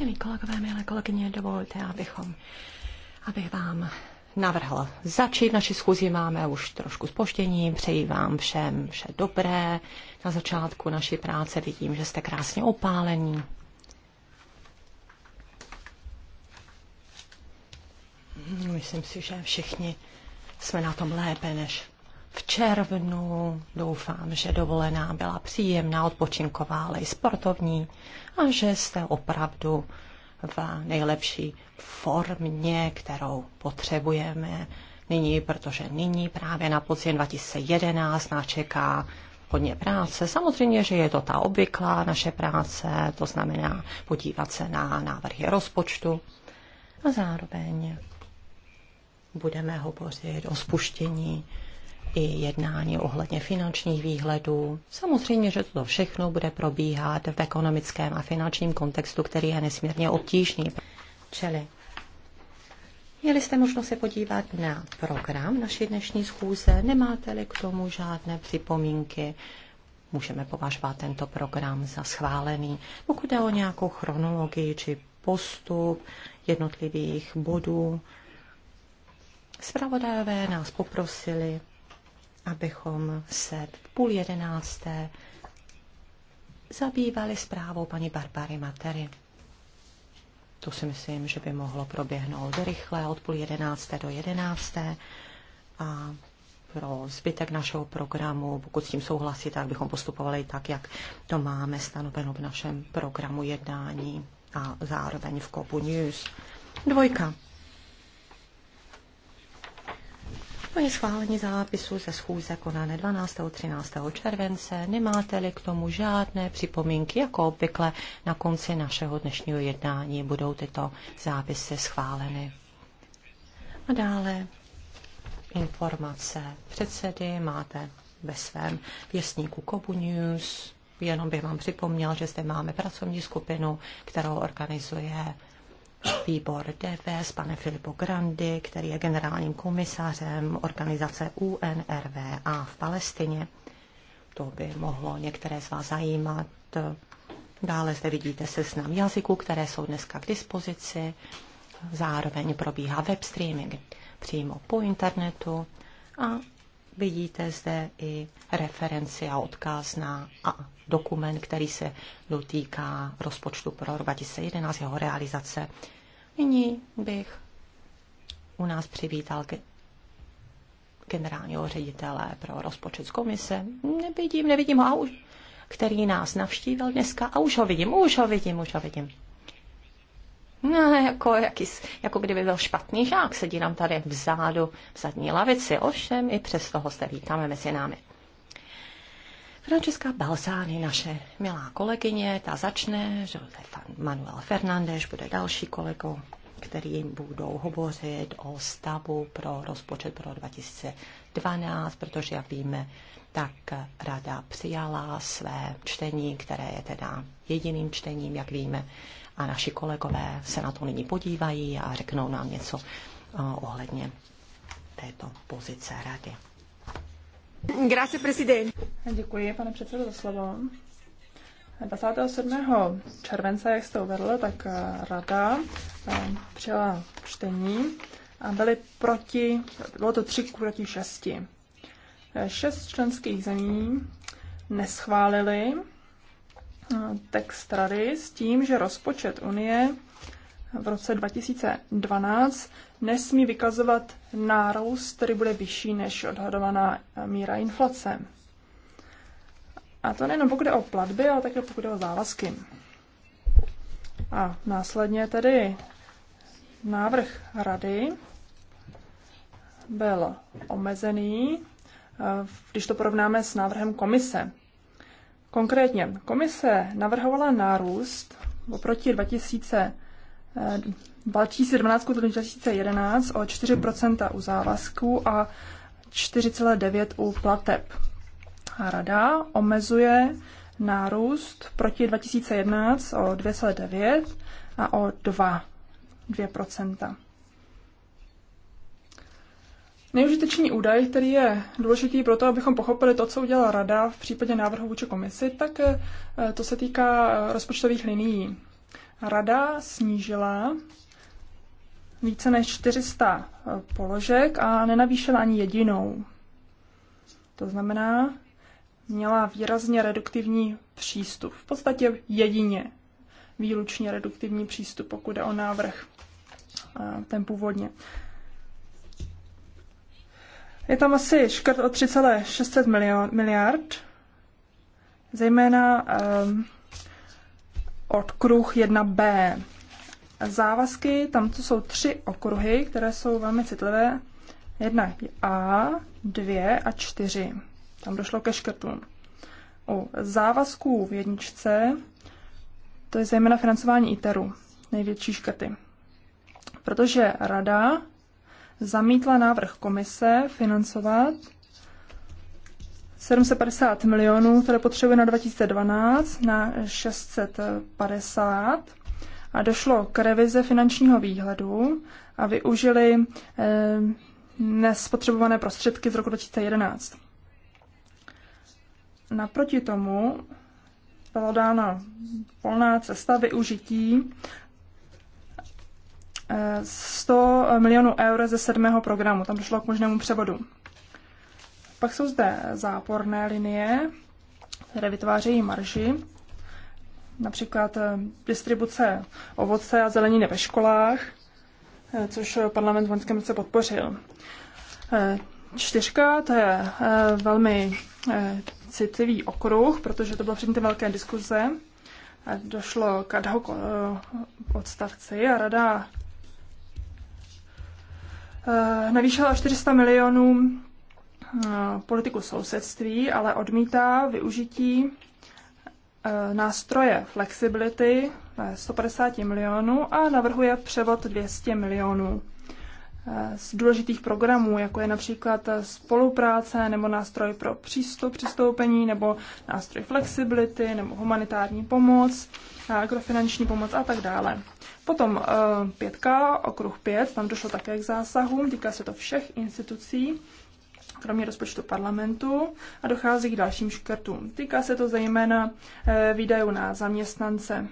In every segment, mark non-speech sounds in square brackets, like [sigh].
Milí kolegové, milé kolegyně, dovolte, abychom, abych vám navrhl začít naši schůzi. Máme už trošku spoštění, přeji vám všem vše dobré. Na začátku naší práce vidím, že jste krásně opálení. Myslím si, že všichni jsme na tom lépe než v červnu. Doufám, že dovolená byla příjemná, odpočinková, ale i sportovní a že jste opravdu v nejlepší formě, kterou potřebujeme nyní, protože nyní právě na podzim 2011 nás čeká hodně práce. Samozřejmě, že je to ta obvyklá naše práce, to znamená podívat se na návrhy rozpočtu a zároveň budeme hovořit o spuštění i jednání ohledně finančních výhledů. Samozřejmě, že to všechno bude probíhat v ekonomickém a finančním kontextu, který je nesmírně obtížný. Čili Měli jste možnost se podívat na program naší dnešní schůze. Nemáte-li k tomu žádné připomínky, můžeme považovat tento program za schválený. Pokud jde o nějakou chronologii či postup jednotlivých bodů, zpravodajové nás poprosili, abychom se v půl jedenácté zabývali zprávou paní Barbary Matery. To si myslím, že by mohlo proběhnout rychle od půl jedenácté do jedenácté. A pro zbytek našeho programu, pokud s tím souhlasí, tak bychom postupovali tak, jak to máme stanoveno v našem programu jednání a zároveň v Kopu News. Dvojka. To je schválení zápisu ze schůze konané 12. 13. července. Nemáte-li k tomu žádné připomínky, jako obvykle na konci našeho dnešního jednání budou tyto zápisy schváleny. A dále informace předsedy máte ve svém věstníku Kobu News. Jenom bych vám připomněl, že zde máme pracovní skupinu, kterou organizuje výbor DV pane Filippo Filipo Grandi, který je generálním komisařem organizace UNRWA v Palestině. To by mohlo některé z vás zajímat. Dále zde vidíte seznam jazyků, které jsou dneska k dispozici. Zároveň probíhá web streaming přímo po internetu a vidíte zde i referenci a odkaz na dokument, který se dotýká rozpočtu pro rok 2011, jeho realizace. Nyní bych u nás přivítal generálního ředitele pro rozpočet z komise. Nevidím, nevidím ho, a už, který nás navštívil dneska a už ho vidím, už ho vidím, už ho vidím. No, jako, jaký, jako kdyby byl špatný žák, sedí nám tady vzadu v zadní lavici, ovšem i přes toho se vítáme mezi námi. Francesca Balzány, naše milá kolegyně, ta začne, že Manuel Fernández bude další kolegou, který budou hovořit o stavu pro rozpočet pro 2012, protože jak víme, tak rada přijala své čtení, které je teda jediným čtením, jak víme, a naši kolegové se na to nyní podívají a řeknou nám něco eh, ohledně této pozice rady. Grazie, Děkuji, pane předsedo, za slovo. 27. července, jak jste uvedl, tak eh, rada eh, přijela čtení a byly proti, bylo to tři proti šesti. Eh, šest členských zemí neschválili text rady s tím, že rozpočet Unie v roce 2012 nesmí vykazovat nárůst, který bude vyšší než odhadovaná míra inflace. A to nejenom pokud je o platby, ale také pokud je o závazky. A následně tedy návrh rady byl omezený, když to porovnáme s návrhem komise. Konkrétně, komise navrhovala nárůst oproti 2000 2017 do 2011 o 4 u závazků a 4,9 u plateb. A rada omezuje nárůst proti 2011 o 2,9 a o 2, 2 Nejužitečný údaj, který je důležitý pro to, abychom pochopili to, co udělala Rada v případě návrhu vůči komisi, tak eh, to se týká eh, rozpočtových linií. Rada snížila více než 400 eh, položek a nenavýšila ani jedinou. To znamená, měla výrazně reduktivní přístup. V podstatě jedině výlučně reduktivní přístup, pokud je o návrh eh, ten původně. Je tam asi škrt o 3,6 miliard, zejména um, okruh 1b. Závazky, tam to jsou tři okruhy, které jsou velmi citlivé. Jedna A, dvě a čtyři. Tam došlo ke škrtům. U závazků v jedničce, to je zejména financování ITERu, největší škrty. Protože rada zamítla návrh komise financovat 750 milionů, které potřebuje na 2012, na 650 a došlo k revize finančního výhledu a využili e, nespotřebované prostředky z roku 2011. Naproti tomu byla dána volná cesta využití 100 eh, milionů eur ze sedmého programu. Tam došlo k možnému převodu. Pak jsou zde záporné linie, které vytvářejí marži, například eh, distribuce ovoce a zeleniny ve školách, eh, což parlament v loňském roce podpořil. Eh, čtyřka, to je velmi citlivý okruh, protože to bylo předmětem velké diskuze. Došlo k ad hoc odstavci a rada navýšila 400 milionů Eh, politiku sousedství, ale odmítá využití eh, nástroje flexibility 150 milionů a navrhuje převod 200 milionů eh, z důležitých programů, jako je například spolupráce nebo nástroj pro přístup, přistoupení nebo nástroj flexibility nebo humanitární pomoc, agrofinanční pomoc a tak dále. Potom pětka, okruh pět, tam došlo také k zásahům, týká se to všech institucí kromě rozpočtu parlamentu a dochází k dalším škrtům. Týká se to zejména eh, výdajů na zaměstnance.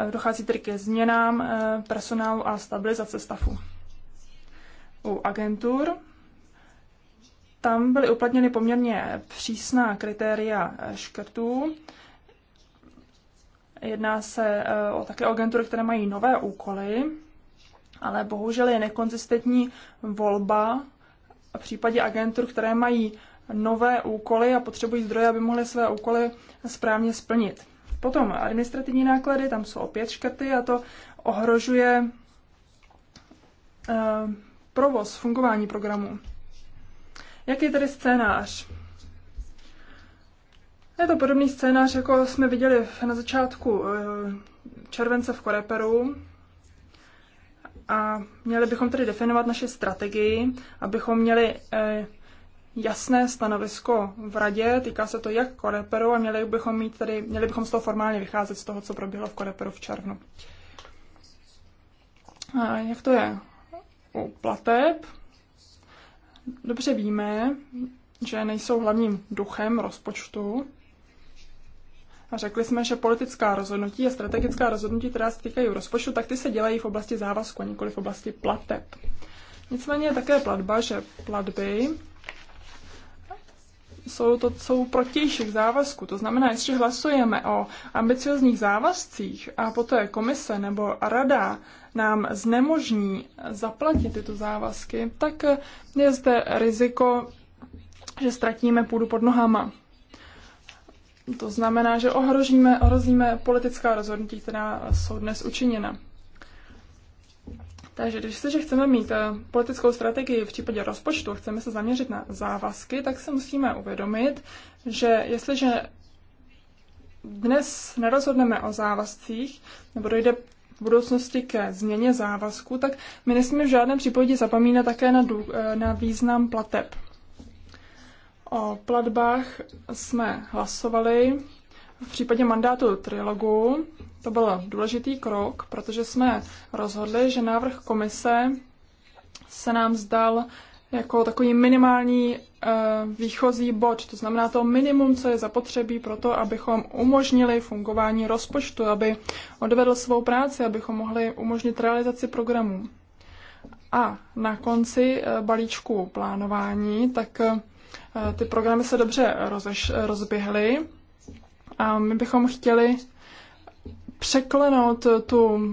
Eh, dochází tedy ke změnám eh, personálu a stabilizace stavu. U agentur tam byly uplatněny poměrně přísná kritéria škrtů. Jedná se o také agentury, které mají nové úkoly, ale bohužel je nekonzistentní volba v případě agentur, které mají nové úkoly a potřebují zdroje, aby mohly své úkoly správně splnit. Potom administrativní náklady, tam jsou opět škrty a to ohrožuje eh, provoz, fungování programu. Jaký je tedy scénář? Je to podobný scénář, jako jsme viděli na začátku eh, července v Koreperu a měli bychom tedy definovat naši strategii, abychom měli eh, jasné stanovisko v radě, týká se to jak Koreperu a měli bychom, mít tedy, měli bychom z toho formálně vycházet z toho, co proběhlo v Koreperu v červnu. A jak to je u plateb? Dobře víme, že nejsou hlavním duchem rozpočtu, a řekli jsme, že politická rozhodnutí a strategická rozhodnutí, která se týkají rozpočtu, tak ty se dělají v oblasti závazku, a nikoli v oblasti plateb. Nicméně je také platba, že platby jsou to jsou protějších závazků. To znamená, jestli hlasujeme o ambiciozních závazcích a poté komise nebo rada nám znemožní zaplatit tyto závazky, tak je zde riziko, že ztratíme půdu pod nohama. To znamená, že ohrožíme, ohrozíme politická rozhodnutí, která jsou dnes učiněna. Takže když se, že chceme mít eh, politickou strategii v případě rozpočtu, chceme se zaměřit na závazky, tak se musíme uvědomit, že jestliže dnes nerozhodneme o závazcích, nebo dojde v budoucnosti ke změně závazku, tak my nesmíme v žádném případě zapomínat také na, eh, na význam plateb. O platbách jsme hlasovali v případě mandátu trilogu. To byl důležitý krok, protože jsme rozhodli, že návrh komise se nám zdal jako takový minimální eh, výchozí bod, to znamená to minimum, co je zapotřebí pro to, abychom umožnili fungování rozpočtu, aby odvedl svou práci, abychom mohli umožnit realizaci programů. A na konci eh, balíčku plánování, tak eh, Eh, ty programy se dobře rozeš, rozběhly a my bychom chtěli překlenout tu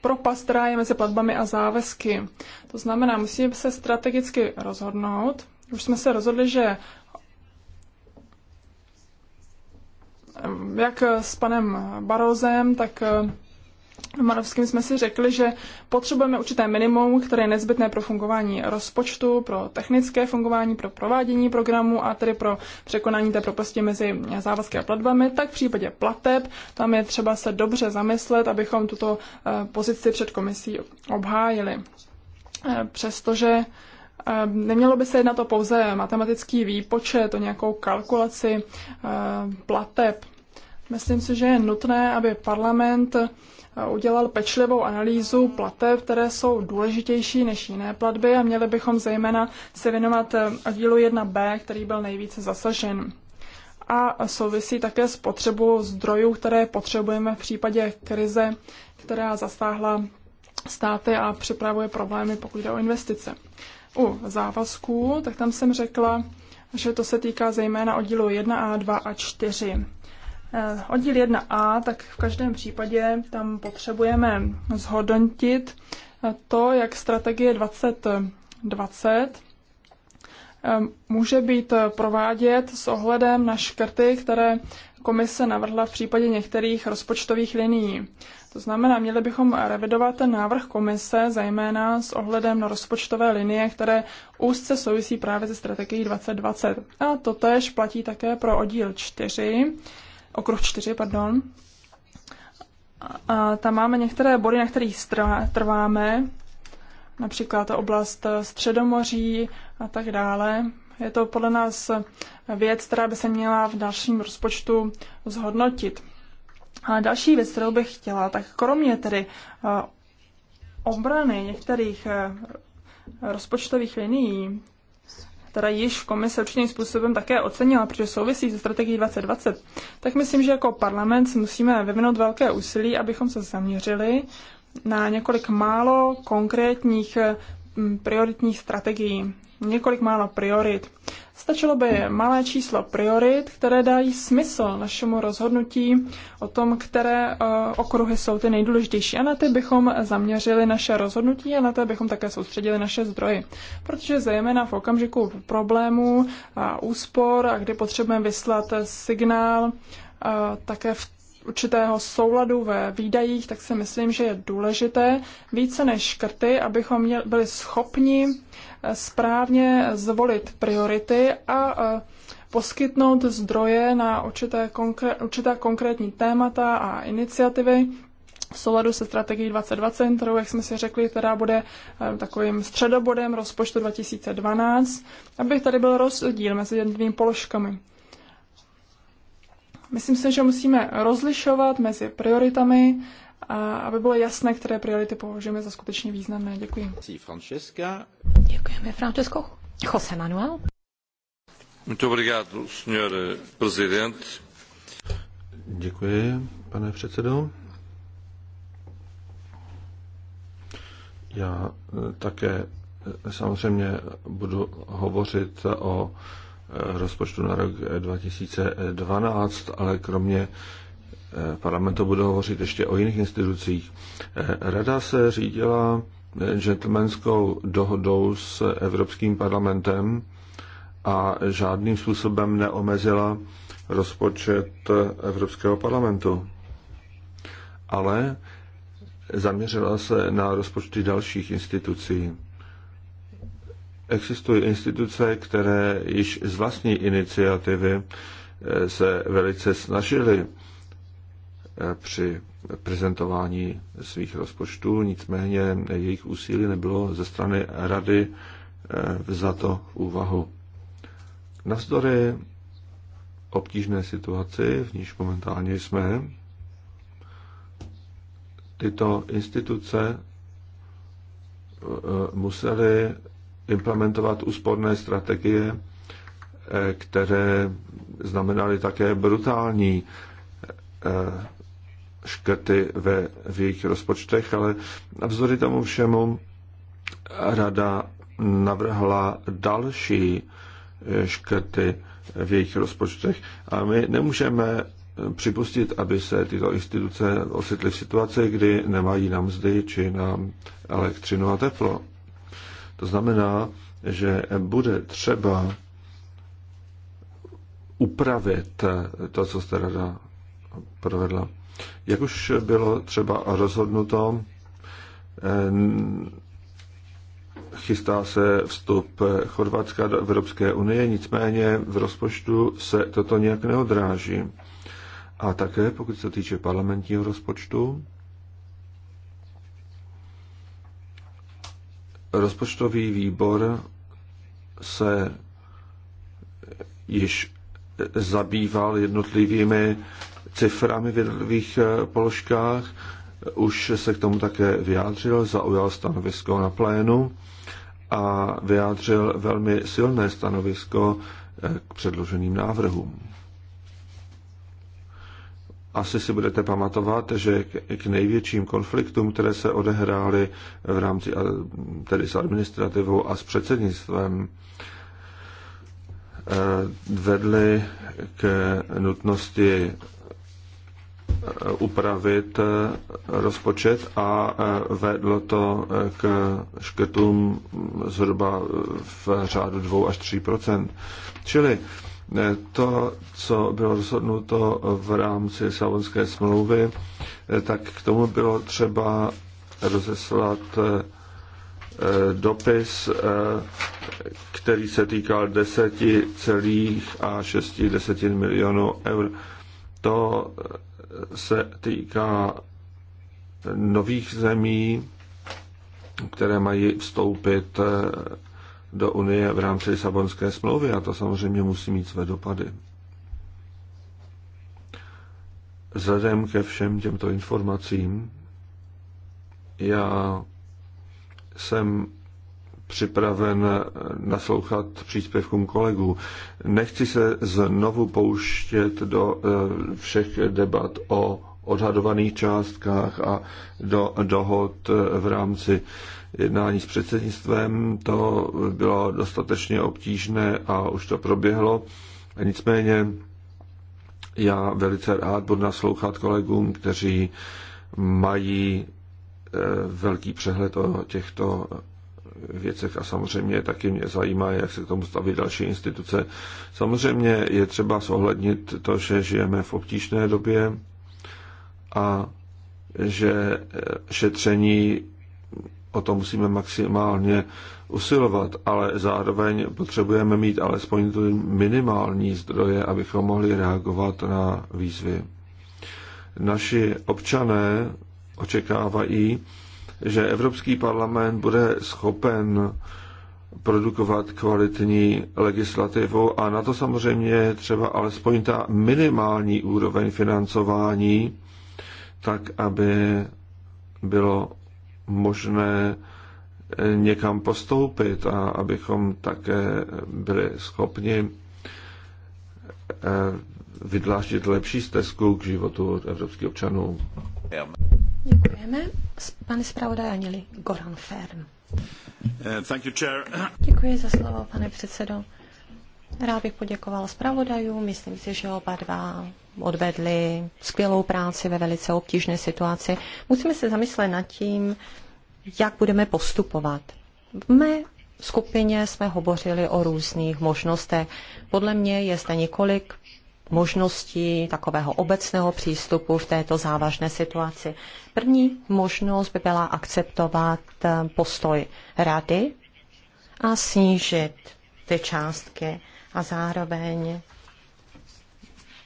propast, která je mezi platbami a závazky. To znamená, musíme se strategicky rozhodnout. Už jsme se rozhodli, že eh, jak s panem Barozem, tak eh, Marovským jsme si řekli, že potřebujeme určité minimum, které je nezbytné pro fungování rozpočtu, pro technické fungování, pro provádění programu a tedy pro překonání té propasti mezi závazky a platbami. Tak v případě plateb tam je třeba se dobře zamyslet, abychom tuto eh, pozici před komisí obhájili. Eh, přestože eh, Nemělo by se jednat o pouze matematický výpočet, o nějakou kalkulaci plateb. Myslím si, že je nutné, aby parlament udělal pečlivou analýzu plateb, které jsou důležitější než jiné platby a měli bychom zejména se věnovat eh, dílu 1b, který byl nejvíce zasažen. A souvisí také s potřebou zdrojů, které potřebujeme v případě krize, která zasáhla státy a připravuje problémy, pokud jde o investice. U závazků, tak tam jsem řekla, že to se týká zejména oddílu 1 a 2 a 4. Eh, oddíl 1a, tak v každém případě tam potřebujeme zhodnotit eh, to, jak strategie 2020 eh, může být provádět s ohledem na škrty, které komise navrhla v případě některých rozpočtových linií. To znamená, měli bychom revidovat ten návrh komise, zejména s ohledem na rozpočtové linie, které úzce souvisí právě se strategií 2020. A to tež platí také pro oddíl 4, okruh 4, pardon. A tam máme některé body, na kterých trváme, například oblast Středomoří a tak dále. Je to podle nás věc, která by se měla v dalším rozpočtu zhodnotit. A další věc, kterou bych chtěla, tak kromě tedy eh, obrany některých eh, rozpočtových linií, teda již komise určitým způsobem také ocenila, protože souvisí se strategií 2020, tak myslím, že jako parlament musíme vyvinout velké úsilí, abychom se zaměřili na několik málo konkrétních mm, prioritních strategií několik málo priorit. Stačilo by malé číslo priorit, které dají smysl našemu rozhodnutí o tom, které eh, okruhy jsou ty nejdůležitější. A na ty bychom zaměřili naše rozhodnutí a na ty bychom také soustředili naše zdroje. Protože zejména v okamžiku problémů a úspor a kdy potřebujeme vyslat signál, eh, také v určitého souladu ve výdajích, tak si myslím, že je důležité více než škrty, abychom měli, byli schopni eh, správně zvolit priority a eh, poskytnout zdroje na určité konkrét, určitá konkrétní témata a iniciativy v souladu se strategií 2020, kterou, jak jsme si řekli, která bude eh, takovým středobodem rozpočtu 2012, aby tady byl rozdíl mezi jednotlivými položkami. Myslím si, že musíme rozlišovat mezi prioritami, a aby bylo jasné, které priority považujeme za skutečně významné. Děkuji. Francesca. Děkujeme, Francesco. Jose Manuel. Muito obrigado, senhor eh, presidente. Děkuji, pane předsedo. Já eh, také eh, samozřejmě budu hovořit o rozpočtu na rok 2012, ale kromě eh, parlamentu budu hovořit ještě o jiných institucích. Eh, Rada se řídila eh, gentlemanskou dohodou s Evropským parlamentem a žádným způsobem neomezila rozpočet Evropského parlamentu. Ale zaměřila se na rozpočty dalších institucí existují instituce, které již z vlastní iniciativy eh, se velice snažily eh, při prezentování svých rozpočtů, nicméně jejich úsilí nebylo ze strany rady eh, vzato v úvahu. Navzdory obtížné situaci, v níž momentálně jsme, tyto instituce musely implementovat úsporné strategie, eh, které znamenaly také brutální eh, škrty ve, v jejich rozpočtech, ale navzdory tomu všemu rada navrhla další eh, škrty v jejich rozpočtech. A my nemůžeme připustit, aby se tyto instituce ocitly v situaci, kdy nemají na mzdy či na elektřinu a teplo. To znamená, že bude třeba upravit to, co jste rada provedla. Jak už bylo třeba rozhodnuto, eh, chystá se vstup Chorvatska do Evropské unie, nicméně v rozpočtu se toto nějak neodráží. A také, pokud se týče parlamentního rozpočtu, Rozpočtový výbor se již zabýval jednotlivými ciframi v jednotlivých eh, položkách, už se k tomu také vyjádřil, zaujal stanovisko na plénu a vyjádřil velmi silné stanovisko eh, k předloženým návrhům. Asi si budete pamatovat, že k největším konfliktům, které se odehrály v rámci tedy s administrativou a s předsednictvem, e, vedly k nutnosti e, upravit e, rozpočet a vedlo to k škrtům zhruba v řádu 2 až 3 Čili to, co bylo rozhodnuto v rámci Savonské smlouvy, eh, tak k tomu bylo třeba rozeslat eh, dopis, eh, který se týkal 10,6 milionů eur. To se týká nových zemí, které mají vstoupit do Unie v rámci Lisabonské smlouvy a to samozřejmě musí mít své dopady. Vzhledem ke všem těmto informacím, já jsem připraven naslouchat příspěvkům kolegů. Nechci se znovu pouštět do eh, všech debat o odhadovaných částkách a do dohod v rámci jednání s předsednictvem. To bylo dostatečně obtížné a už to proběhlo. Nicméně já velice rád budu naslouchat kolegům, kteří mají eh, velký přehled o těchto věcech a samozřejmě taky mě zajímá, jak se k tomu staví další instituce. Samozřejmě je třeba zohlednit to, že žijeme v obtížné době a že eh, šetření o to musíme maximálně usilovat, ale zároveň potřebujeme mít alespoň tu minimální zdroje, abychom mohli reagovat na výzvy. Naši občané očekávají, že Evropský parlament bude schopen produkovat kvalitní legislativu a na to samozřejmě třeba alespoň ta minimální úroveň financování, tak aby bylo možné eh, někam postoupit a abychom také byli schopni eh, vydláždit lepší stezku k životu evropských občanů. Děkujeme. Pane zpravodaj Anili Goran Fern. Eh, Děkuji za slovo, pane předsedo. Rád bych poděkoval zpravodajům. Myslím si, že oba dva odvedli skvělou práci ve velice obtížné situaci. Musíme se zamyslet nad tím, jak budeme postupovat. V mé skupině jsme hovořili o různých možnostech. Podle mě je zde několik možností takového obecného přístupu v této závažné situaci. První možnost by byla akceptovat eh, postoj rady a snížit ty částky a zároveň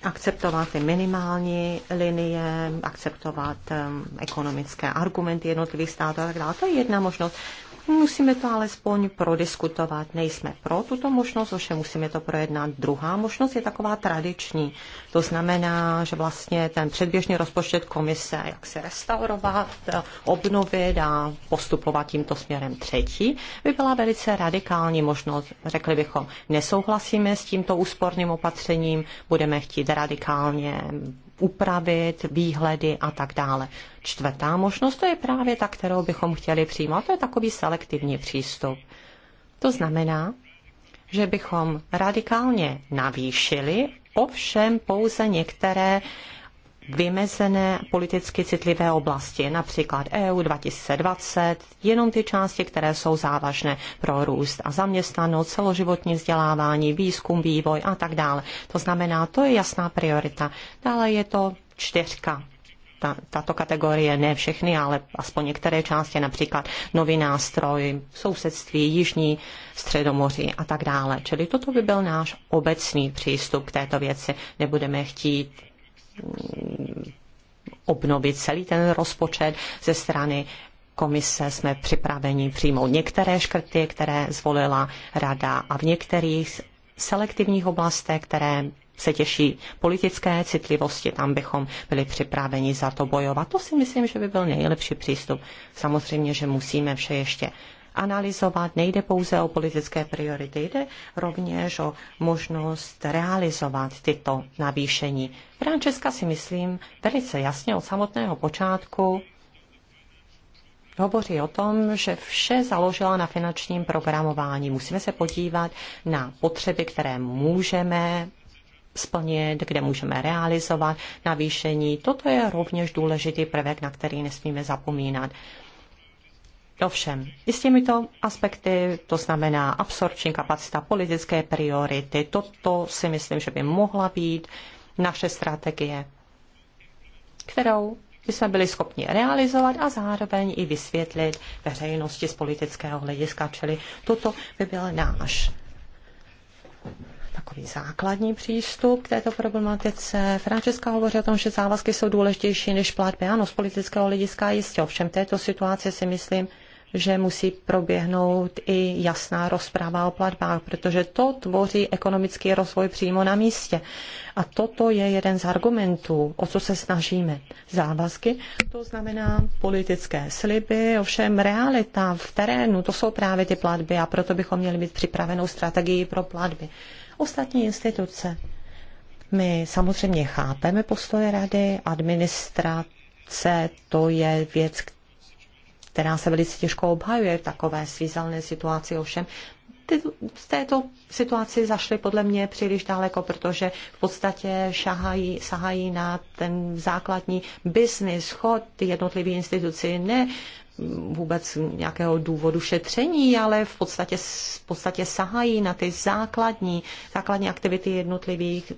akceptovat ty minimální linie, akceptovat um, ekonomické argumenty jednotlivých států a tak dále. To je jedna možnost. Musíme to alespoň prodiskutovat. Nejsme pro tuto možnost, ovšem musíme to projednat. Druhá možnost je taková tradiční. To znamená, že vlastně ten předběžný rozpočet komise, jak se restaurovat, obnovit a postupovat tímto směrem. Třetí by byla velice radikální možnost. Řekli bychom, nesouhlasíme s tímto úsporným opatřením, budeme chtít radikálně upravit výhledy a tak dále. Čtvrtá možnost to je právě ta, kterou bychom chtěli přijmout. To je takový selektivní přístup. To znamená, že bychom radikálně navýšili, ovšem pouze některé vymezené politicky citlivé oblasti, například EU 2020, jenom ty části, které jsou závažné pro růst a zaměstnanost, celoživotní vzdělávání, výzkum, vývoj a tak dále. To znamená, to je jasná priorita. Dále je to čtyřka ta, tato kategorie, ne všechny, ale aspoň některé části, například nový nástroj, sousedství, jižní středomoří a tak dále. Čili toto by byl náš obecný přístup k této věci. Nebudeme chtít obnovit celý ten rozpočet ze strany komise jsme připraveni přijmout některé škrty, které zvolila rada a v některých selektivních oblastech, které se těší politické citlivosti, tam bychom byli připraveni za to bojovat. To si myslím, že by byl nejlepší přístup. Samozřejmě, že musíme vše ještě analyzovat, nejde pouze o politické priority, jde rovněž o možnost realizovat tyto navýšení. Frančeska si myslím velice jasně od samotného počátku hovoří o tom, že vše založila na finančním programování. Musíme se podívat na potřeby, které můžeme splnit, kde můžeme realizovat navýšení. Toto je rovněž důležitý prvek, na který nesmíme zapomínat. Ovšem, i s těmito aspekty, to znamená absorpční kapacita, politické priority, toto si myslím, že by mohla být naše strategie, kterou jsme byli schopni realizovat a zároveň i vysvětlit veřejnosti z politického hlediska. Čili toto by byl náš takový základní přístup k této problematice. Francesca hovoří o tom, že závazky jsou důležitější než platby. Ano, z politického hlediska jistě. Ovšem této situace si myslím, že musí proběhnout i jasná rozpráva o platbách, protože to tvoří ekonomický rozvoj přímo na místě. A toto je jeden z argumentů, o co se snažíme. Závazky, to znamená politické sliby, ovšem realita v terénu, to jsou právě ty platby a proto bychom měli mít připravenou strategii pro platby. Ostatní instituce. My samozřejmě chápeme postoje rady, Administrace, to je věc, která se velice těžko obhajuje v takové svízelné situaci. Ovšem, ty, z této situaci zašly podle mě příliš daleko, protože v podstatě šahají, sahají na ten základní biznis, chod ty jednotlivé instituci, ne vůbec nějakého důvodu šetření, ale v podstatě, v podstatě sahají na ty základní, základní aktivity jednotlivých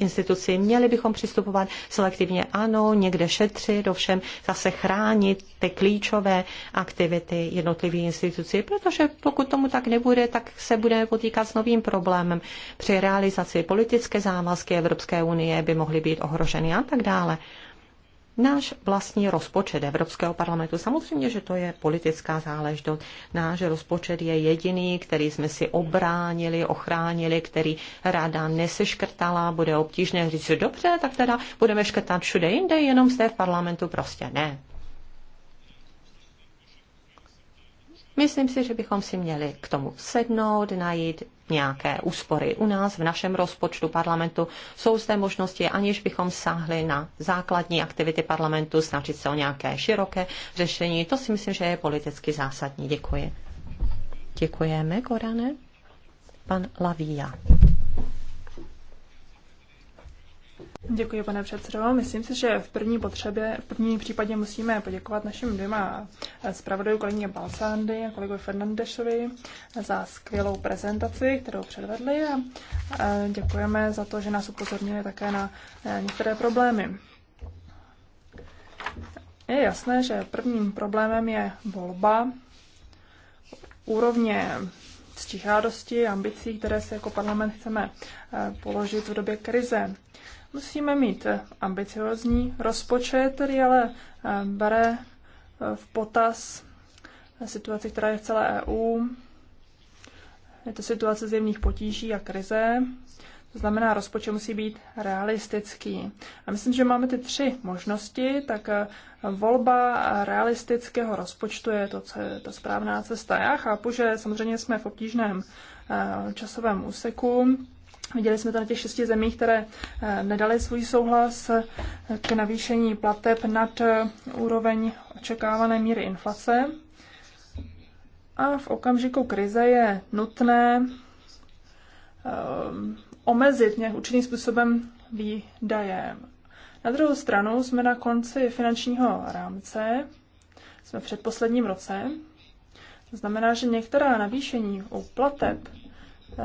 instituci. Měli bychom přistupovat selektivně ano, někde šetřit, ovšem zase chránit ty klíčové aktivity jednotlivých institucí, protože pokud tomu tak nebude, tak se budeme potýkat s novým problémem. Při realizaci politické závazky Evropské unie by mohly být ohroženy a tak dále náš vlastní rozpočet Evropského parlamentu. Samozřejmě, že to je politická záležitost. Náš rozpočet je jediný, který jsme si obránili, ochránili, který ráda neseškrtala. Bude obtížné říct, že dobře, tak teda budeme škrtat všude jinde, jenom z v parlamentu prostě ne. Myslím si, že bychom si měli k tomu sednout, najít nějaké úspory u nás v našem rozpočtu parlamentu. Jsou zde možnosti, aniž bychom sáhli na základní aktivity parlamentu, snažit se o nějaké široké řešení. To si myslím, že je politicky zásadní. Děkuji. Děkujeme, Korane. Pan Lavia. Děkuji, pane předsedo. Myslím si, že v první potřebě, v první případě musíme poděkovat našim dvěma zpravodajům kolegyně Balsandy a kolegovi Fernandešovi za skvělou prezentaci, kterou předvedli a děkujeme za to, že nás upozornili také na e, některé problémy. Je jasné, že prvním problémem je volba úrovně stižádosti, ambicí, které si jako parlament chceme e, položit v době krize. Musíme mít eh, ambiciozní rozpočet, který ale eh, bere eh, v potaz situaci, která je v celé EU. Je to situace zjevných potíží a krize. To znamená, rozpočet musí být realistický. A myslím, že máme ty tři možnosti, tak volba realistického rozpočtu je to, co je ta správná cesta. Já chápu, že samozřejmě jsme v obtížném časovém úseku, Viděli jsme to na těch šesti zemích, které eh, nedali svůj souhlas eh, k navýšení plateb nad eh, úroveň očekávané míry inflace. A v okamžiku krize je nutné omezit nějak určitým způsobem výdaje. Na druhou stranu jsme na konci finančního rámce, jsme v předposledním roce. To znamená, že některá navýšení u plateb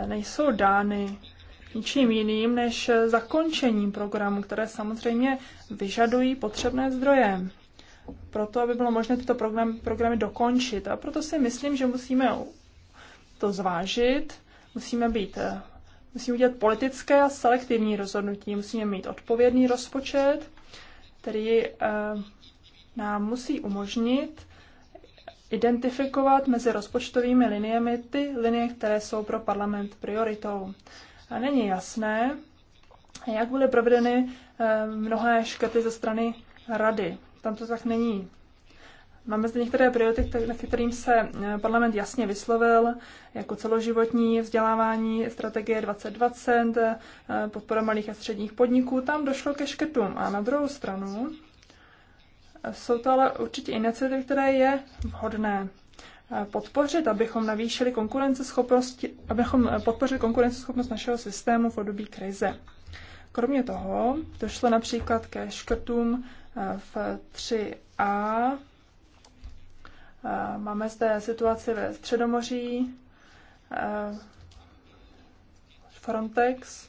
nejsou dány ničím jiným než zakončením programu, které samozřejmě vyžadují potřebné zdroje. Proto, aby bylo možné tyto program, programy dokončit. A proto si myslím, že musíme to zvážit, musíme být eh, musíme udělat politické a selektivní rozhodnutí, musíme mít odpovědný rozpočet, který eh, nám musí umožnit identifikovat mezi rozpočtovými liniemi ty linie, které jsou pro parlament prioritou. A není jasné, jak byly provedeny eh, mnohé škrty ze strany rady. Tam to tak není. Máme zde některé priority, na kterým se eh, parlament jasně vyslovil, jako celoživotní vzdělávání, strategie 2020, eh, podpora malých a středních podniků. Tam došlo ke škrtům. A na druhou stranu jsou to ale určitě iniciativy, které je vhodné podpořit, abychom navýšili konkurenceschopnost, abychom podpořili konkurenceschopnost našeho systému v období krize. Kromě toho došlo například ke škrtům eh, v 3a. Eh, máme zde situaci ve Středomoří, eh, Frontex,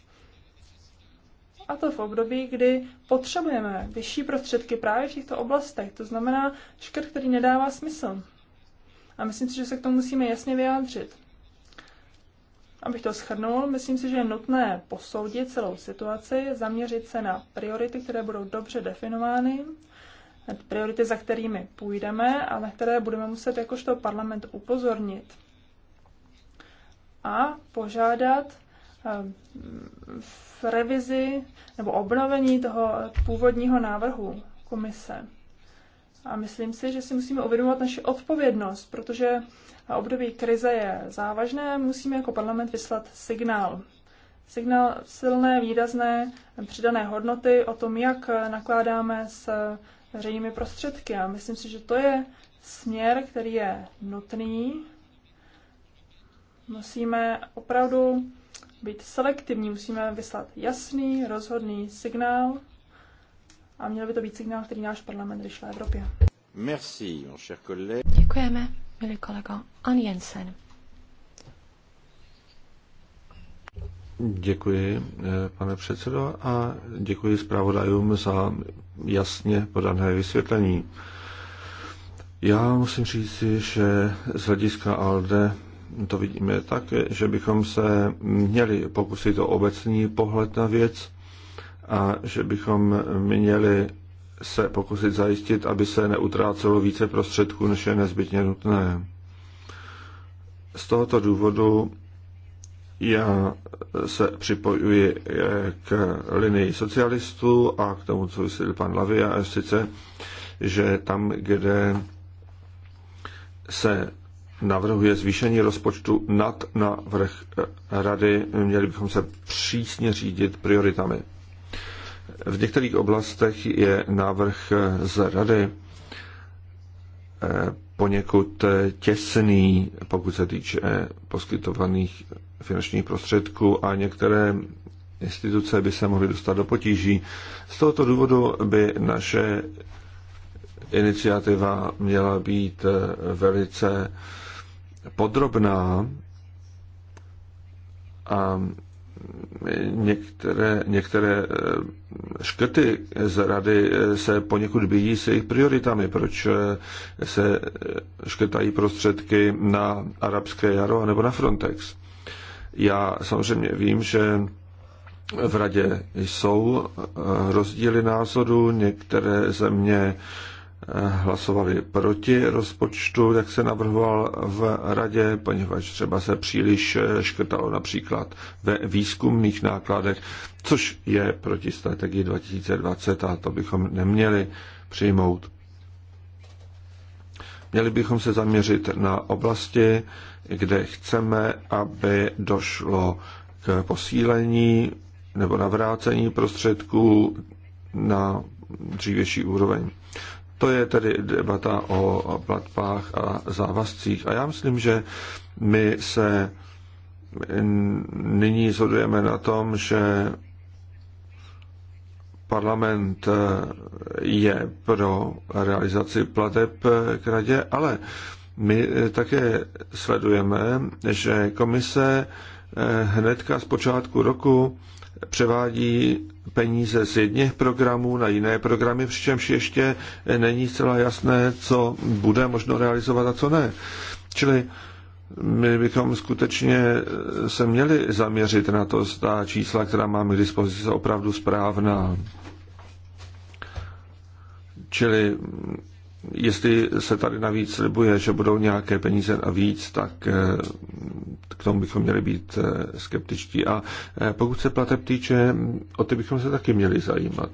a to v období, kdy potřebujeme vyšší prostředky právě v těchto oblastech. To znamená škrt, který nedává smysl. A myslím si, že se k tomu musíme jasně vyjádřit. Abych to shrnul, myslím si, že je nutné posoudit celou situaci, zaměřit se na priority, které budou dobře definovány, priority, za kterými půjdeme a na které budeme muset jakožto parlament upozornit. A požádat eh, v revizi nebo obnovení toho původního návrhu komise. A myslím si, že si musíme uvědomovat naši odpovědnost, protože období krize je závažné, musíme jako parlament vyslat signál. Signál silné, výrazné, přidané hodnoty o tom, jak nakládáme s veřejnými prostředky. A myslím si, že to je směr, který je nutný. Musíme opravdu být selektivní, musíme vyslat jasný, rozhodný signál a měl by to být signál, který náš parlament vyšle Evropě. Merci, mon cher collègue. Děkujeme, milý kolego. An Jensen. Děkuji, eh, pane předsedo, a děkuji zpravodajům za jasně podané vysvětlení. Já musím říci, že z hlediska ALDE to vidíme tak, že bychom se měli pokusit o obecný pohled na věc, a že bychom měli se pokusit zajistit, aby se neutrácelo více prostředků, než je nezbytně nutné. Z tohoto důvodu já se připojuji k linii socialistů a k tomu, co vysvětlil pan Lavia, a sice, že tam, kde se navrhuje zvýšení rozpočtu nad návrh eh, rady, měli bychom se přísně řídit prioritami v některých oblastech je návrh z rady eh, poněkud těsný, pokud se týče eh, poskytovaných finančních prostředků a některé instituce by se mohly dostat do potíží. Z tohoto důvodu by naše iniciativa měla být eh, velice podrobná a některé, některé eh, škrty z rady eh, se poněkud bíjí s jejich prioritami. Proč eh, se škrtají prostředky na arabské jaro nebo na Frontex? Já samozřejmě vím, že v radě jsou rozdíly názoru. Některé země hlasovali proti rozpočtu, jak se navrhoval v radě, poněvadž třeba se příliš škrtalo například ve výzkumných nákladech, což je proti strategii 2020 a to bychom neměli přijmout. Měli bychom se zaměřit na oblasti, kde chceme, aby došlo k posílení nebo navrácení prostředků na dřívější úroveň. To je tedy debata o platbách a závazcích. A já myslím, že my se nyní zhodujeme na tom, že parlament je pro realizaci plateb k radě, ale my také sledujeme, že komise hnedka z počátku roku převádí peníze z jedněch programů na jiné programy, přičemž ještě není zcela jasné, co bude možno realizovat a co ne. Čili my bychom skutečně se měli zaměřit na to, zda čísla, která máme k dispozici, jsou opravdu správná. Čili jestli se tady navíc slibuje, že budou nějaké peníze a víc, tak eh, k tomu bychom měli být eh, skeptičtí. A eh, pokud se plateb týče, o ty bychom se taky měli zajímat.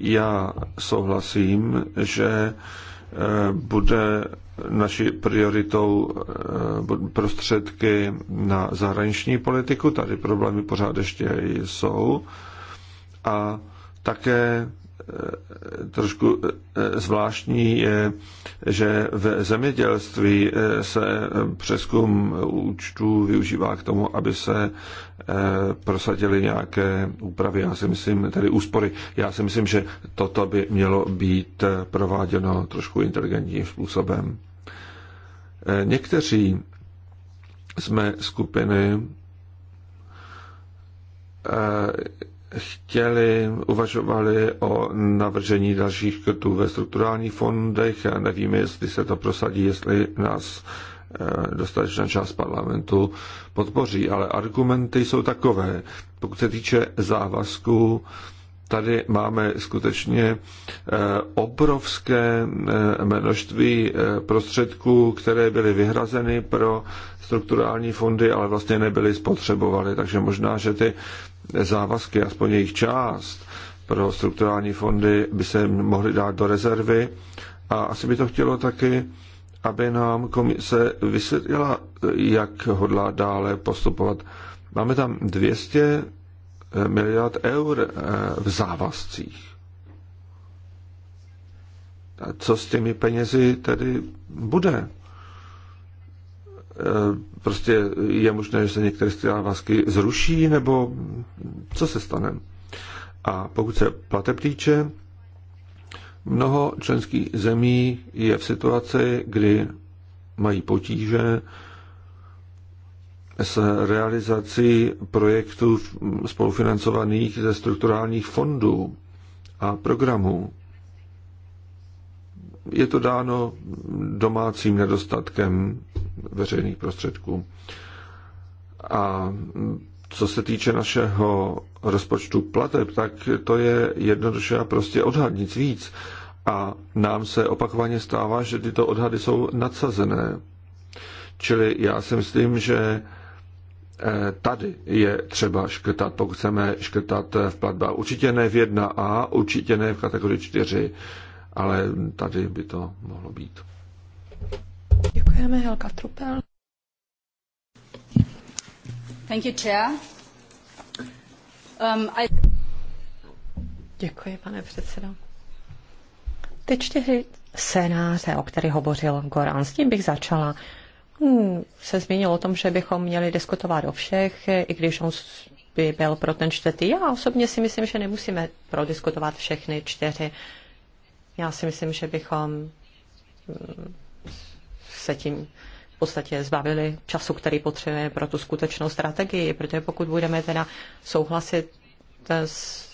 Já souhlasím, že bude naší prioritou prostředky na zahraniční politiku. Tady problémy pořád ještě jsou. A také trošku eh, zvláštní je, že v zemědělství eh, se přeskum účtů využívá k tomu, aby se eh, prosadily nějaké úpravy, já si myslím, tedy úspory. Já si myslím, že toto by mělo být prováděno trošku inteligentním způsobem. Někteří jsme skupiny chtěli, uvažovali o navržení dalších škrtů ve strukturálních fondech. Nevíme, jestli se to prosadí, jestli nás eh, dostatečná část parlamentu podpoří, ale argumenty jsou takové. Pokud se týče závazků, tady máme skutečně eh, obrovské eh, množství prostředků, které byly vyhrazeny pro strukturální fondy, ale vlastně nebyly spotřebovaly. Takže možná, že ty závazky, aspoň jejich část pro strukturální fondy by se mohly dát do rezervy a asi by to chtělo taky, aby nám komise vysvětlila, jak hodlá dále postupovat. Máme tam 200 eh, miliard eur eh, v závazcích. A co s těmi penězi tedy bude? Eh, prostě je možné, že se některé z vásky zruší, nebo co se stane? A pokud se plateb týče, mnoho členských zemí je v situaci, kdy mají potíže s realizací projektů spolufinancovaných ze strukturálních fondů a programů je to dáno domácím nedostatkem veřejných prostředků. A co se týče našeho rozpočtu plateb, tak to je jednoduše a prostě odhad, nic víc. A nám se opakovaně stává, že tyto odhady jsou nadsazené. Čili já si myslím, že eh, tady je třeba škrtat, pokud chceme škrtat v platbách. Určitě ne v 1A, určitě ne v kategorii 4 ale tady by to mohlo být. Děkujeme, Helka Trupel. Thank you, chair. Um, I... Děkuji, pane předsedo. Ty čtyři scénáře, o kterých hovořil Goran, s tím bych začala. Hmm, se zmínil o tom, že bychom měli diskutovat o všech, i když on by byl pro ten čtvrtý. Já osobně si myslím, že nemusíme prodiskutovat všechny čtyři já si myslím, že bychom mm, se tím v podstatě zbavili času, který potřebuje pro tu skutečnou strategii, protože pokud budeme teda souhlasit eh, s,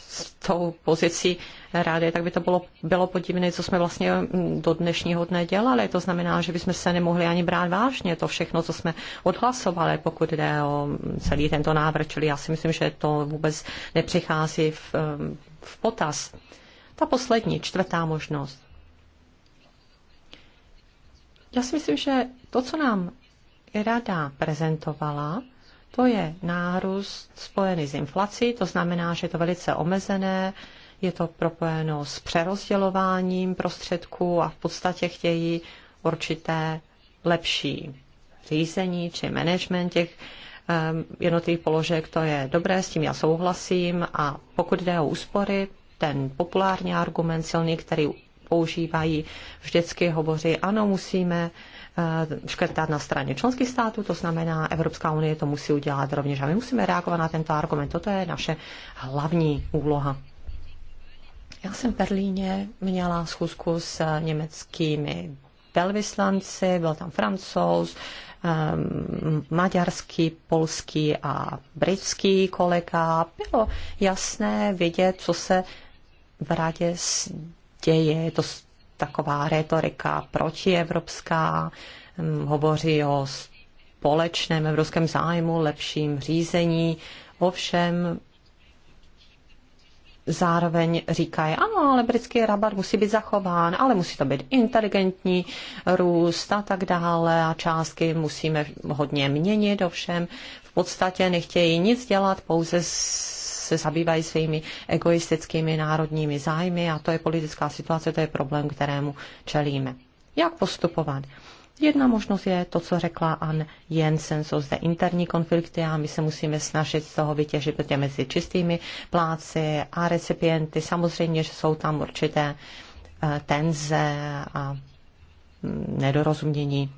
s tou pozicí rády, tak by to bylo, bylo podivné, co jsme vlastně mm, do dnešního dne dělali. To znamená, že bychom se nemohli ani brát vážně to všechno, co jsme odhlasovali, pokud jde o mm, celý tento návrh. Čili já si myslím, že to vůbec nepřichází v, v potaz. Ta poslední, čtvrtá možnost. Já si myslím, že to, co nám rada prezentovala, to je nárůst spojený s inflací, to znamená, že je to velice omezené, je to propojeno s přerozdělováním prostředků a v podstatě chtějí určité lepší řízení či management těch eh, jednotlivých položek, to je dobré, s tím já souhlasím a pokud jde o úspory, ten populární argument silný, který používají, vždycky hovoří, ano, musíme eh, škrtat na straně členských států, to znamená, Evropská unie to musí udělat rovněž. A my musíme reagovat na tento argument. Toto je naše hlavní úloha. Já jsem v Berlíně měla schůzku s německými velvyslanci, byl tam francouz, eh, maďarský, polský a britský kolega. Bylo jasné vidět, co se v radě děje. Je to taková retorika evropská mm, hovoří o společném evropském zájmu, lepším řízení. Ovšem zároveň říkají, ano, ale britský rabat musí být zachován, ale musí to být inteligentní růst a tak dále a částky musíme hodně měnit, ovšem v podstatě nechtějí nic dělat, pouze se zabývají svými egoistickými národními zájmy a to je politická situace, to je problém, kterému čelíme. Jak postupovat? Jedna možnost je to, co řekla Ann Jensen, jsou zde interní konflikty a my se musíme snažit z toho vytěžit, protože mezi čistými pláci a recipienty samozřejmě, že jsou tam určité eh, tenze a mm, nedorozumění.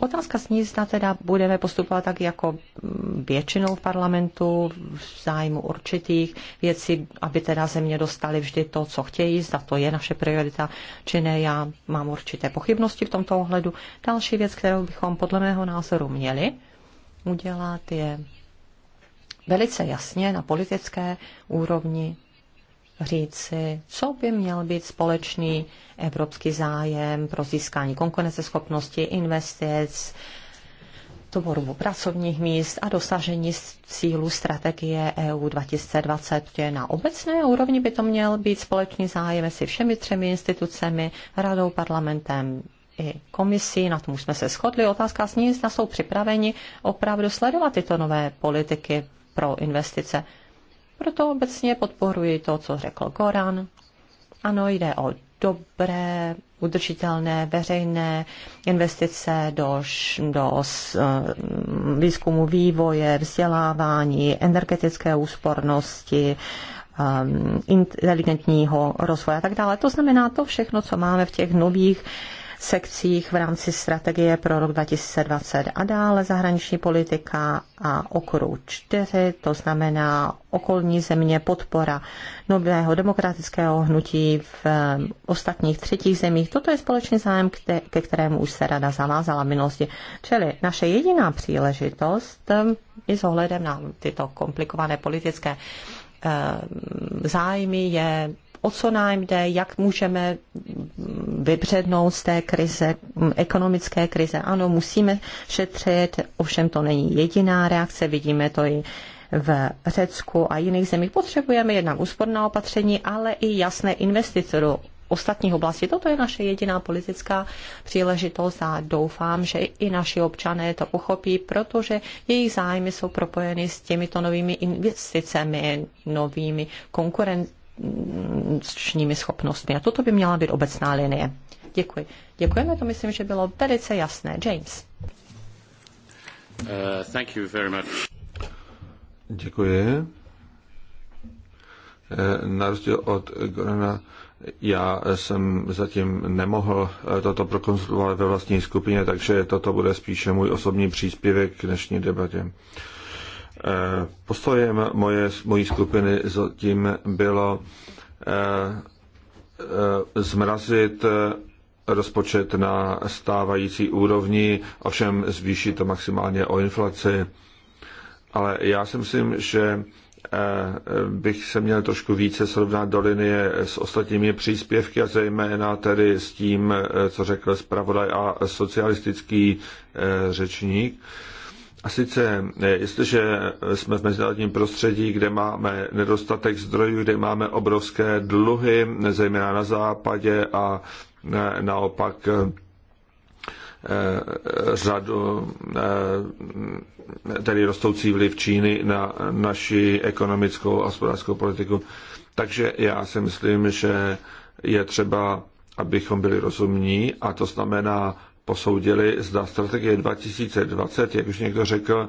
Otázka zní, zda teda budeme postupovat tak jako mm, většinou v parlamentu v zájmu určitých věcí, aby teda země dostali vždy to, co chtějí, zda to je naše priorita, či ne. Já mám určité pochybnosti v tomto ohledu. Další věc, kterou bychom podle mého názoru měli udělat, je velice jasně na politické úrovni říci, co by měl být společný evropský zájem pro získání konkurenceschopnosti, investic, tvorbu pracovních míst a dosažení cílů strategie EU 2020. Na obecné úrovni by to měl být společný zájem mezi všemi třemi institucemi, radou, parlamentem i komisí, na tom už jsme se shodli. Otázka zní, zda jsou připraveni opravdu sledovat tyto nové politiky pro investice. Proto obecně podporuji to, co řekl Koran. Ano, jde o dobré, udržitelné veřejné investice do, do eh, výzkumu vývoje, vzdělávání, energetické úspornosti, ehm, inteligentního rozvoje a tak dále. To znamená to všechno, co máme v těch nových sekcích v rámci strategie pro rok 2020 a dále zahraniční politika a okruh 4, to znamená okolní země, podpora nového demokratického hnutí v eh, ostatních třetích zemích. Toto je společný zájem, ke kterému už se rada zavázala v minulosti. Čili naše jediná příležitost eh, i s ohledem na tyto komplikované politické eh, zájmy je o co nám jde, jak můžeme vybřednout z té krize, ekonomické krize. Ano, musíme šetřit, ovšem to není jediná reakce, vidíme to i v Řecku a jiných zemích. Potřebujeme jednak úsporná opatření, ale i jasné investice do ostatních oblastí. Toto je naše jediná politická příležitost a doufám, že i naši občané to pochopí, protože jejich zájmy jsou propojeny s těmito novými investicemi, novými konkurenci činními schopnostmi. A toto by měla být obecná linie. Děkuji. Děkujeme, to myslím, že bylo velice jasné. James. Uh, thank you very much. Děkuji. Eh, na rozdíl od Gorana, já jsem zatím nemohl toto prokonzultovat ve vlastní skupině, takže toto bude spíše můj osobní příspěvek k dnešní debatě. Uh, Eh, postojem moje, mojí skupiny zatím bylo eh, eh, zmrazit rozpočet na stávající úrovni, ovšem zvýšit to maximálně o inflaci. Ale já si myslím, že bych se měl trošku více srovnat do linie s ostatními příspěvky a zejména tedy s tím, co řekl zpravodaj a socialistický řečník. A sice, eh, jestliže jsme v mezinárodním prostředí, kde máme nedostatek zdrojů, kde máme obrovské dluhy, zejména na západě a eh, naopak eh, řadu, tedy rostoucí vliv Číny na naši ekonomickou a hospodářskou politiku. Takže já si myslím, že je třeba, abychom byli rozumní a to znamená posoudili, zda strategie 2020, jak už někdo řekl,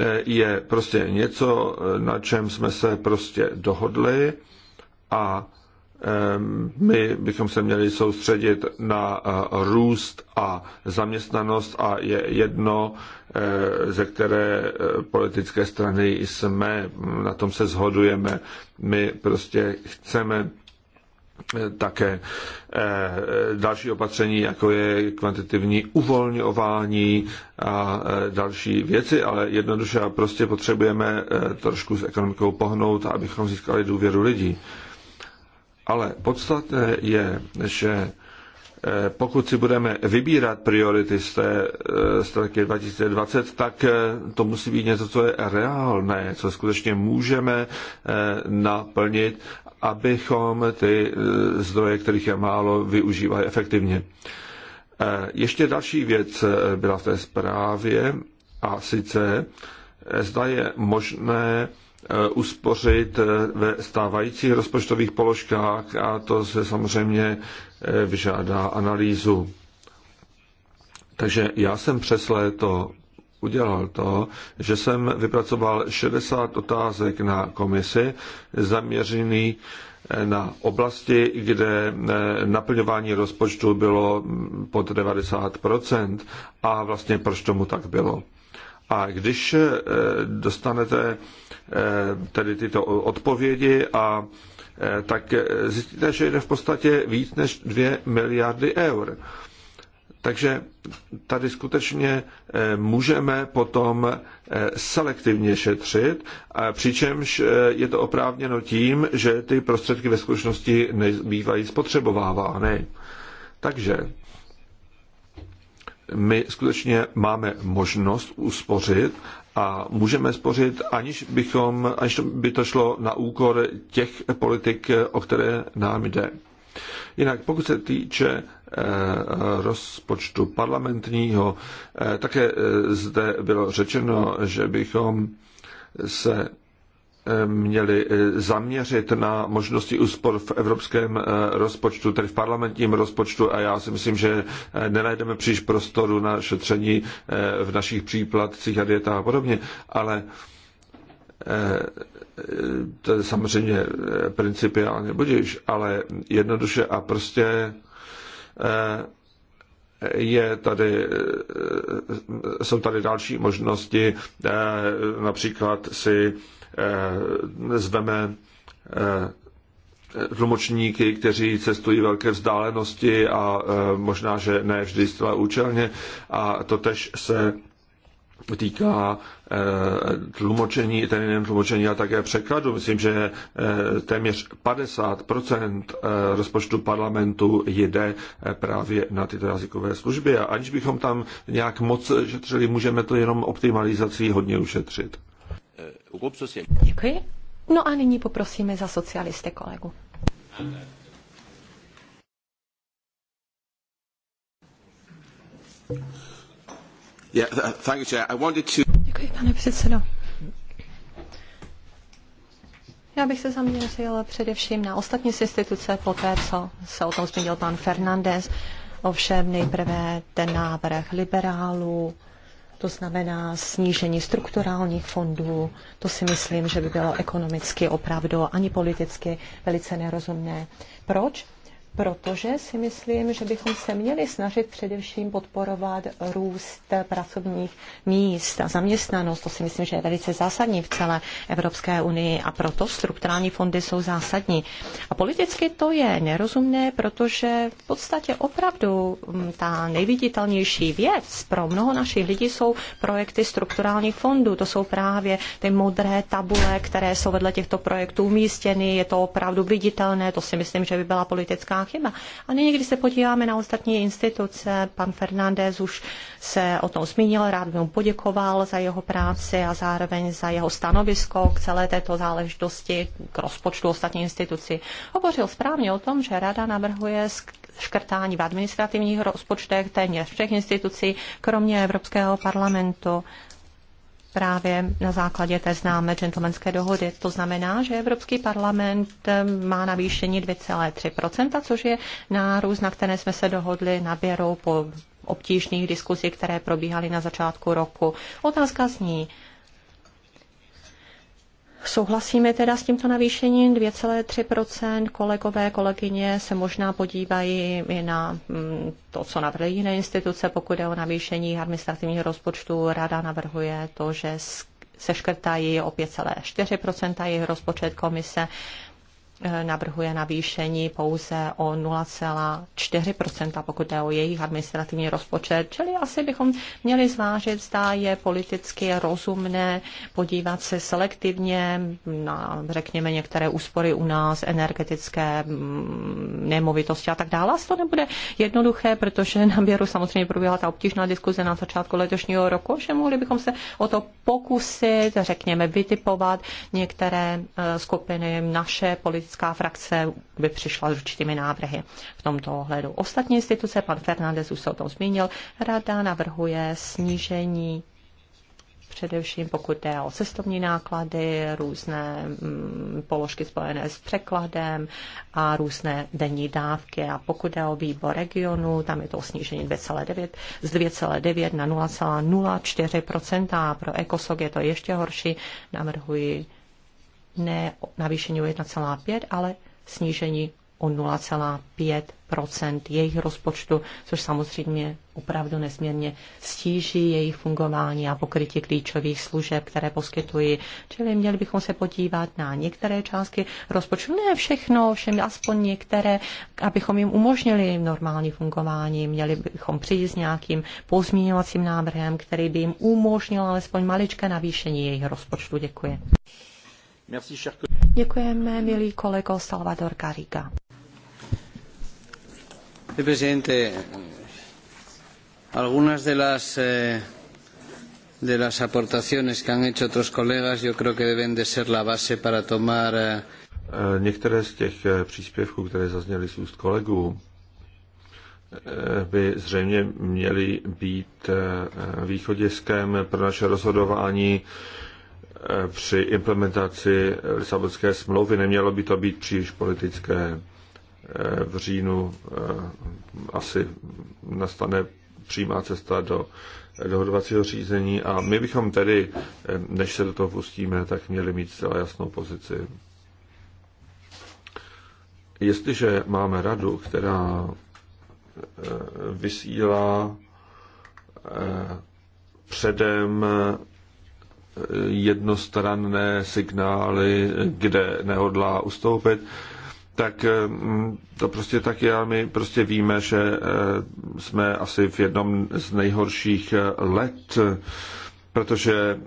eh, je prostě něco, eh, na čem jsme se prostě dohodli a eh, my bychom se měli soustředit na růst a zaměstnanost a je jedno, ze které politické strany jsme, na tom se zhodujeme. My prostě chceme také eh, další opatření, jako je kvantitativní uvolňování a eh, další věci, ale jednoduše a prostě potřebujeme eh, trošku s ekonomikou pohnout, abychom získali důvěru lidí. Ale podstatné je, že Eh, pokud si budeme vybírat priority z té eh, strategie 2020, tak eh, to musí být něco, co je reálné, co skutečně můžeme naplnit, abychom ty zdroje, kterých je málo, využívali efektivně. Ještě další věc byla v té zprávě, a sice zda je možné Eh, uspořit eh, ve stávajících rozpočtových položkách a to se samozřejmě eh, vyžádá analýzu. Takže já jsem přes léto udělal to, že jsem vypracoval 60 otázek na komisi zaměřený na oblasti, kde naplňování rozpočtu bylo mm, pod 90% a vlastně proč tomu tak bylo. A když dostanete Eh, tedy tyto odpovědi a eh, tak eh, zjistíte, že jde v podstatě víc než 2 miliardy eur. Takže tady skutečně můžeme potom selektivně šetřit, přičemž je to oprávněno tím, že ty prostředky ve skutečnosti nebývají spotřebovávány. Takže my skutečně máme možnost uspořit a můžeme spořit, aniž, bychom, aniž by to šlo na úkor těch politik, o které nám jde. Jinak pokud se týče eh, rozpočtu parlamentního, eh, také eh, zde bylo řečeno, že bychom se měli eh, zaměřit na možnosti úspor v evropském eh, rozpočtu, tedy v parlamentním rozpočtu a já si myslím, že eh, nenajdeme příliš prostoru na šetření v našich příplatcích a dietách a podobně, ale to je samozřejmě principiálně budíš, ale jednoduše a prostě je tady, eh, jsou tady další možnosti, eh, například si eh, zveme tlumočníky, kteří cestují velké vzdálenosti a možná, že ne vždy zcela účelně. A totež se týká eh, tlumočení, tedy nejen tlumočení, ale také překladu. Myslím, že eh, téměř 50% eh, rozpočtu parlamentu jde právě na tyto jazykové služby. A aniž bychom tam nějak moc šetřili, můžeme to jenom optimalizací hodně ušetřit. Děkuji. No a nyní poprosíme za socialisty kolegu. Thank Děkuji, pane Já bych se zaměřil především na ostatní instituce, poté co se o tom zmínil pan Fernandez. Ovšem nejprve ten návrh liberálů, to znamená snížení strukturálních fondů. To si myslím, že by bylo ekonomicky opravdu ani politicky velice nerozumné. Proč? protože si myslím, že bychom se měli snažit především podporovat růst pracovních míst a zaměstnanost. To si myslím, že je velice zásadní v celé Evropské unii a proto strukturální fondy jsou zásadní. A politicky to je nerozumné, protože v podstatě opravdu mm, ta nejviditelnější věc pro mnoho našich lidí jsou projekty strukturálních fondů. To jsou právě ty modré tabule, které jsou vedle těchto projektů umístěny. Je to opravdu viditelné, to si myslím, že by byla politická chyba. A nyní, když se podíváme na ostatní instituce, pan Fernández už se o tom zmínil, rád bych mu poděkoval za jeho práci a zároveň za jeho stanovisko k celé této záležitosti, k rozpočtu ostatní instituci. Hovořil správně o tom, že rada navrhuje škrtání v administrativních rozpočtech téměř všech institucí, kromě Evropského parlamentu právě na základě té známé gentlemanské dohody. To znamená, že Evropský parlament eh, má navýšení 2,3%, což je nárůst, na které jsme se dohodli na po obtížných diskuzích, které probíhaly na začátku roku. Otázka zní, Souhlasíme teda s tímto navýšením 2,3 Kolegové, kolegyně se možná podívají i na mm, to, co navrhují jiné instituce, pokud je o navýšení administrativního rozpočtu. Rada navrhuje to, že se škrtají o 5,4 jejich rozpočet komise Eh, navrhuje navýšení pouze o 0,4%, pokud jde o jejich administrativní rozpočet. Čili asi bychom měli zvážit, zda je politicky rozumné podívat se selektivně na, řekněme, některé úspory u nás, energetické mm, nemovitosti a tak dále. Asi to nebude jednoduché, protože na Běru samozřejmě proběhla ta obtížná diskuze na začátku letošního roku, že mohli bychom se o to pokusit, řekněme, vytipovat některé eh, skupiny naše politické komunistická frakce by přišla s určitými návrhy v tomto ohledu. Ostatní instituce, pan Fernández už se o tom zmínil, rada navrhuje snížení především pokud jde o cestovní náklady, různé mm, položky spojené s překladem a různé denní dávky. A pokud jde o výbor regionu, tam je to snížení 2,9, z 2,9 na 0,04 a pro ECOSOG je to ještě horší. Navrhuji ne navýšení o 1,5, ale snížení o 0,5 jejich rozpočtu, což samozřejmě opravdu nesmírně stíží jejich fungování a pokrytí klíčových služeb, které poskytují. Čili měli bychom se podívat na některé částky rozpočtu, ne všechno, všem aspoň některé, abychom jim umožnili normální fungování. Měli bychom přijít s nějakým pozměňovacím návrhem, který by jim umožnil alespoň maličké navýšení jejich rozpočtu. Děkuji. Děkujeme, milý kolego Salvador Garriga. algunas de las eh, de las aportaciones que han hecho otros colegas yo creo que deben de ser la base para tomar eh, eh, Některé z těch příspěvků, které zazněly z úst kolegů, by zřejmě měly být východiskem pro naše rozhodování při implementaci Lisabonské smlouvy. Nemělo by to být příliš politické. V říjnu eh, asi nastane přímá cesta do dohodovacího řízení a my bychom tedy, eh, než se do toho pustíme, tak měli mít zcela jasnou pozici. Jestliže máme radu, která eh, vysílá předem jednostranné signály, kde nehodlá ustoupit, tak mm, to prostě tak je. My prostě víme, že eh, jsme asi v jednom z nejhorších eh, let, protože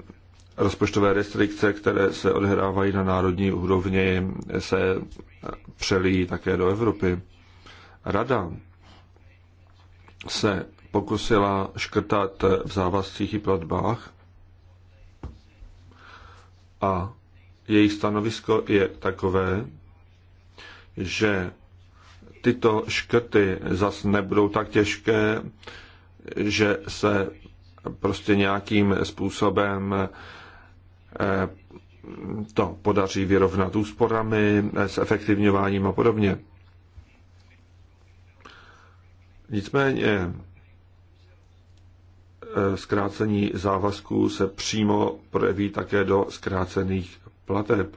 rozpočtové restrikce, které se odehrávají na národní úrovni, se eh, přelíjí také do Evropy. Rada se pokusila škrtat v závazcích i platbách, a jejich stanovisko je takové, že tyto škrty zas nebudou tak těžké, že se prostě nějakým způsobem eh, to podaří vyrovnat úsporami, s efektivňováním a podobně. Nicméně Eh, zkrácení závazků se přímo projeví také do zkrácených plateb.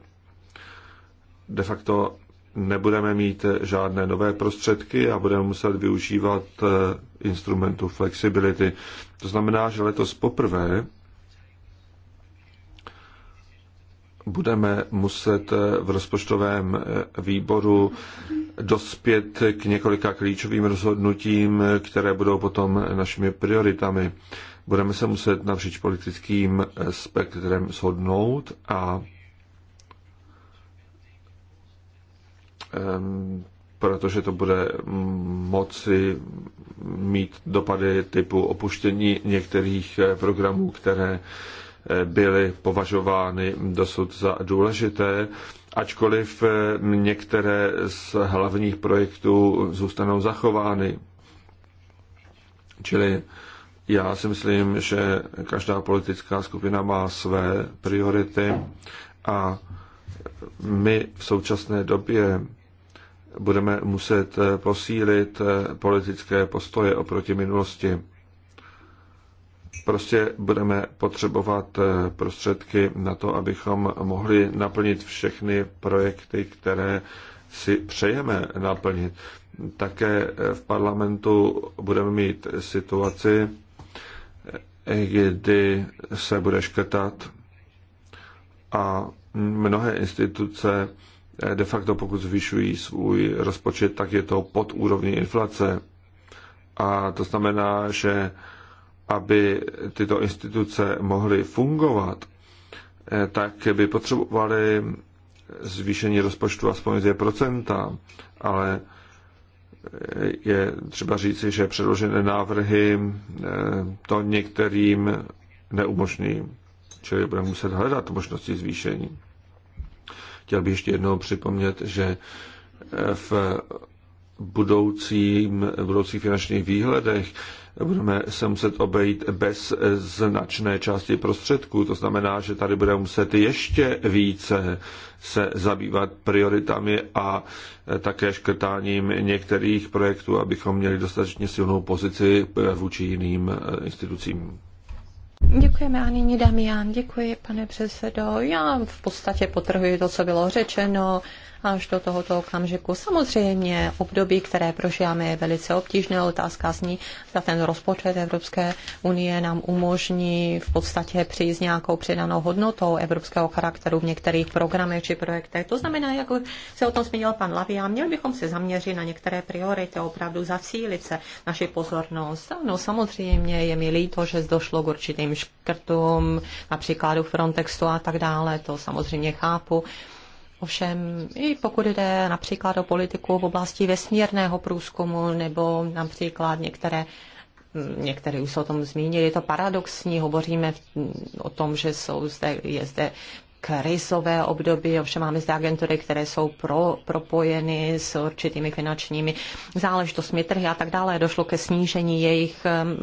De facto nebudeme mít žádné nové prostředky a budeme muset využívat eh, instrumentu flexibility. To znamená, že letos poprvé budeme muset eh, v rozpočtovém výboru dospět k několika klíčovým rozhodnutím, které budou potom našimi prioritami budeme se muset napříč politickým eh, spektrem shodnout a protože to bude mm, moci mít dopady typu opuštění některých eh, programů, které eh, byly považovány dosud za důležité, ačkoliv některé z hlavních projektů zůstanou zachovány. Čili já si myslím, že každá politická skupina má své priority a my v současné době budeme muset posílit politické postoje oproti minulosti. Prostě budeme potřebovat prostředky na to, abychom mohli naplnit všechny projekty, které si přejeme naplnit. Také v parlamentu budeme mít situaci, kdy se bude škrtat a mnohé instituce eh, de facto pokud zvyšují svůj rozpočet, tak je to pod úrovní inflace. A to znamená, že aby tyto instituce mohly fungovat, eh, tak by potřebovaly zvýšení rozpočtu aspoň 2%, ale je třeba říci, že předložené návrhy eh, to některým neumožní, čili budeme muset hledat možnosti zvýšení. Chtěl bych ještě jednou připomnět, že eh, v budoucím, budoucích finančních výhledech budeme se muset obejít bez značné části prostředků. To znamená, že tady budeme muset ještě více se zabývat prioritami a také škrtáním některých projektů, abychom měli dostatečně silnou pozici vůči jiným institucím. Děkujeme a nyní Damián. Děkuji, pane předsedo. Já v podstatě potrhuji to, co bylo řečeno až do tohoto okamžiku. Samozřejmě období, které prožíváme, je velice obtížné. Otázka zní, za ten rozpočet Evropské unie nám umožní v podstatě přijít s nějakou přidanou hodnotou evropského charakteru v některých programech či projektech. To znamená, jak se o tom zmínil pan Lavia, měli bychom se zaměřit na některé priority, opravdu zacílit se naši pozornost. No samozřejmě je mi líto, že došlo k určitým škrtům, například u Frontextu a tak dále, to samozřejmě chápu. Ovšem, i pokud jde například o politiku v oblasti vesmírného průzkumu nebo například některé mm, některé už se o tom zmínili, je to paradoxní, hovoříme o tom, že jsou zde, je zde krizové období, ovšem máme zde agentury, které jsou pro, propojeny s určitými finančními záležitostmi trhy a tak dále. Došlo ke snížení jejich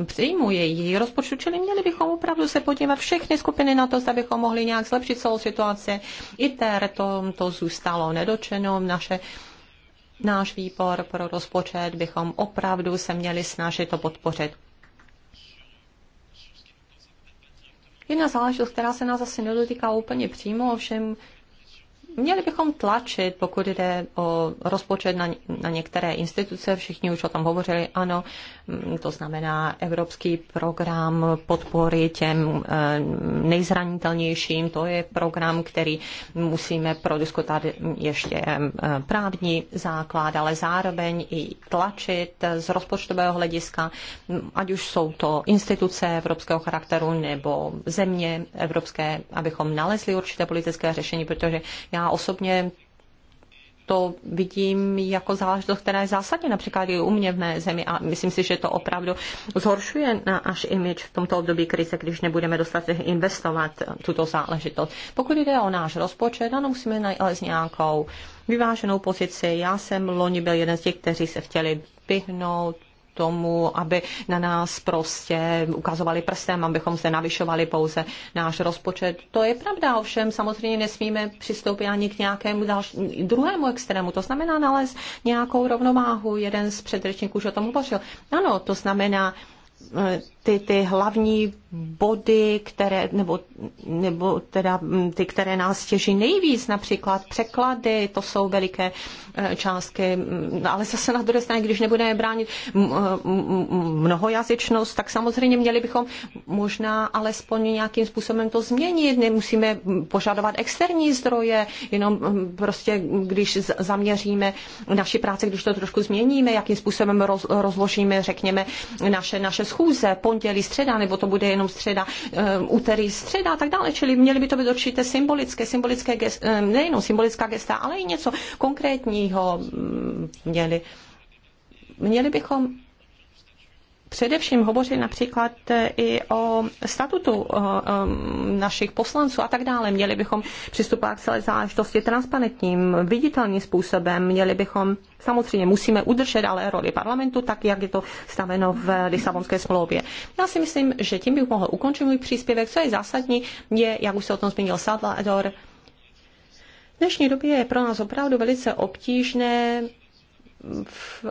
příjmu, jejich rozpočtu, čili měli bychom opravdu se podívat všechny skupiny na to, zda bychom mohli nějak zlepšit celou situaci. ITER to, to zůstalo nedočeno, naše náš výbor pro rozpočet bychom opravdu se měli snažit to podpořit. Jedna záležitost, která se nás asi nedotýká úplně přímo, ovšem Měli bychom tlačit, pokud jde o rozpočet na, na některé instituce, všichni už o tom hovořili, ano, to znamená Evropský program podpory těm eh, nejzranitelnějším. To je program, který musíme prodiskutovat ještě eh, právní základ, ale zároveň i tlačit z rozpočtového hlediska, ať už jsou to instituce evropského charakteru nebo země evropské, abychom nalezli určité politické řešení, protože já osobně to vidím jako záležitost, která je zásadně například i u mě v mé zemi a myslím si, že to opravdu zhoršuje náš image v tomto období krize, když nebudeme dostat investovat tuto záležitost. Pokud jde o náš rozpočet, ano, musíme najít nějakou vyváženou pozici. Já jsem loni byl jeden z těch, kteří se chtěli vyhnout tomu, aby na nás prostě ukazovali prstem, abychom se navyšovali pouze náš rozpočet. To je pravda, ovšem samozřejmě nesmíme přistoupit ani k nějakému další, druhému extrému. To znamená nalézt nějakou rovnováhu. Jeden z předřečníků už o tom hovořil. Ano, to znamená eh, ty, ty hlavní body, které, nebo, nebo teda mm, ty, které nás těží nejvíc, například překlady, to jsou veliké e, částky, mm, ale zase na druhé straně, když nebudeme bránit mnohojazyčnost, tak samozřejmě měli bychom možná alespoň nějakým způsobem to změnit, nemusíme požadovat externí zdroje, jenom mm, prostě, když zaměříme naši práci, když to trošku změníme, jakým způsobem rozložíme, řekněme, naše, naše schůze, po pondělí, středa, nebo to bude jenom středa, eh, úterý, středa a tak dále. Čili měly by to být určité symbolické, symbolické gest, eh, nejenom symbolická gesta, ale i něco konkrétního mm, měli. Měli bychom především hovoří například eh, i o statutu eh, eh, našich poslanců a tak dále. Měli bychom přistupovat k celé záležitosti transparentním, viditelným způsobem. Měli bychom, samozřejmě musíme udržet ale roli parlamentu, tak jak je to staveno v Lisabonské smlouvě. Já si myslím, že tím bych mohl ukončit můj příspěvek. Co je zásadní, je, jak už se o tom zmínil Salvador, v dnešní době je pro nás opravdu velice obtížné v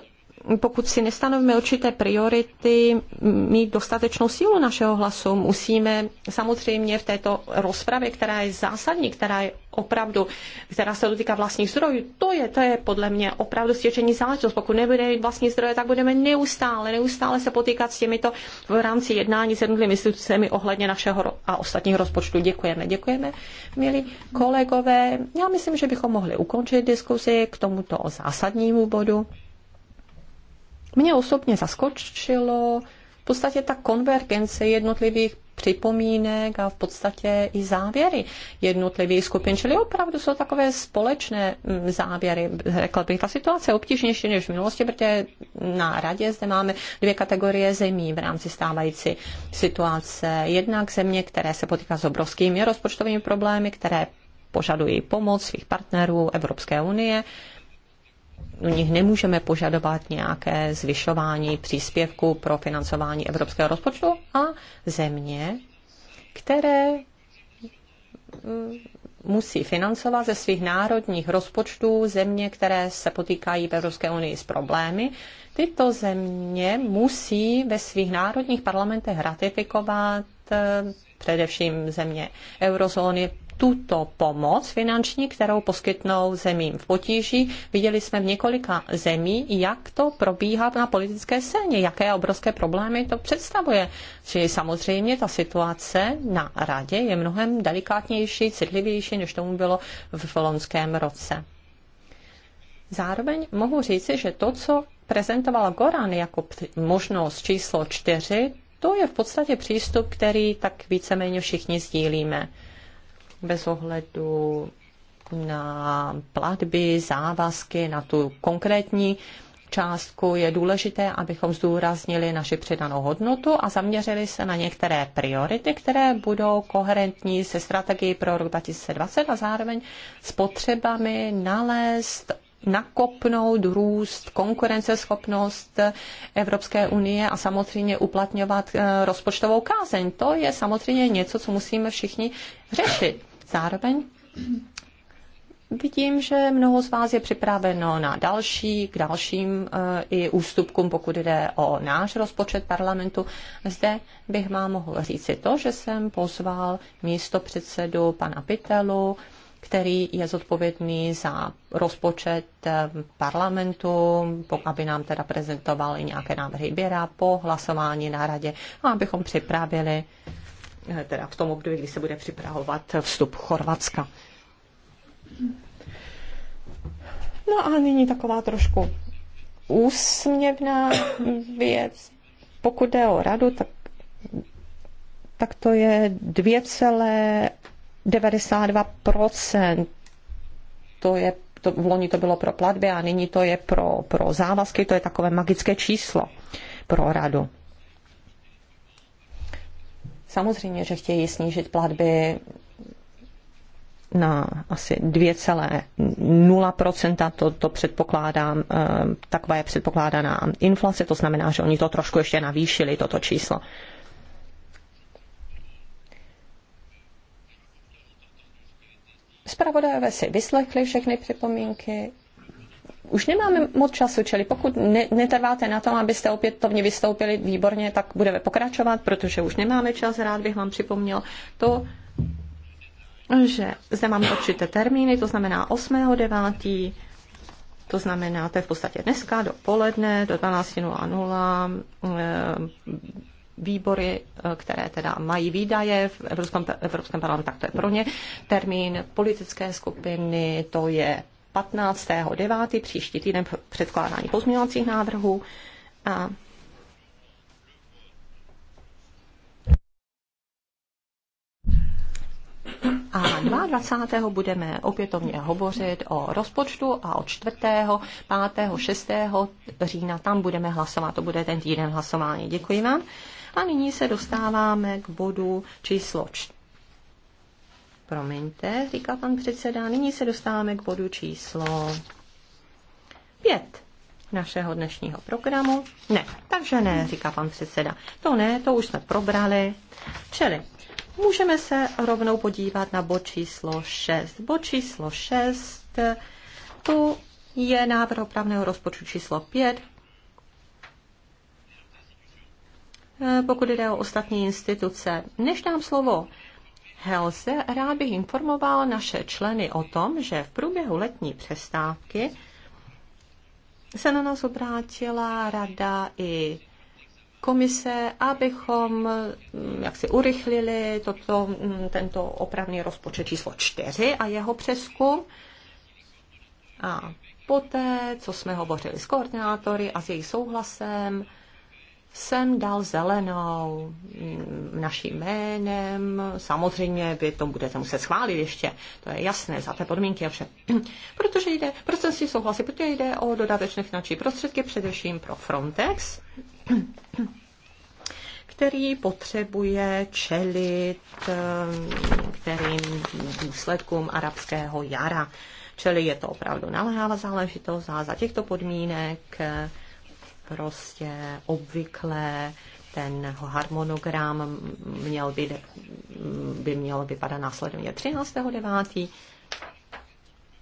pokud si nestanovíme určité priority, mít dostatečnou sílu našeho hlasu, musíme samozřejmě v této rozpravě, která je zásadní, která je opravdu, která se dotýká vlastních zdrojů, to je, to je podle mě opravdu stěžení záležitost. Pokud nebude mít vlastní zdroje, tak budeme neustále, neustále se potýkat s těmito v rámci jednání s jednotlivými institucemi ohledně našeho a ostatních rozpočtů. Děkujeme, děkujeme, milí kolegové. Já myslím, že bychom mohli ukončit diskusi k tomuto zásadnímu bodu. Mě osobně zaskočilo v podstatě ta konvergence jednotlivých připomínek a v podstatě i závěry jednotlivých skupin. Čili opravdu jsou takové společné mm, závěry. Řekla bych, ta situace je obtížnější než v minulosti, protože na radě zde máme dvě kategorie zemí v rámci stávající situace. Jednak země, které se potýká s obrovskými rozpočtovými problémy, které požadují pomoc svých partnerů Evropské unie u nich nemůžeme požadovat nějaké zvyšování příspěvku pro financování evropského rozpočtu a země, které mm, musí financovat ze svých národních rozpočtů země, které se potýkají v Evropské unii s problémy. Tyto země musí ve svých národních parlamentech ratifikovat eh, především země eurozóny tuto pomoc finanční, kterou poskytnou zemím v potíži. Viděli jsme v několika zemí, jak to probíhá na politické scéně, jaké obrovské problémy to představuje. Čili samozřejmě ta situace na radě je mnohem delikátnější, citlivější, než tomu bylo v loňském roce. Zároveň mohu říci, že to, co prezentoval Goran jako možnost číslo čtyři, to je v podstatě přístup, který tak víceméně všichni sdílíme bez ohledu na platby, závazky, na tu konkrétní částku je důležité, abychom zdůraznili naši přidanou hodnotu a zaměřili se na některé priority, které budou koherentní se strategií pro rok 2020 a zároveň s potřebami nalézt nakopnout růst, konkurenceschopnost Evropské unie a samozřejmě uplatňovat eh, rozpočtovou kázeň. To je samozřejmě něco, co musíme všichni řešit. Zároveň vidím, že mnoho z vás je připraveno na další, k dalším eh, i ústupkům, pokud jde o náš rozpočet parlamentu. Zde bych vám mohl říci to, že jsem pozval místo předsedu pana Pitelu, který je zodpovědný za rozpočet eh, parlamentu, aby nám teda prezentovali nějaké návrhy Běra po hlasování na radě, abychom připravili Eh, teda v tom období, kdy se bude připravovat vstup Chorvatska. No a nyní taková trošku úsměvná věc. Pokud jde o radu, tak, tak to je 2,92%. To je, to, v loni to bylo pro platby a nyní to je pro, pro závazky, to je takové magické číslo pro radu. Samozřejmě, že chtějí snížit platby na asi 2,0%, to, to předpokládám, eh, taková je předpokládaná inflace, to znamená, že oni to trošku ještě navýšili, toto číslo. Spravodajové si vyslechli všechny připomínky, už nemáme moc času, čili pokud ne, netrváte na tom, abyste opět opětovně vystoupili výborně, tak budeme pokračovat, protože už nemáme čas. Rád bych vám připomněl to, že zde mám určité termíny, to znamená 8.9., to znamená, to je v podstatě dneska do poledne, do 12.00, eh, výbory, eh, které teda mají výdaje v Evropském, Evropském parlamentu, tak to je pro ně termín politické skupiny, to je 15.9. příští týden předkládání pozměňovacích návrhů a A 22. budeme opětovně hovořit o rozpočtu a od 4., 5., 6. října tam budeme hlasovat. To bude ten týden hlasování. Děkuji vám. A nyní se dostáváme k bodu číslo 4 Promiňte, říká pan předseda, nyní se dostáváme k bodu číslo 5 našeho dnešního programu. Ne, takže ne, říká pan předseda. To ne, to už jsme probrali. Čili můžeme se rovnou podívat na bod číslo 6. Bod číslo 6, to je návrh opravného rozpočtu číslo 5. Eh, pokud jde o ostatní instituce, než dám slovo Helse, rád bych informoval naše členy o tom, že v průběhu letní přestávky se na nás obrátila rada i komise, abychom mm, jak si urychlili toto, mm, tento opravný rozpočet číslo 4 a jeho přeskum. A poté, co jsme hovořili s koordinátory a s jejich souhlasem, jsem dal zelenou mm, naším jménem. Samozřejmě vy to budete muset schválit ještě, to je jasné, za té podmínky a vše. [clears throat] Protože jde, prostě si souhlasí, protože jde o dodatečné finanční prostředky, především pro Frontex, [clears throat] který potřebuje čelit eh, kterým důsledkům arabského jara. Čili je to opravdu naléhavá záležitost a za těchto podmínek eh, prostě obvyklé, ten harmonogram měl být, by měl vypadat následně 13.9.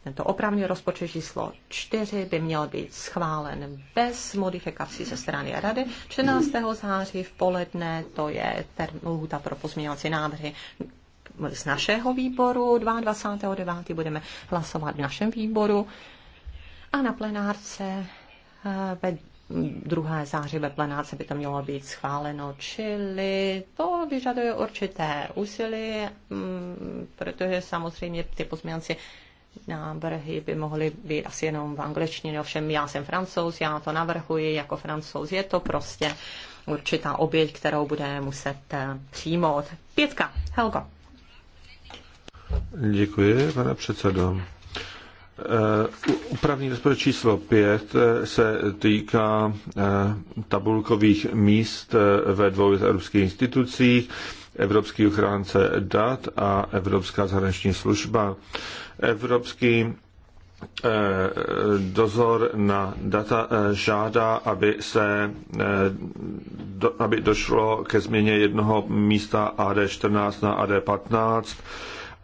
Tento opravný rozpočet číslo 4 by měl být schválen bez modifikací ze strany Rady. 14. září v poledne, to je lhůta pro pozměňovací návrhy z našeho výboru, 22.9. budeme hlasovat v našem výboru a na plenárce eh, ve druhé září ve plenáce by to mělo být schváleno, čili to vyžaduje určité úsilí, mm, protože samozřejmě ty pozměnci návrhy by mohly být asi jenom v angličtině, ovšem já jsem francouz, já to navrhuji jako francouz, je to prostě určitá oběť, kterou budeme muset eh, přijmout. Pětka, Helgo. Děkuji, pane předsedo. Eh, upravní rozpočet číslo 5 eh, se týká eh, tabulkových míst ve dvou evropských institucích, Evropský ochránce dat a Evropská zahraniční služba. Evropský dozor na data žádá, aby, se, aby došlo ke změně jednoho místa AD14 na AD15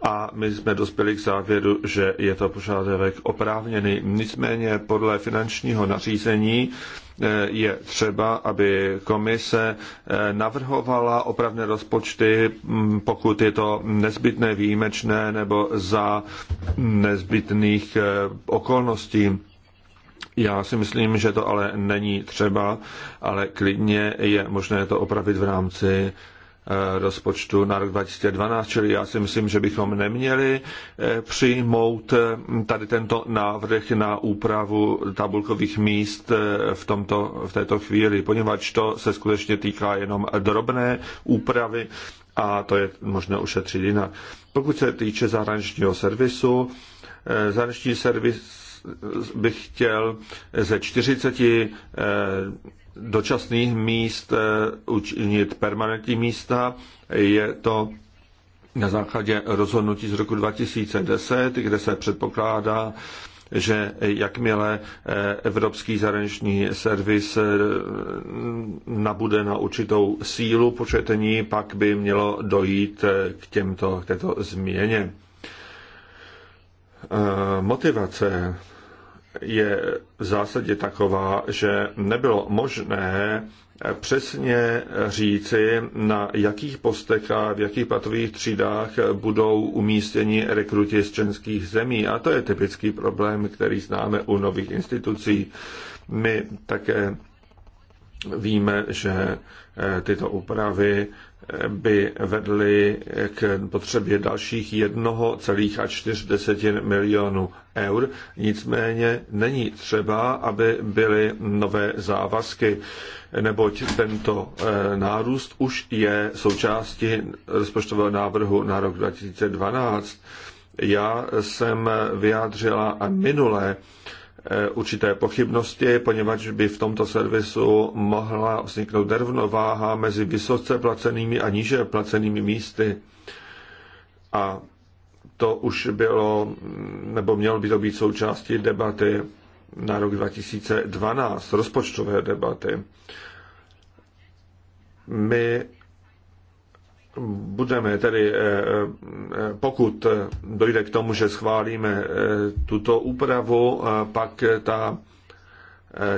a my jsme dospěli k závěru, že je to požadavek oprávněný. Nicméně podle finančního nařízení eh, je třeba, aby komise eh, navrhovala opravné rozpočty, mm, pokud je to nezbytné výjimečné nebo za nezbytných eh, okolností. Já si myslím, že to ale není třeba, ale klidně je možné to opravit v rámci Eh, rozpočtu na rok 2012, čili já si myslím, že bychom neměli eh, přijmout eh, tady tento návrh na úpravu tabulkových míst v, tomto, v této chvíli, poněvadž to se skutečně týká jenom drobné úpravy a to je možné ušetřit jinak. Pokud se týče zahraničního servisu, zahraniční servis bych chtěl ze 40 dočasných míst eh, učinit permanentní místa. Je to na základě rozhodnutí z roku 2010, kde se předpokládá, že jakmile eh, Evropský zahraniční servis eh, nabude na určitou sílu početení, pak by mělo dojít k, těmto, k této změně. Motivace je v zásadě taková, že nebylo možné přesně říci, na jakých postech a v jakých platových třídách budou umístěni rekruti z členských zemí. A to je typický problém, který známe u nových institucí. My také víme, že tyto úpravy by vedly k potřebě dalších 1,4 milionu eur. Nicméně není třeba, aby byly nové závazky, neboť tento eh, nárůst už je součástí rozpočtového návrhu na rok 2012. Já jsem vyjádřila minulé Eh, určité pochybnosti, poněvadž by v tomto servisu mohla vzniknout nerovnováha mezi vysoce placenými a níže placenými místy. A to už bylo, nebo mělo by to být součástí debaty na rok 2012, rozpočtové debaty. My budeme tedy, eh, eh, pokud dojde k tomu, že schválíme eh, tuto úpravu, pak ta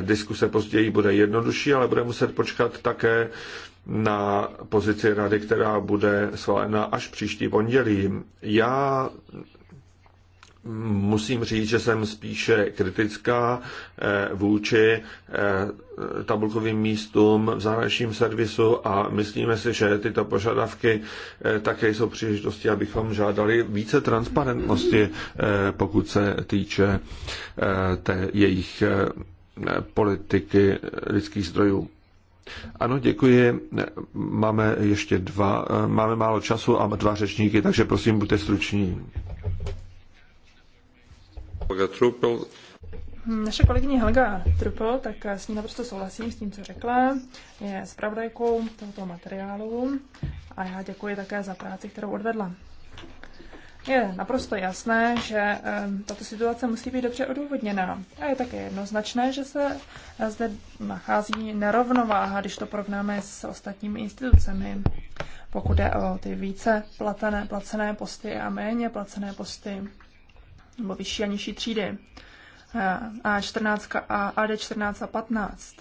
diskuse později bude jednodušší, ale bude muset počkat také na pozici rady, která bude schválena až příští pondělí. Já musím říct, že jsem spíše kritická eh, vůči eh, tabulkovým místům v zahraničním servisu a myslíme si, že tyto požadavky eh, také jsou příležitosti, abychom žádali více transparentnosti, pokud se týče té jejich politiky lidských zdrojů. Ano, děkuji. Máme ještě dva, máme málo času a dva řečníky, takže prosím, buďte struční. Hm, naše kolegyně Helga Trupel, tak eh, s ní naprosto souhlasím s tím, co řekla. Je zpravodajkou tohoto materiálu a já děkuji také za práci, kterou odvedla. Je naprosto jasné, že ehm, tato situace musí být dobře odůvodněná. A je také jednoznačné, že se eh, zde nachází nerovnováha, když to porovnáme s ostatními institucemi. Pokud jde o ty více platené, placené posty a méně placené posty nebo vyšší a nižší třídy. A14 eh, a AD14 a 15.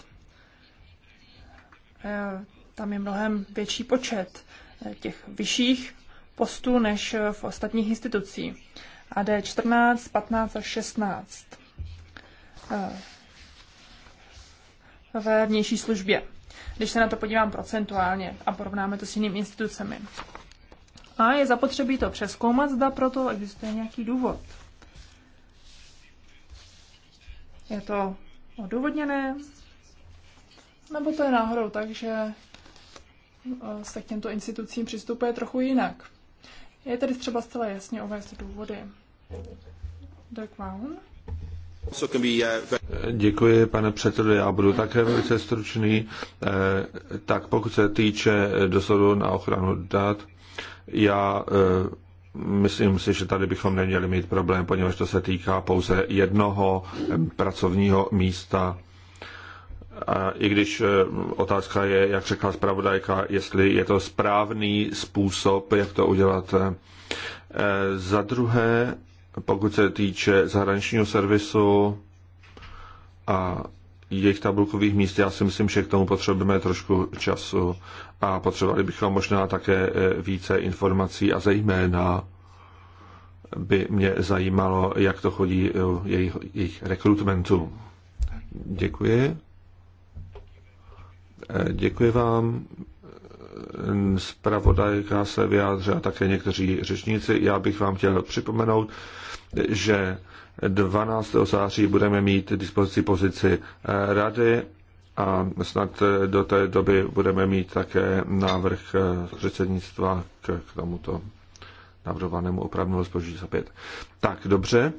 Eh, tam je mnohem větší počet eh, těch vyšších postů než v ostatních institucích. AD14, 15 a 16 ve vnější službě. Když se na to podívám procentuálně a porovnáme to s jinými institucemi. A je zapotřebí to přeskoumat, zda proto existuje nějaký důvod. Je to odůvodněné? Nebo to je náhodou tak, že e, se k těmto institucím přistupuje trochu jinak? Je tedy třeba zcela jasně uvést důvody. Dirk Vaughan. Uh, Děkuji, pane předsedo. Já budu také velice stručný. E, tak pokud se týče dosadu na ochranu dat, já e, Myslím si, že tady bychom neměli mít problém, poněvadž to se týká pouze jednoho pracovního místa. A I když e, otázka je, jak řekla zpravodajka, jestli je to správný způsob, jak to udělat. E, za druhé, pokud se týče zahraničního servisu a jejich tabulkových míst. Já si myslím, že k tomu potřebujeme trošku času a potřebovali bychom možná také eh, více informací a zejména by mě zajímalo, jak to chodí jejich, jejich rekrutmentu. Děkuji. Eh, děkuji vám. Spravodajka se vyjádřila také někteří řečníci. Já bych vám chtěl připomenout, že 12. září budeme mít dispozici pozici eh, rady a snad eh, do té doby budeme mít také návrh eh, předsednictva k, tomuto navrhovanému opravdu zboží za pět. Tak, dobře.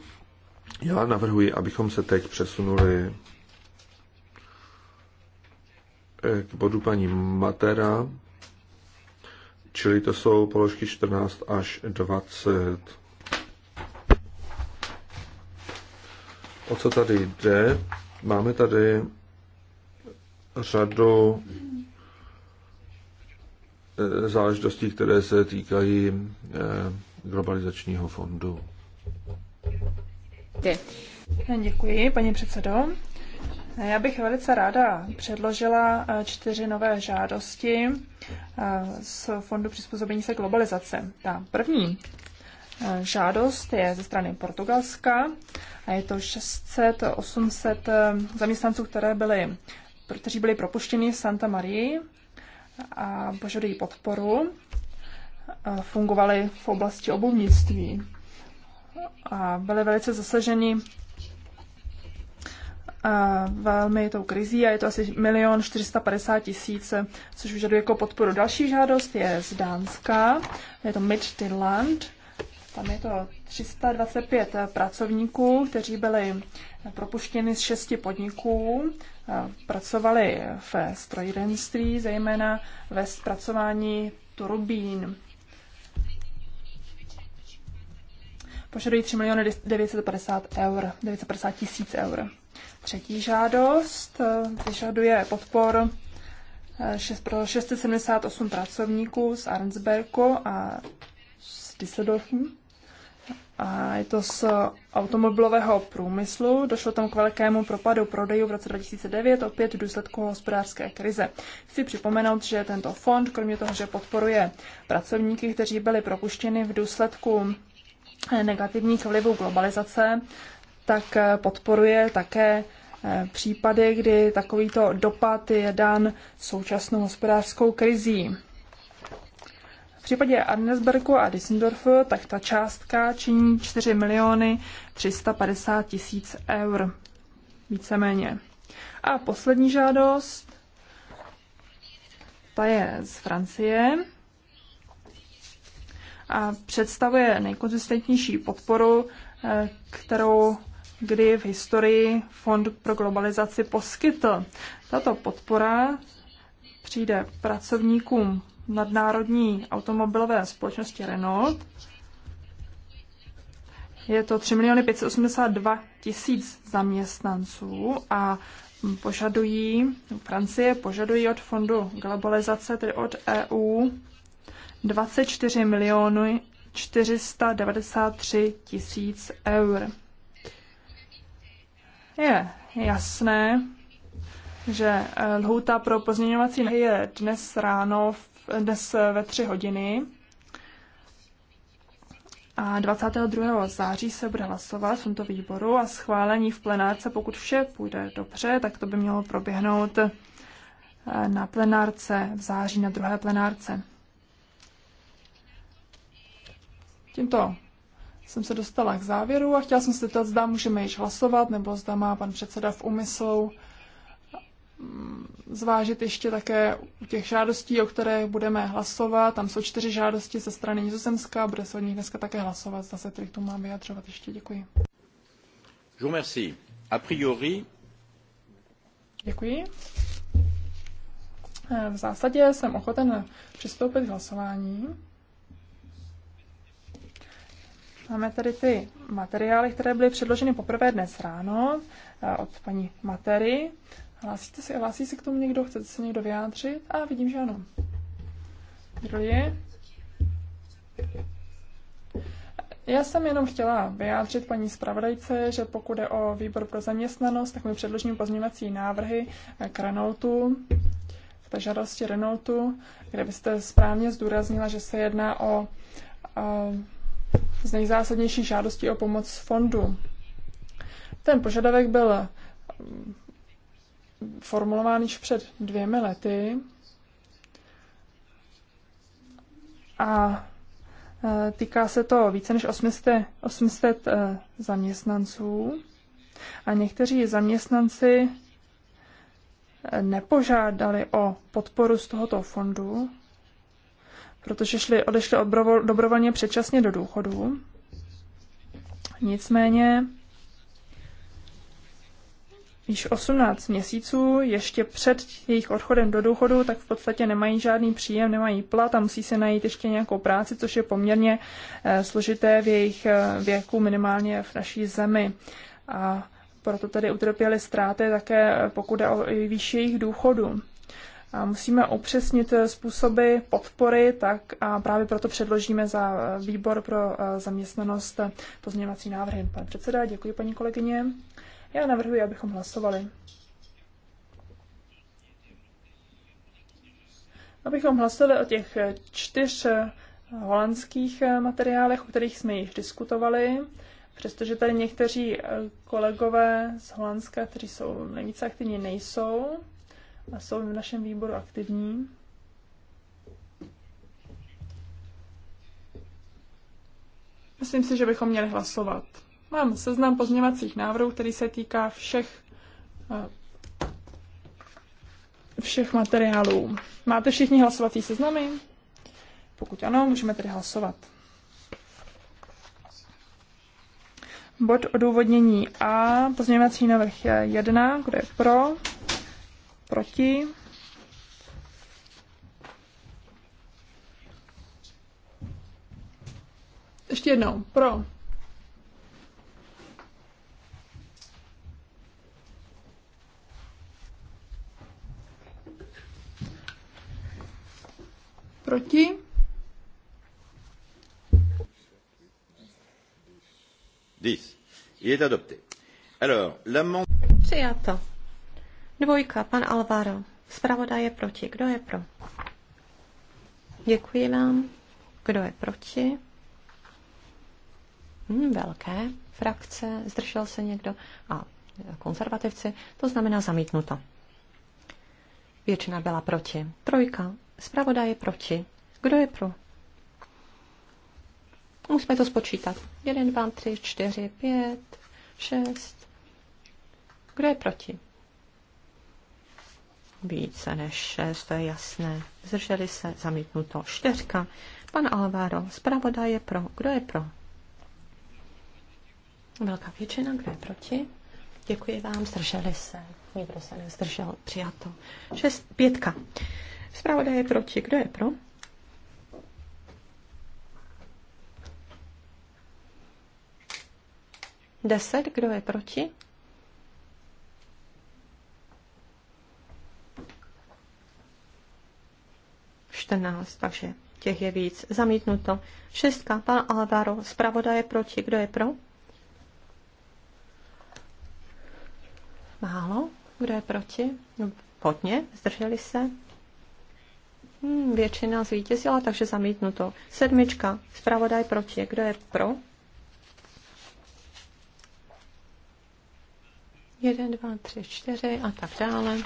Já navrhuji, abychom se teď přesunuli k bodu paní Matera, čili to jsou položky 14 až 20. o co tady jde. Máme tady řadu eh, záležitostí, které se týkají eh, globalizačního fondu. Děkuji, paní předsedo. Já bych velice ráda předložila eh, čtyři nové žádosti z Fondu přizpůsobení se globalizace. Ta první žádost je ze strany Portugalska a je to 600-800 eh, zaměstnanců, které byly, kteří byli propuštěni v Santa Marii a požadují podporu. Eh, fungovali v oblasti obuvnictví a byli velice zasaženi eh, velmi tou krizí a je to asi milion 450 tisíc, což vyžaduje jako podporu. Další žádost je z Dánska, je to Midtjylland tam je to 325 eh, pracovníků, kteří byli propuštěni z šesti podniků, eh, pracovali v strojírenství, zejména ve zpracování turbín. Požadují 3 miliony 950 eur, 950 tisíc eur. Třetí žádost eh, vyžaduje podpor pro 678 pracovníků z Arnsberku a z Düsseldorfu. A je to z automobilového průmyslu. Došlo tam k velkému propadu prodejů v roce 2009, opět v důsledku hospodářské krize. Chci připomenout, že tento fond, kromě toho, že podporuje pracovníky, kteří byli propuštěni v důsledku negativních vlivů globalizace, tak podporuje také eh, případy, kdy takovýto dopad je dán současnou hospodářskou krizí případě Arnesbergu a Düsseldorfu tak ta částka činí 4 miliony 350 tisíc eur, víceméně. A poslední žádost, ta je z Francie a představuje nejkonzistentnější podporu, eh, kterou kdy v historii Fond pro globalizaci poskytl. Tato podpora přijde pracovníkům nadnárodní automobilové společnosti Renault. Je to 3 miliony 582 tisíc zaměstnanců a požadují, Francie požadují od fondu globalizace, tedy od EU, 24 miliony 493 tisíc eur. Je jasné, že lhůta pro pozměňovací je dnes ráno v dnes ve tři hodiny. A 22. září se bude hlasovat v tomto výboru a schválení v plenárce, pokud vše půjde dobře, tak to by mělo proběhnout eh, na plenárce v září, na druhé plenárce. Tímto jsem se dostala k závěru a chtěla jsem se zeptat, zda můžeme již hlasovat, nebo zda má pan předseda v úmyslu zvážit ještě také u těch žádostí, o které budeme hlasovat. Tam jsou čtyři žádosti ze strany Nizozemska, bude se o nich dneska také hlasovat. Zase tady k tomu mám vyjadřovat ještě. Děkuji. Je A priori... Děkuji. E, v zásadě jsem ochoten přistoupit k hlasování. Máme tady ty materiály, které byly předloženy poprvé dnes ráno e, od paní Matery. Hlásíte se, hlásí se k tomu někdo? Chcete se někdo vyjádřit? A vidím, že ano. Kdo je? Já jsem jenom chtěla vyjádřit paní zpravodajce, že pokud je o výbor pro zaměstnanost, tak my předložíme pozměňovací návrhy k Renaultu, k té žádosti Renaultu, kde byste správně zdůraznila, že se jedná o o z nejzásadnější žádostí o pomoc fondu. Ten požadavek byl formulován již před dvěmi lety. A e, týká se to více než 800, 800 e, zaměstnanců. A někteří zaměstnanci e, nepožádali o podporu z tohoto fondu, protože šli, odešli odbrovo, dobrovolně předčasně do důchodu. Nicméně již 18 měsíců, ještě před jejich odchodem do důchodu, tak v podstatě nemají žádný příjem, nemají plat a musí se najít ještě nějakou práci, což je poměrně eh, složité v jejich eh, věku, minimálně v naší zemi. A proto tedy utrpěli ztráty také, eh, pokud jde o výši jejich důchodu. A musíme upřesnit způsoby podpory, tak a právě proto předložíme za výbor pro zaměstnanost pozměňovací návrhy. Pane předseda, děkuji paní kolegyně. Já navrhuji, abychom hlasovali. Abychom hlasovali o těch čtyř holandských materiálech, o kterých jsme již diskutovali, přestože tady někteří kolegové z Holandska, kteří jsou nejvíce aktivní, nejsou a jsou v našem výboru aktivní. Myslím si, že bychom měli hlasovat. Mám seznam pozměvacích návrhů, který se týká všech eh, všech materiálů. Máte všichni hlasovací seznamy? Pokud ano, můžeme tedy hlasovat. Bod odůvodnění A, pozměňovací návrh 1, kdo je pro, proti. Ještě jednou, pro, Proti? Je Přijato. Dvojka, pan Alvaro. Zpravodaj je proti. Kdo je pro? Děkuji vám. Kdo je proti? Hm, velké frakce, zdržel se někdo a e, konzervativci, to znamená zamítnuto. Většina byla proti. Trojka, Zpravodaj je proti. Kdo je pro? Musíme to spočítat. 1, 2, 3, 4, 5, 6. Kdo je proti? Více než 6, to je jasné. Zrželi se, zamítnuto. 4. Pan Alvaro, zpravodaj je pro. Kdo je pro? Velká většina, kdo je proti? Děkuji vám, zdrželi se. Nikdo se nezdržel, přijato. Šest, pětka. Zpravodaj je proti. Kdo je pro? Deset. Kdo je proti? Čtrnáct. Takže těch je víc. Zamítnuto. Šestka. Pan Alvaro. Zpravodaj je proti. Kdo je pro? Málo. Kdo je proti? Hodně. Zdrželi se. Hmm, většina zvítězila, takže zamítnuto. Sedmička. Zpravodaj proti. Kdo je pro? Jeden, dva, tři, čtyři a tak dále.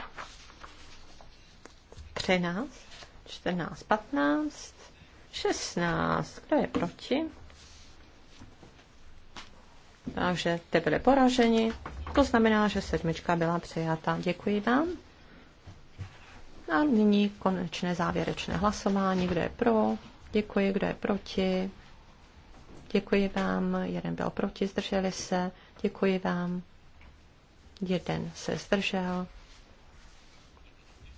Třináct, čtrnáct, patnáct, šestnáct. Kdo je proti? Takže ty byly poraženi. To znamená, že sedmička byla přijata. Děkuji vám. A nyní konečné závěrečné hlasování. Kdo je pro? Děkuji. Kdo je proti? Děkuji vám. Jeden byl proti, zdrželi se. Děkuji vám. Jeden se zdržel.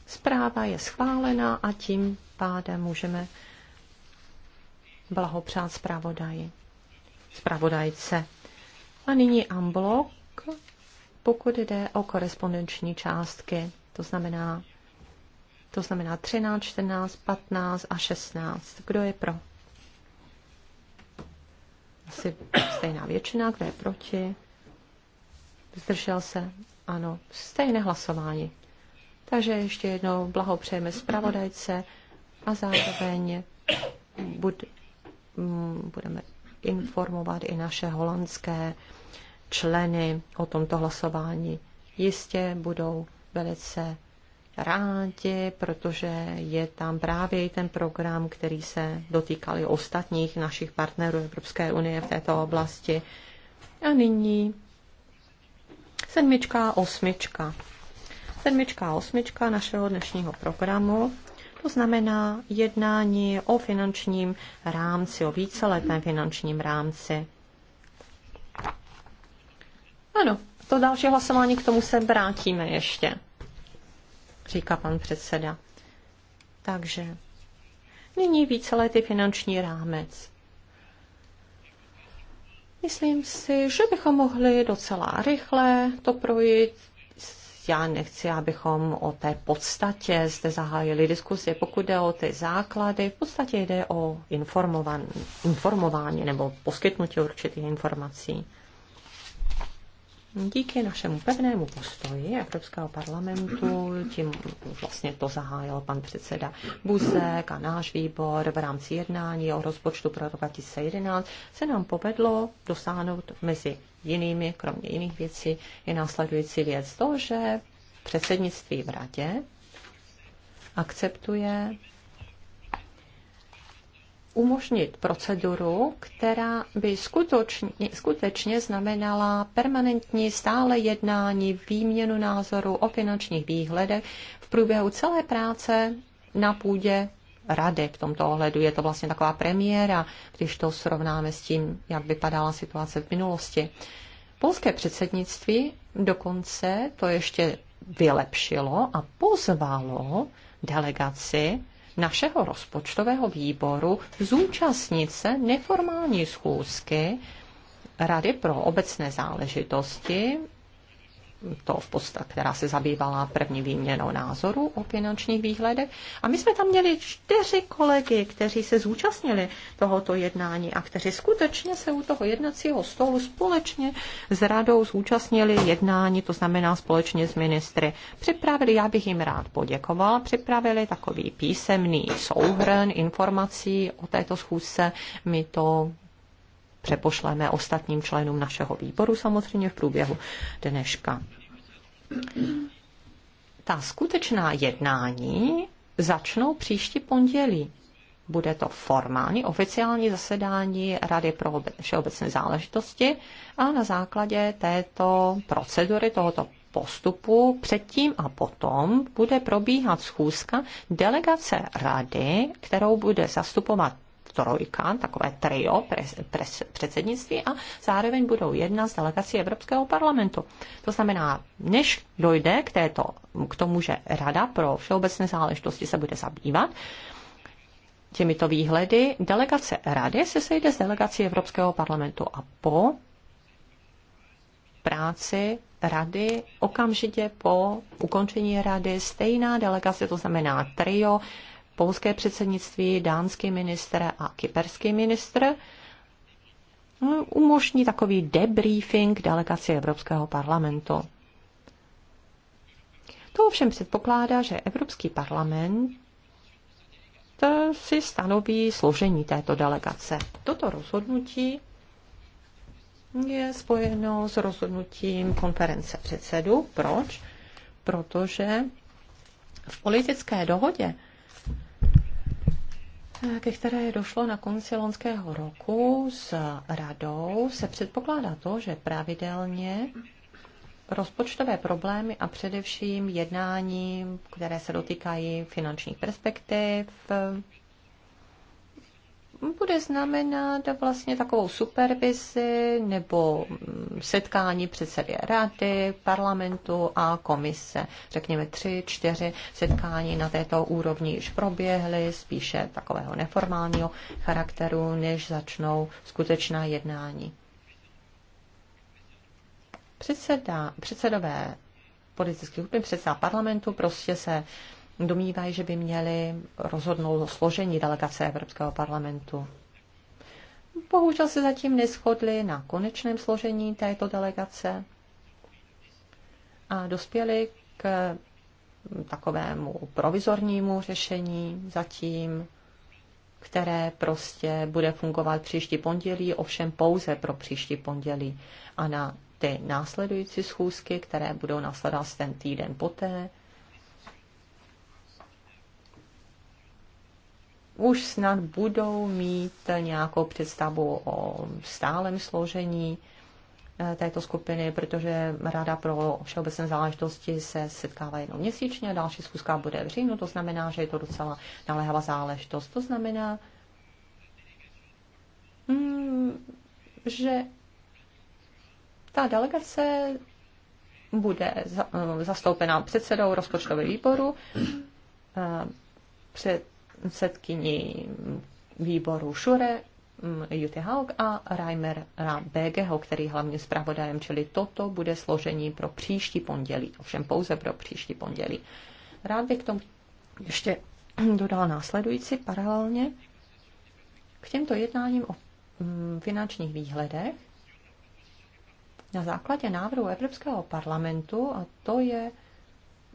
Zpráva je schválena a tím pádem můžeme blahopřát zpravodaji. Zpravodajce. A nyní amblok, pokud jde o korespondenční částky, to znamená to znamená 13, 14, 15 a 16. Kdo je pro? Asi stejná většina, kdo je proti? Zdržel se? Ano, stejné hlasování. Takže ještě jednou blahopřejeme zpravodajce a zároveň bud, budeme informovat i naše holandské členy o tomto hlasování. Jistě budou velice rádi, protože je tam právě i ten program, který se dotýkal i ostatních našich partnerů Evropské unie v této oblasti. A nyní sedmička, osmička. Sedmička a osmička našeho dnešního programu to znamená jednání o finančním rámci, o víceletém finančním rámci. Ano, to další hlasování k tomu se vrátíme ještě říká pan předseda. Takže nyní víceletý finanční rámec. Myslím si, že bychom mohli docela rychle to projít. Já nechci, abychom o té podstatě zde zahájili diskusi. Pokud jde o ty základy, v podstatě jde o informování, informování nebo poskytnutí určitých informací. Díky našemu pevnému postoji Evropského parlamentu, tím vlastně to zahájil pan předseda Buzek a náš výbor v rámci jednání o rozpočtu pro rok 2011, se nám povedlo dosáhnout mezi jinými, kromě jiných věcí, je následující věc to, že předsednictví v radě akceptuje umožnit proceduru, která by skutečně, skutečně znamenala permanentní stále jednání, výměnu názorů o finančních výhledech v průběhu celé práce na půdě rady v tomto ohledu. Je to vlastně taková premiéra, když to srovnáme s tím, jak vypadala situace v minulosti. Polské předsednictví dokonce to ještě vylepšilo a pozvalo delegaci našeho rozpočtového výboru zúčastnit se neformální schůzky Rady pro obecné záležitosti to v podstatě, která se zabývala první výměnou názorů o finančních výhledech. A my jsme tam měli čtyři kolegy, kteří se zúčastnili tohoto jednání a kteří skutečně se u toho jednacího stolu společně s radou zúčastnili jednání, to znamená společně s ministry. Připravili, já bych jim rád poděkoval, připravili takový písemný souhrn informací o této schůzce. My to přepošleme ostatním členům našeho výboru samozřejmě v průběhu dneška. Ta skutečná jednání začnou příští pondělí. Bude to formální, oficiální zasedání Rady pro všeobecné záležitosti a na základě této procedury, tohoto postupu předtím a potom bude probíhat schůzka delegace rady, kterou bude zastupovat trojka, takové trio pres, pres, předsednictví a zároveň budou jedna z delegací Evropského parlamentu. To znamená, než dojde k, této, k tomu, že Rada pro všeobecné záležitosti se bude zabývat, těmito výhledy delegace Rady se sejde s delegací Evropského parlamentu a po práci rady okamžitě po ukončení rady stejná delegace, to znamená trio polské předsednictví, dánský ministr a kyperský ministr mm, umožní takový debriefing delegaci Evropského parlamentu. To ovšem předpokládá, že Evropský parlament eh, si stanoví složení této delegace. Toto rozhodnutí je spojeno s rozhodnutím konference předsedů. Proč? Protože v politické dohodě ke které došlo na konci lonského roku s radou, se předpokládá to, že pravidelně rozpočtové problémy a především jednání, které se dotýkají finančních perspektiv, bude znamenat vlastně takovou supervizi nebo mm, setkání předsedy rady, parlamentu a komise. Řekněme tři, čtyři setkání na této úrovni již proběhly, spíše takového neformálního charakteru, než začnou skutečná jednání. Předseda, předsedové politických úplně předseda parlamentu prostě se domnívají, že by měli rozhodnout o složení delegace Evropského parlamentu. Bohužel se zatím neschodli na konečném složení této delegace a dospěli k takovému provizornímu řešení zatím, které prostě bude fungovat příští pondělí, ovšem pouze pro příští pondělí. A na ty následující schůzky, které budou následovat ten týden poté, už snad budou mít nějakou představu o stálem složení eh, této skupiny, protože Rada pro všeobecné záležitosti se setkává jenom měsíčně, další zkuska bude v říjnu, to znamená, že je to docela naléhavá záležitost. To znamená, hmm, že ta delegace bude eh, zastoupena předsedou rozpočtového výboru, eh, před předsedkyni výboru Šure mm, Juty Haug a Reimer Rabegeho, který hlavně zpravodajem, čili toto bude složení pro příští pondělí, ovšem pouze pro příští pondělí. Rád bych k tomu ještě [clears throat] dodal následující paralelně k těmto jednáním o mm, finančních výhledech na základě návrhu Evropského parlamentu a to je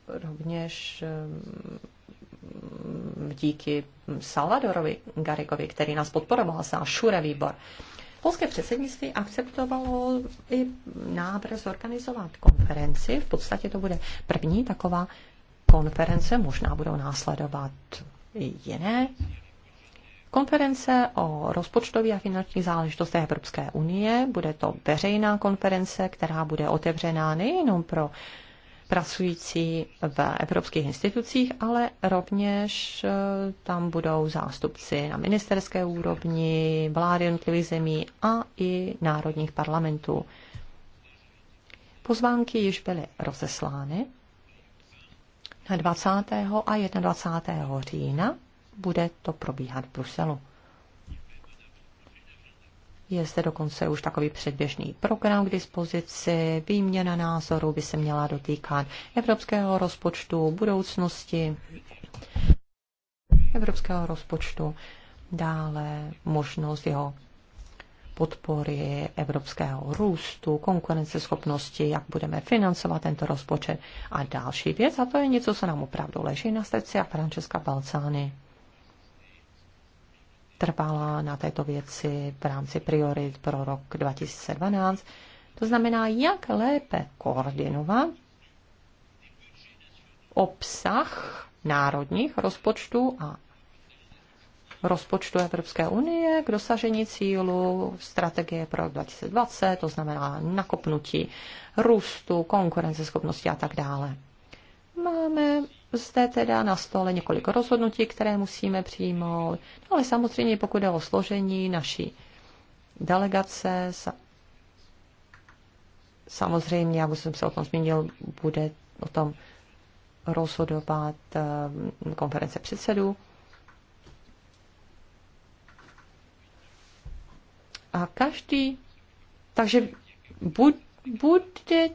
rovněž mm, díky Salvadorovi Garikovi, který nás podporoval, se Šure výbor. Polské předsednictví akceptovalo i návrh zorganizovat konferenci. V podstatě to bude první taková konference, možná budou následovat i jiné Konference o rozpočtových a finančních záležitostech Evropské unie. Bude to veřejná konference, která bude otevřená nejenom pro pracující v evropských institucích, ale rovněž eh, tam budou zástupci na ministerské úrovni, vlády jednotlivých zemí a i národních parlamentů. Pozvánky již byly rozeslány. Na 20. a 21. října bude to probíhat v Bruselu. Je zde dokonce už takový předběžný program k dispozici. Výměna názorů by se měla dotýkat evropského rozpočtu, budoucnosti evropského rozpočtu, dále možnost jeho podpory evropského růstu, konkurenceschopnosti, jak budeme financovat tento rozpočet a další věc. A to je něco, co nám opravdu leží na srdci a Francesca Balcány trvala na této věci v rámci priorit pro rok 2012. To znamená, jak lépe koordinovat obsah národních rozpočtů a rozpočtu Evropské unie k dosažení cílu strategie pro 2020, to znamená nakopnutí růstu, konkurenceschopnosti a tak dále. Máme zde teda na stole několik rozhodnutí, které musíme přijmout, no ale samozřejmě pokud je o složení naší delegace, samozřejmě, jak už jsem se o tom zmínil, bude o tom rozhodovat ehm, konference předsedů. A každý, takže bud, bude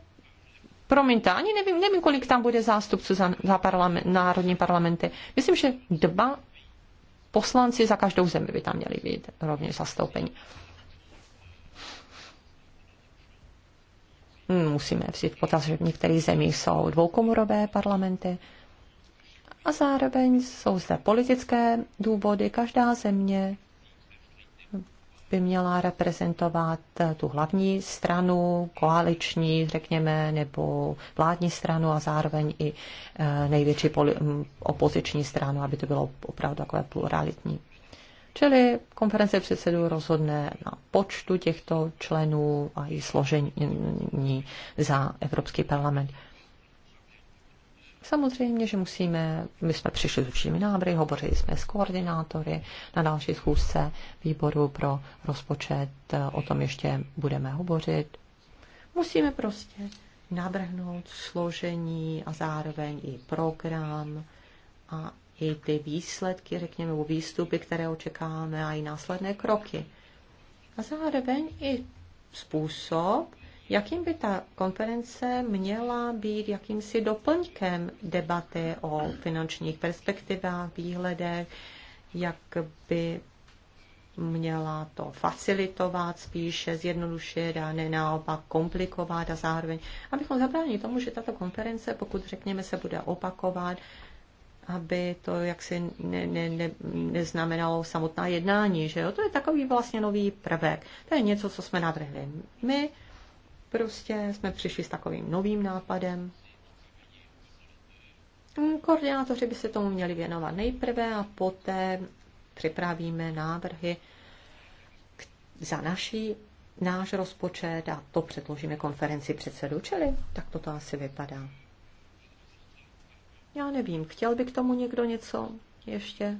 Promiňte, ani nevím, nevím, kolik tam bude zástupců za, za parlament, národní parlamenty. Myslím, že dva poslanci za každou zemi by tam měli být rovněž zastoupeni. Musíme vzít v potaz, že v některých zemích jsou dvoukomorové parlamenty a zároveň jsou zde politické důvody. Každá země by měla reprezentovat eh, tu hlavní stranu, koaliční, řekněme, nebo vládní stranu a zároveň i eh, největší opoziční stranu, aby to bylo opravdu takové pluralitní. Čili konference předsedů rozhodne na počtu těchto členů a i složení za Evropský parlament. Samozřejmě, že musíme, my jsme přišli s určitými návrhy, hovořili jsme s koordinátory na další schůzce výboru pro rozpočet, o tom ještě budeme hovořit. Musíme prostě navrhnout složení a zároveň i program a i ty výsledky, řekněme, nebo výstupy, které očekáváme a i následné kroky. A zároveň i způsob, Jakým by ta konference měla být jakýmsi doplňkem debaty o finančních perspektivách, výhledech, jak by měla to facilitovat, spíše zjednodušit a ne naopak komplikovat a zároveň, abychom zabránili tomu, že tato konference, pokud řekněme, se bude opakovat, aby to jaksi ne, ne, ne, neznamenalo samotná jednání, že jo? To je takový vlastně nový prvek. To je něco, co jsme navrhli my, Prostě jsme přišli s takovým novým nápadem. Koordinátoři by se tomu měli věnovat nejprve a poté připravíme návrhy za naší, náš rozpočet a to předložíme konferenci předsedu, čili tak toto asi vypadá. Já nevím, chtěl by k tomu někdo něco ještě?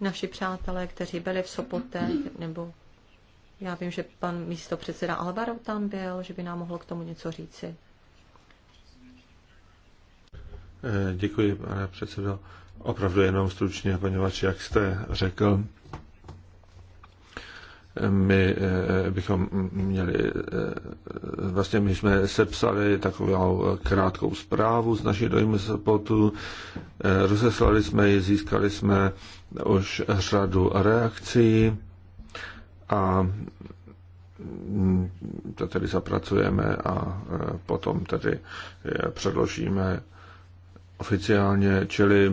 Naši přátelé, kteří byli v Sopotech nebo já vím, že pan místo předseda Alvaro tam byl, že by nám mohl k tomu něco říci. Eh, děkuji, pane předsedo. Opravdu jenom stručně, poněvadž, jak jste řekl, my eh, bychom měli, eh, vlastně my jsme sepsali takovou krátkou zprávu z naší dojmy potu. rozeslali jsme ji, získali jsme už řadu reakcí a mm, to tedy zapracujeme a e, potom tedy e, předložíme oficiálně, čili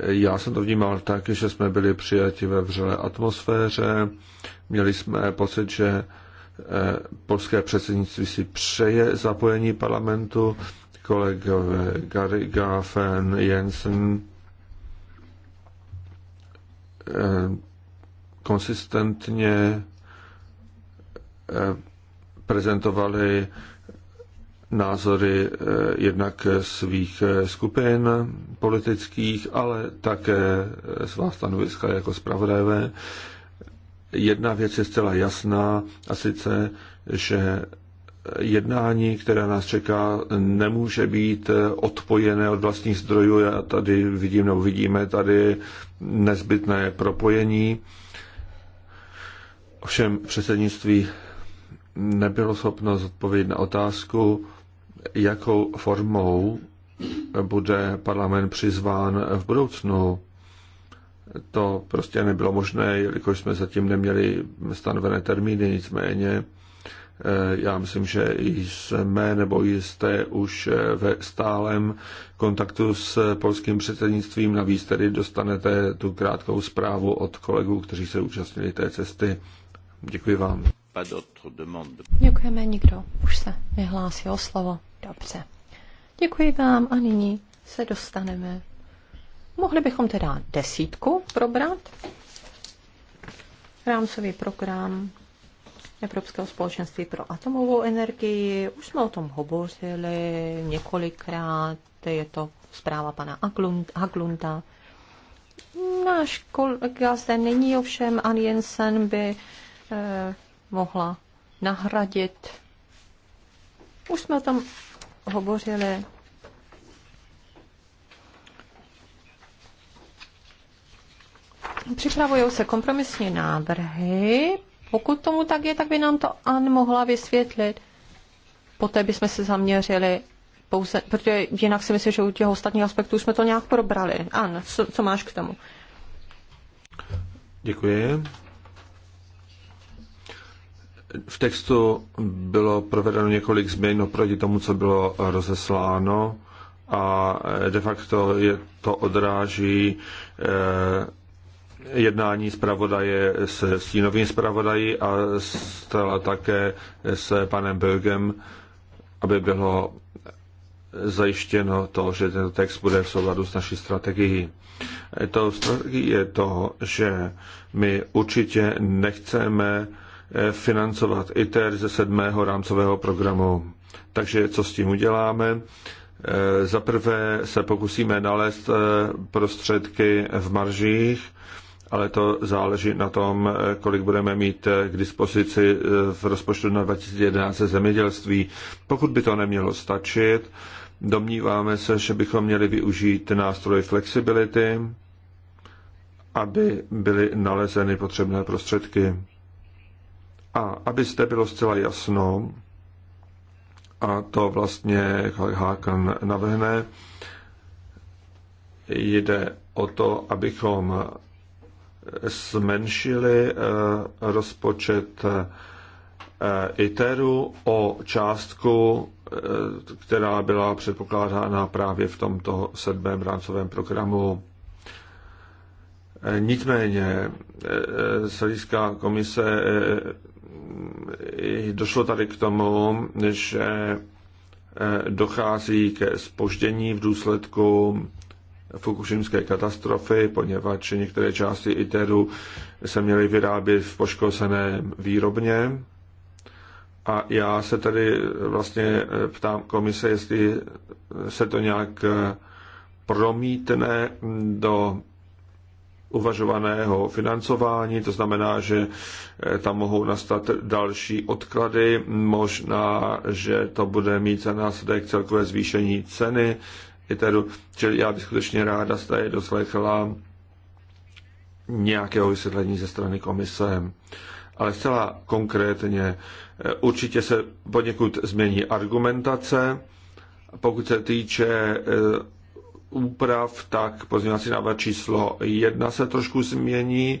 e, já jsem to vnímal tak, že jsme byli přijati ve vřelé atmosféře, měli jsme pocit, že polské předsednictví si přeje zapojení parlamentu, kolegové Gary Fenn, Jensen, konsistentně eh, prezentovali názory eh, jednak svých eh, skupin politických, ale také svá stanoviska jako zpravodajové. Jedna věc je zcela jasná, a sice, že jednání, které nás čeká, nemůže být odpojené od vlastních zdrojů. Já tady vidím, nebo vidíme tady nezbytné propojení Ovšem předsednictví nebylo schopno zodpovědět na otázku, jakou formou bude parlament přizván v budoucnu. To prostě nebylo možné, jelikož jsme zatím neměli stanovené termíny, nicméně eh, já myslím, že jsme nebo jste už eh, ve stálem kontaktu s polským předsednictvím. Navíc tedy dostanete tu krátkou zprávu od kolegů, kteří se účastnili té cesty Děkuji vám. Děkujeme, nikdo už se nehlásí o slovo. Dobře. Děkuji vám a nyní se dostaneme. Mohli bychom teda desítku probrat. Rámcový program Evropského společenství pro atomovou energii. Už jsme o tom hovořili několikrát. Je to zpráva pana Aglunda. Náš kolega zde není ovšem, Ann Jensen by Eh, mohla nahradit. Už jsme o tom hovořili. Připravují se kompromisní návrhy. Pokud tomu tak je, tak by nám to An mohla vysvětlit. Poté bychom se zaměřili pouze, protože jinak si myslím, že u těch ostatních aspektů jsme to nějak probrali. An, co, co máš k tomu? Děkuji. V textu bylo provedeno několik změn oproti tomu, co bylo rozesláno a de facto je to odráží eh, jednání zpravodaje s stínovým zpravodají a stala také s panem Bögem, aby bylo zajištěno to, že ten text bude v souladu s naší strategií. To strategie je to, že my určitě nechceme Eh, financovat ITER ze sedmého rámcového programu. Takže co s tím uděláme? Eh, za prvé se pokusíme nalézt eh, prostředky v maržích, ale to záleží na tom, kolik budeme mít k dispozici v rozpočtu na 2011 zemědělství. Pokud by to nemělo stačit, domníváme se, že bychom měli využít nástroj flexibility, aby byly nalezeny potřebné prostředky. A abyste bylo zcela jasno, a to vlastně Hákan navrhne, jde o to, abychom zmenšili eh, rozpočet eh, ITERu o částku, eh, která byla předpokládána právě v tomto sedmém rámcovém programu. Nicméně, z komise došlo tady k tomu, že eh, dochází ke spoždění v důsledku fukušimské katastrofy, poněvadž některé části ITERu se měly vyrábět v poškozené výrobně. A já se tady vlastně eh, ptám komise, jestli se to nějak eh, promítne do uvažovaného financování, to znamená, že eh, tam mohou nastat další odklady, možná, že to bude mít za následek celkové zvýšení ceny Iteru. čili já bych skutečně ráda se tady doslechla nějakého vysvětlení ze strany komise. Ale zcela konkrétně, eh, určitě se poněkud změní argumentace, pokud se týče eh, úprav, tak pozměňovací návrh číslo 1 se trošku změní. E,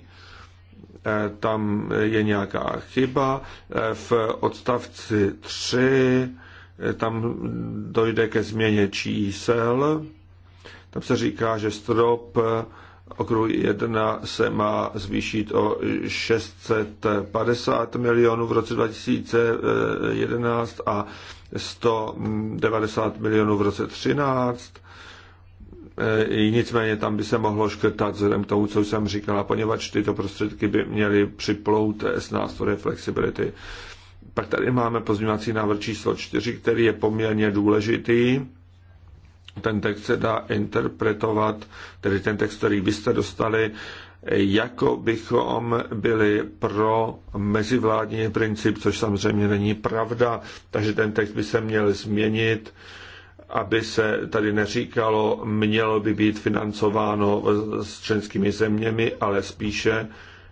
tam je nějaká chyba. E, v odstavci 3 e, tam dojde ke změně čísel. Tam se říká, že strop okruh 1 se má zvýšit o 650 milionů v roce 2011 a 190 milionů v roce 2013. E, nicméně tam by se mohlo škrtat vzhledem k tomu, co jsem říkala, poněvadž tyto prostředky by měly připlout s nástrojem flexibility. Pak tady máme pozměňovací návrh číslo 4, který je poměrně důležitý. Ten text se dá interpretovat, tedy ten text, který vy jste dostali, jako bychom byli pro mezivládní princip, což samozřejmě není pravda, takže ten text by se měl změnit aby se tady neříkalo, mělo by být financováno s členskými zeměmi, ale spíše,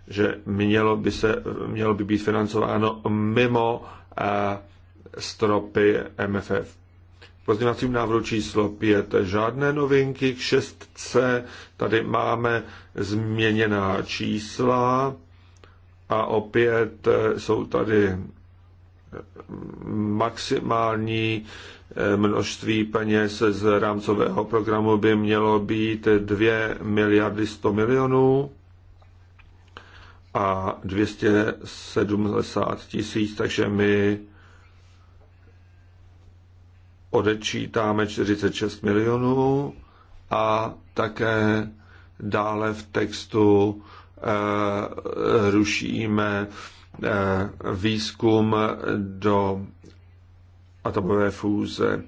že mělo by, se, mělo by být financováno mimo eh, stropy MFF. V pozměňovacím návrhu číslo 5 žádné novinky, k šestce tady máme změněná čísla a opět jsou tady maximální Eh, množství peněz z rámcového programu by mělo být 2 miliardy 100 milionů a 270 tisíc, takže my odečítáme 46 milionů a také dále v textu eh, rušíme eh, výzkum do atomové fúze.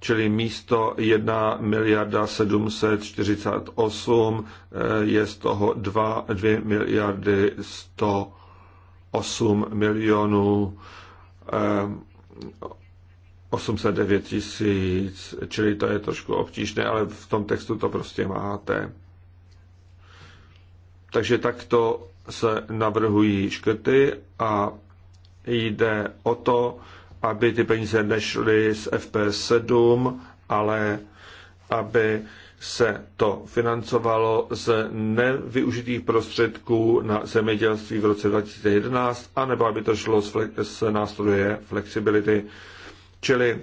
Čili místo 1 miliarda 748 eh, je z toho 2, 2 miliardy 108 milionů 809 eh, tisíc, čili to je trošku obtížné, ale v tom textu to prostě máte. Takže takto se navrhují škrty a jde o to, aby ty peníze nešly z FP7, ale aby se to financovalo z nevyužitých prostředků na zemědělství v roce 2011, anebo aby to šlo z, fle- z nástroje flexibility. Čili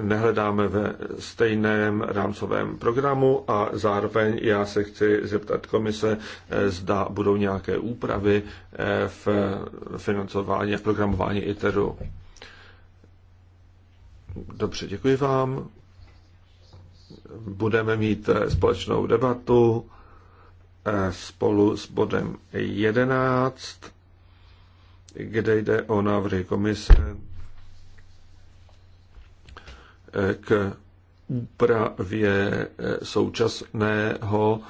nehledáme ve stejném rámcovém programu a zároveň já se chci zeptat komise, eh, zda budou nějaké úpravy eh, v financování a v programování ITERu. Dobře, děkuji vám. Budeme mít eh, společnou debatu spolu s bodem 11, kde jde o návrhy komise k úpravě eh, současného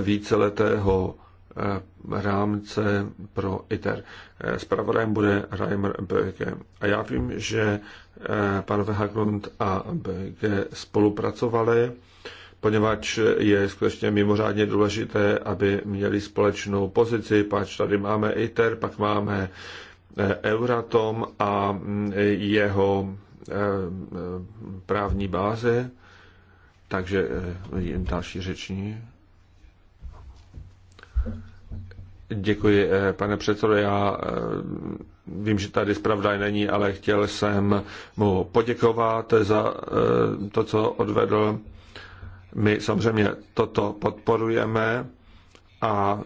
víceletého eh, rámce pro ITER. Spravodajem eh, bude Reimer Böge. A já vím, že pan Vehagrund a Böge spolupracovali, poněvadž je skutečně mimořádně důležité, aby měli společnou pozici, pač tady máme ITER, pak máme Euratom a mm, jeho Eh, právní báze, takže eh, jen další řeční. Děkuji, eh, pane předsedo. Já vím, že tady zpravda není, ale chtěl jsem mu poděkovat za to, co odvedl. My samozřejmě toto podporujeme a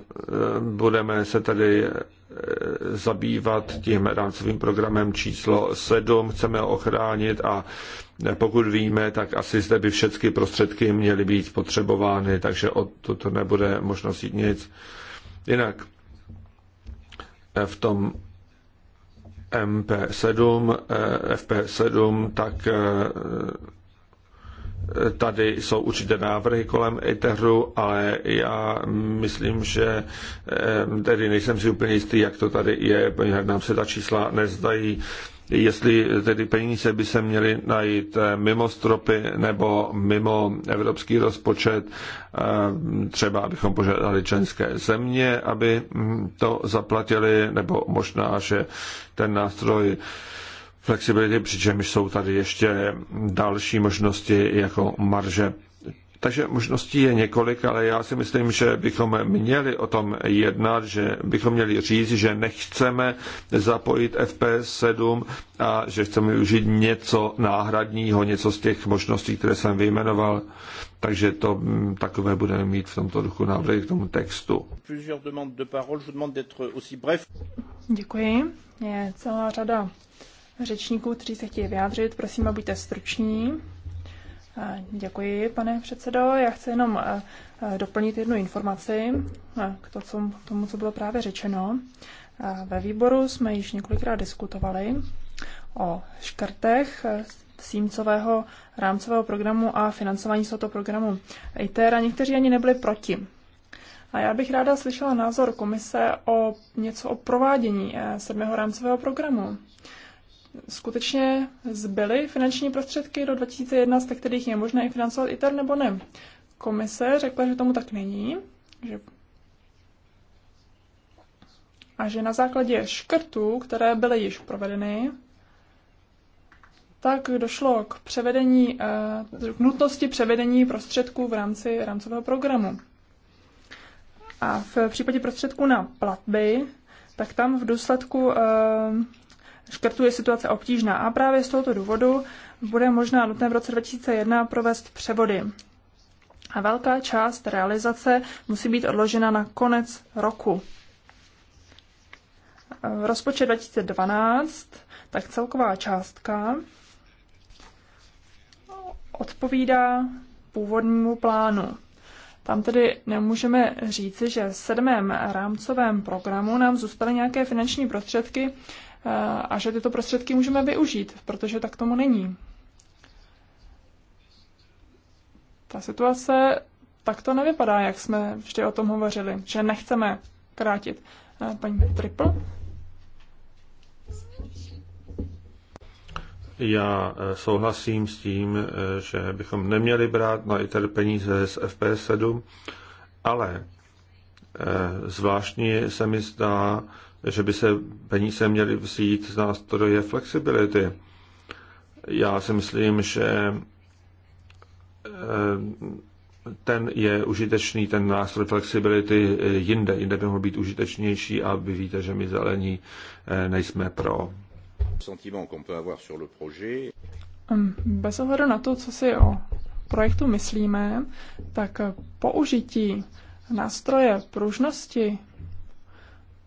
budeme se tedy Eh, zabývat tím rámcovým programem číslo 7, chceme ho ochránit a pokud víme, tak asi zde by všechny prostředky měly být potřebovány, takže od toto nebude možnost jít nic. Jinak eh, v tom MP7, eh, FP7, tak Tady jsou určité návrhy kolem ITERu, ale já myslím, že eh, tedy nejsem si úplně jistý, jak to tady je, protože nám se ta čísla nezdají jestli tedy peníze by se měly najít eh, mimo stropy nebo mimo evropský rozpočet, eh, třeba abychom požádali členské země, aby hm, to zaplatili, nebo možná, že ten nástroj flexibility, přičemž jsou tady ještě další možnosti jako marže. Takže možností je několik, ale já si myslím, že bychom měli o tom jednat, že bychom měli říct, že nechceme zapojit FP7 a že chceme užít něco náhradního, něco z těch možností, které jsem vyjmenoval. Takže to mm, takové budeme mít v tomto duchu návrhy k tomu textu. Děkuji. Je celá řada řečníků, kteří se chtějí vyjádřit. Prosím, a buďte struční. Děkuji, pane předsedo. Já chci jenom doplnit jednu informaci k tomu, co bylo právě řečeno. Ve výboru jsme již několikrát diskutovali o škrtech símcového rámcového programu a financování z tohoto programu ITER a někteří ani nebyli proti. A já bych ráda slyšela názor komise o něco o provádění sedmého rámcového programu skutečně zbyly finanční prostředky do 2011, tak kterých je možné i financovat ITER nebo ne. Komise řekla, že tomu tak není, že a že na základě škrtů, které byly již provedeny, tak došlo k, převedení, eh, k nutnosti převedení prostředků v rámci rámcového programu. A v případě prostředků na platby, tak tam v důsledku eh, škrtů je situace obtížná a právě z tohoto důvodu bude možná nutné v roce 2001 provést převody. A velká část realizace musí být odložena na konec roku. V Rozpočet 2012, tak celková částka odpovídá původnímu plánu. Tam tedy nemůžeme říci, že v sedmém rámcovém programu nám zůstaly nějaké finanční prostředky, Eh, a že tyto prostředky můžeme využít, protože tak tomu není. Ta situace takto nevypadá, jak jsme vždy o tom hovořili, že nechceme krátit. Eh, paní Triple? Já eh, souhlasím s tím, že bychom neměli brát na ITER peníze z FP7, ale zvláštní se mi zdá že by se peníze měly vzít z nástroje flexibility. Já si myslím, že eh, ten je užitečný, ten nástroj flexibility eh, jinde, jinde by mohl být užitečnější a vy víte, že my zelení eh, nejsme pro. Bez ohledu na to, co si o projektu myslíme, tak použití nástroje pružnosti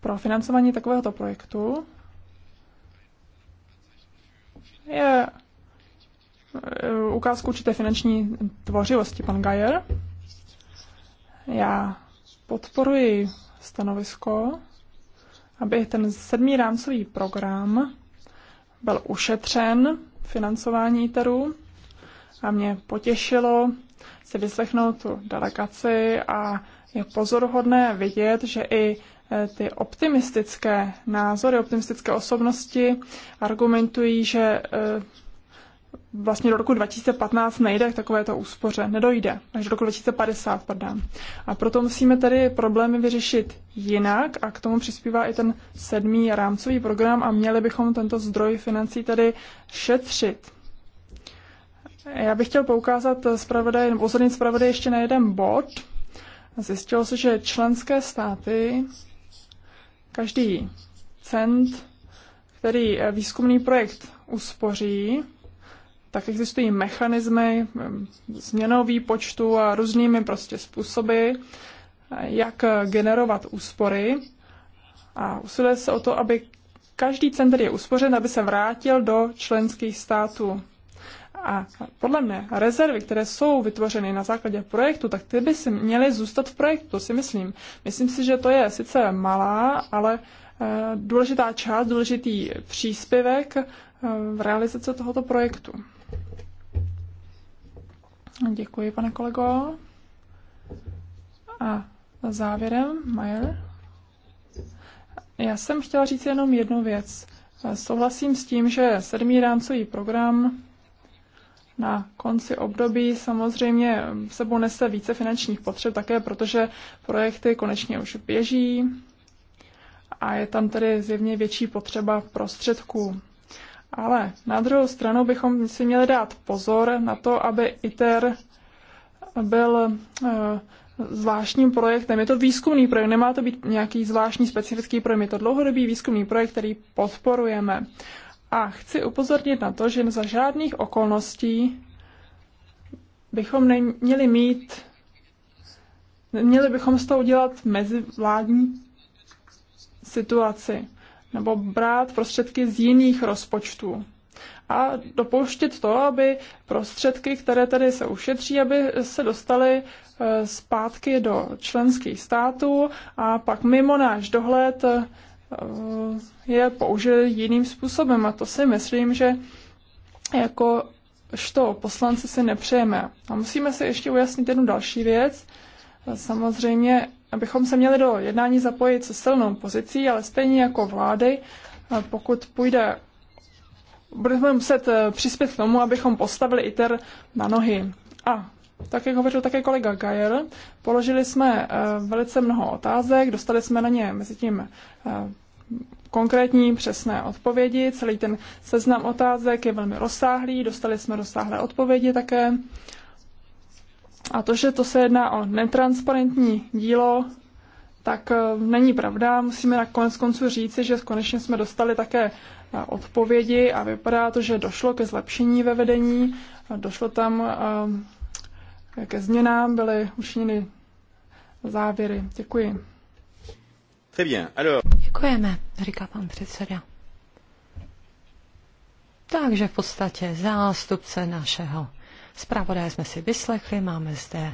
pro financování takovéhoto projektu je e, ukázku určité finanční tvořivosti, pan Geyer. Já podporuji stanovisko, aby ten sedmý rámcový program byl ušetřen financování ITERu a mě potěšilo si vyslechnout tu delegaci a je pozoruhodné vidět, že i ty optimistické názory, optimistické osobnosti argumentují, že eh, vlastně do roku 2015 nejde k takovéto úspoře, nedojde, až do roku 2050, pardon. A proto musíme tedy problémy vyřešit jinak a k tomu přispívá i ten sedmý rámcový program a měli bychom tento zdroj financí tedy šetřit. Já bych chtěl poukázat zpravodaj, nebo zpravodaj ještě na jeden bod. Zjistilo se, že členské státy Každý cent, který eh, výzkumný projekt uspoří, tak existují mechanismy eh, změnou výpočtu a různými prostě způsoby, eh, jak generovat úspory. A usiluje se o to, aby každý cent, který je uspořen, aby se vrátil do členských států. A podle mě rezervy, které jsou vytvořeny na základě projektu, tak ty by si měly zůstat v projektu, to si myslím. Myslím si, že to je sice malá, ale eh, důležitá část, důležitý příspěvek eh, v realizaci tohoto projektu. Děkuji, pane kolego. A závěrem, Majer. Já jsem chtěla říct jenom jednu věc. Souhlasím s tím, že sedmý rámcový program na konci období samozřejmě sebou nese více finančních potřeb, také protože projekty konečně už běží a je tam tedy zjevně větší potřeba prostředků. Ale na druhou stranu bychom si měli dát pozor na to, aby ITER byl eh, zvláštním projektem. Je to výzkumný projekt, nemá to být nějaký zvláštní specifický projekt, je to dlouhodobý výzkumný projekt, který podporujeme. A chci upozornit na to, že za žádných okolností bychom neměli mít, neměli bychom z toho udělat mezivládní situaci nebo brát prostředky z jiných rozpočtů a dopouštět to, aby prostředky, které tady se ušetří, aby se dostaly eh, zpátky do členských států a pak mimo náš dohled eh, je použili jiným způsobem. A to si myslím, že jako što poslanci si nepřejeme. A musíme si ještě ujasnit jednu další věc. Samozřejmě, abychom se měli do jednání zapojit se silnou pozicí, ale stejně jako vlády, pokud půjde, budeme muset eh, přispět k tomu, abychom postavili ITER na nohy. A tak jak hovořil také kolega Gajer, položili jsme eh, velice mnoho otázek, dostali jsme na ně mezi tím eh, konkrétní, přesné odpovědi. Celý ten seznam otázek je velmi rozsáhlý, dostali jsme rozsáhlé odpovědi také. A to, že to se jedná o netransparentní dílo, tak eh, není pravda. Musíme na konec konců říci, že konečně jsme dostali také odpovědi a vypadá to, že došlo ke zlepšení ve vedení. Došlo tam ke změnám byly učiněny závěry. Děkuji. Děkujeme, říká pan předseda. Takže v podstatě zástupce našeho zpravodaje jsme si vyslechli. Máme zde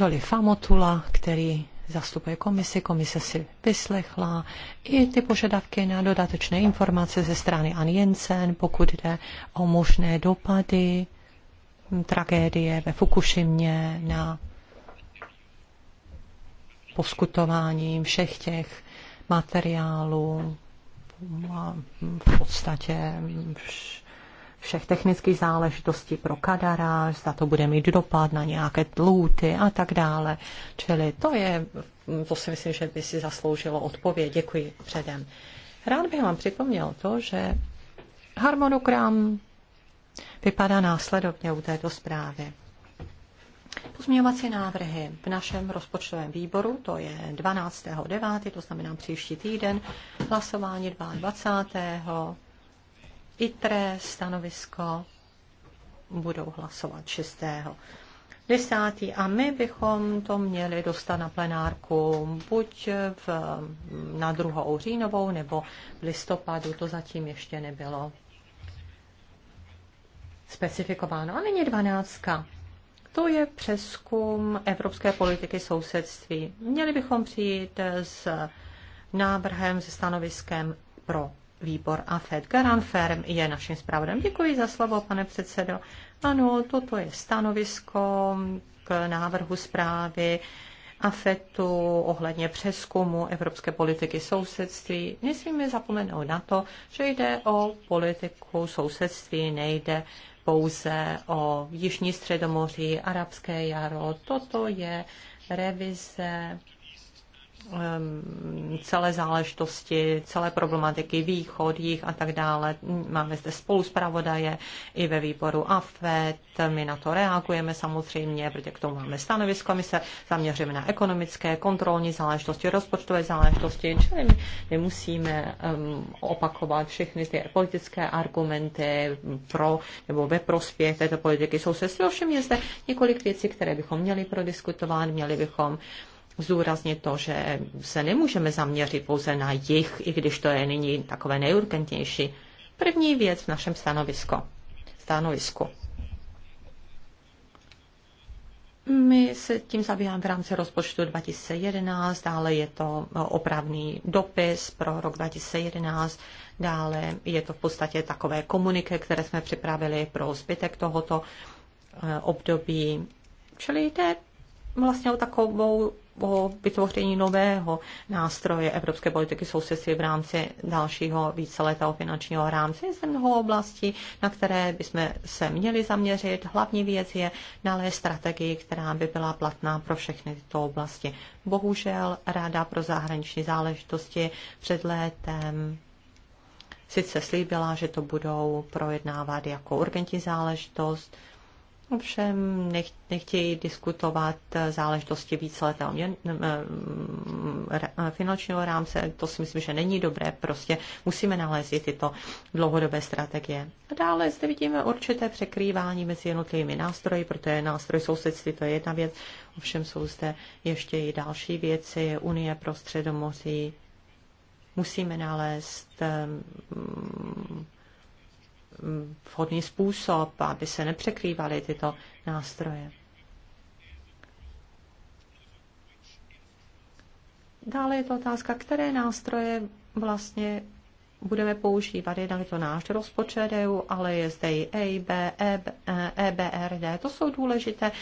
Jolly Famotula, který zastupuje komisi. Komise si vyslechla i ty požadavky na dodatečné informace ze strany Ann Jensen, pokud jde o možné dopady tragédie ve Fukušimě, na poskutováním všech těch materiálů a v podstatě všech technických záležitostí pro kadara, zda to bude mít dopad na nějaké tluty a tak dále. Čili to je, to si myslím, že by si zasloužilo odpověď. Děkuji předem. Rád bych vám připomněl to, že harmonogram vypadá následovně u této zprávy. Pozměňovací návrhy v našem rozpočtovém výboru, to je 12.9., to znamená příští týden, hlasování 22. ITRE stanovisko budou hlasovat 6. 10. A my bychom to měli dostat na plenárku buď v, na druhou říjnovou nebo v listopadu, to zatím ještě nebylo specifikováno. A nyní dvanáctka. To je přeskum evropské politiky sousedství. Měli bychom přijít s návrhem, se stanoviskem pro výbor AFED. Garant Ferm je naším zpravodem. Děkuji za slovo, pane předsedo. Ano, toto je stanovisko k návrhu zprávy AFETu ohledně přeskumu evropské politiky sousedství. Nesmíme zapomenout na to, že jde o politiku sousedství, nejde pouze o Jižní středomoří, arabské jaro. Toto je revize Ehm, celé záležitosti, celé problematiky východ, jich a tak dále. Máme zde spolu zpravodaje i ve výboru AFET. My na to reagujeme samozřejmě, protože k tomu máme stanovisko. My se zaměříme na ekonomické, kontrolní záležitosti, rozpočtové záležitosti, čili my musíme ehm, opakovat všechny ty politické argumenty pro nebo ve prospěch této politiky sousedství. Ovšem je zde několik věcí, které bychom měli prodiskutovat, měli bychom zúraznit to, že se nemůžeme zaměřit pouze na jich, i když to je nyní takové nejurgentnější. První věc v našem stanovisko, stanovisku. My se tím zabýváme v rámci rozpočtu 2011, dále je to opravný dopis pro rok 2011, dále je to v podstatě takové komunike, které jsme připravili pro zbytek tohoto eh, období. Čili jde vlastně o takovou o vytvoření nového nástroje evropské politiky sousedství v rámci dalšího víceletého finančního rámce. Je zde mnoho oblastí, na které bychom se měli zaměřit. Hlavní věc je nalézt strategii, která by byla platná pro všechny tyto oblasti. Bohužel Rada pro zahraniční záležitosti před létem sice slíbila, že to budou projednávat jako urgentní záležitost, Ovšem nech, nechtějí diskutovat eh, záležitosti víceletého mm, eh, eh, finančního rámce. To si myslím, že není dobré. Prostě musíme nalézt tyto dlouhodobé strategie. A dále zde vidíme určité překrývání mezi jednotlivými nástroji, protože nástroj sousedství to je jedna věc. Ovšem jsou zde ještě i další věci. Unie pro středomoří. Musíme nalézt um, vhodný způsob, aby se nepřekrývaly tyto nástroje. Dále je to otázka, které nástroje vlastně budeme používat. Jednak je to náš rozpočet EU, ale je zde i EIB, EBRD. E to jsou důležité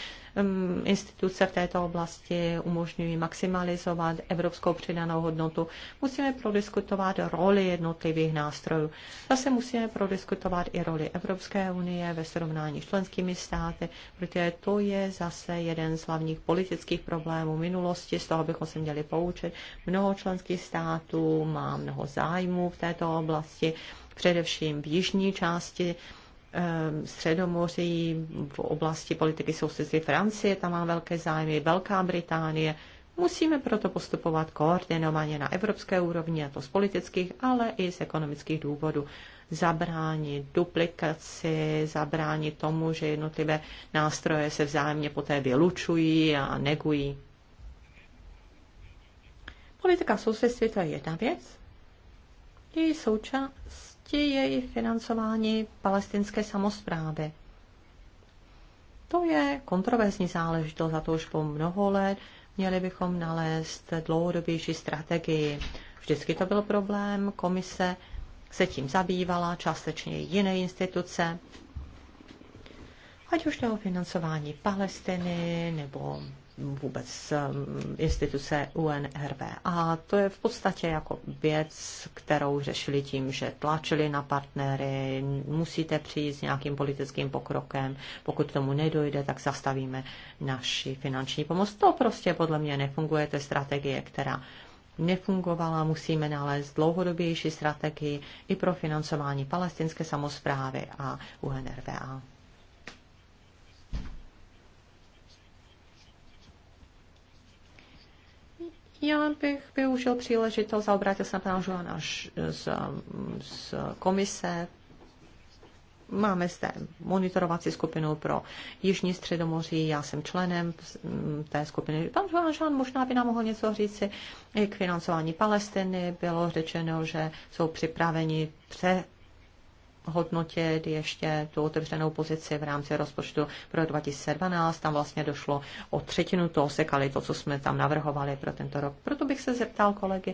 instituce v této oblasti umožňují maximalizovat evropskou přidanou hodnotu. Musíme prodiskutovat roli jednotlivých nástrojů. Zase musíme prodiskutovat i roli Evropské unie ve srovnání s členskými státy, protože to je zase jeden z hlavních politických problémů minulosti, z toho bychom se měli poučit. Mnoho členských států má mnoho zájmů v této oblasti, především v jižní části Ehm, Středomoří, v oblasti politiky sousedství Francie, tam má velké zájmy, Velká Británie. Musíme proto postupovat koordinovaně na evropské úrovni, a to z politických, ale i z ekonomických důvodů. Zabránit duplikaci, zabránit tomu, že jednotlivé nástroje se vzájemně poté vylučují a negují. Politika sousedství to je jedna věc, její součást je i financování palestinské samozprávy. To je kontroverzní záležitost za to už po mnoho let. Měli bychom nalézt dlouhodobější strategii. Vždycky to byl problém, komise se tím zabývala, částečně jiné instituce. Ať už jde o financování Palestiny nebo vůbec um, instituce UNRWA. To je v podstatě jako věc, kterou řešili tím, že tlačili na partnery, musíte přijít s nějakým politickým pokrokem, pokud tomu nedojde, tak zastavíme naši finanční pomoc. To prostě podle mě nefunguje, to je strategie, která nefungovala, musíme nalézt dlouhodobější strategii i pro financování palestinské samozprávy a UNRWA. Já bych využil příležitost a obrátil se na pana Žuana z, z komise. Máme zde monitorovací skupinu pro Jižní středomoří, já jsem členem té skupiny. Pan Žuan možná by nám mohl něco říci k financování Palestiny. Bylo řečeno, že jsou připraveni pře hodnotit ještě tu otevřenou pozici v rámci rozpočtu pro 2012. Tam vlastně došlo o třetinu toho sekali, to, co jsme tam navrhovali pro tento rok. Proto bych se zeptal kolegy,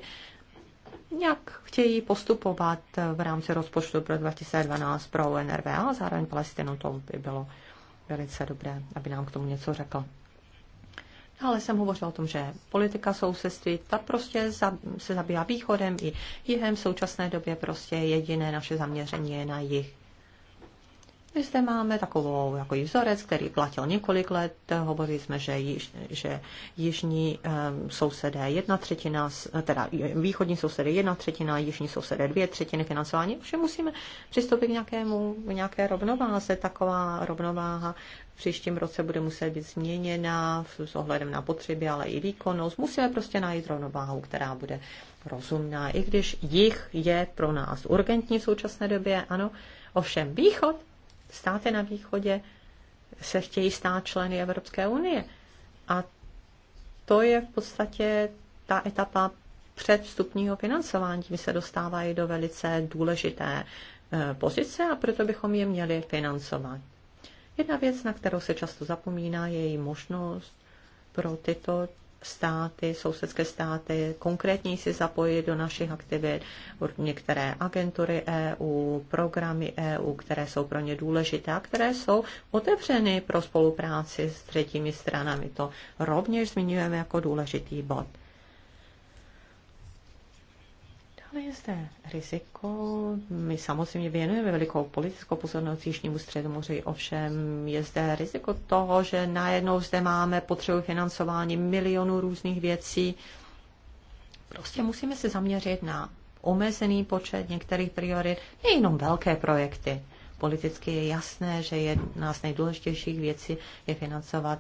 jak chtějí postupovat v rámci rozpočtu pro 2012 pro NRV a zároveň Palestinu. To by bylo velice dobré, aby nám k tomu něco řekl ale jsem hovořil o tom, že politika sousedství, ta prostě se zabývá východem i jihem. V současné době prostě jediné naše zaměření je na jih. Zde máme takovou jako vzorec, který platil několik let. Hovořili jsme, že, již, že jižní um, sousedé jedna třetina, teda východní sousedé jedna třetina, jižní sousedé dvě třetiny financování. Ovšem musíme přistoupit k nějakému, k nějaké rovnováze. Taková rovnováha v příštím roce bude muset být změněna s ohledem na potřeby, ale i výkonnost. Musíme prostě najít rovnováhu, která bude rozumná, i když jich je pro nás urgentní v současné době, ano. Ovšem východ státy na východě se chtějí stát členy Evropské unie. A to je v podstatě ta etapa předvstupního financování. Tím se dostávají do velice důležité eh, pozice a proto bychom je měli financovat. Jedna věc, na kterou se často zapomíná, je její možnost pro tyto státy, sousedské státy konkrétně se zapojí do našich aktivit, některé agentury EU, programy EU, které jsou pro ně důležité a které jsou otevřeny pro spolupráci s třetími stranami. To rovněž zmiňujeme jako důležitý bod. ale je zde riziko. My samozřejmě věnujeme velikou politickou pozornost Jižnímu středomoří, ovšem je zde riziko toho, že najednou zde máme potřebu financování milionů různých věcí. Prostě musíme se zaměřit na omezený počet některých priorit, nejenom velké projekty. Politicky je jasné, že jedna z nejdůležitějších věcí je financovat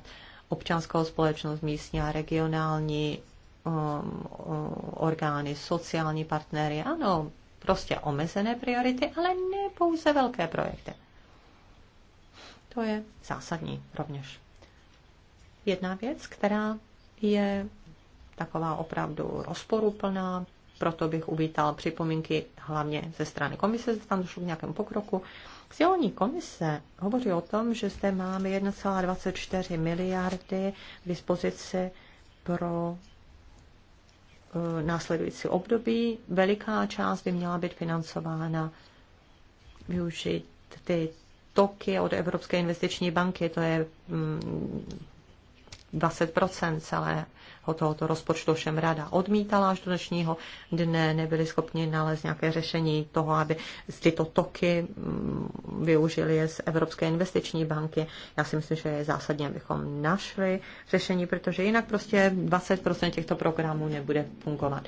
občanskou společnost místní a regionální Um, um, orgány, sociální partnery, ano, prostě omezené priority, ale ne pouze velké projekty. To je zásadní rovněž. Jedna věc, která je taková opravdu rozporuplná, proto bych uvítal připomínky hlavně ze strany komise, že tam došlo k nějakému pokroku. Sdělení komise hovoří o tom, že zde máme 1,24 miliardy k dispozici pro Eh, následující období. Veliká část by měla být financována využít ty toky od Evropské investiční banky, to je mm, 20 celého tohoto rozpočtu všem rada odmítala až do dnešního dne, nebyli schopni nalézt nějaké řešení toho, aby tyto toky mm, využili je z Evropské investiční banky. Já si myslím, že je zásadně, abychom našli řešení, protože jinak prostě 20 těchto programů nebude fungovat.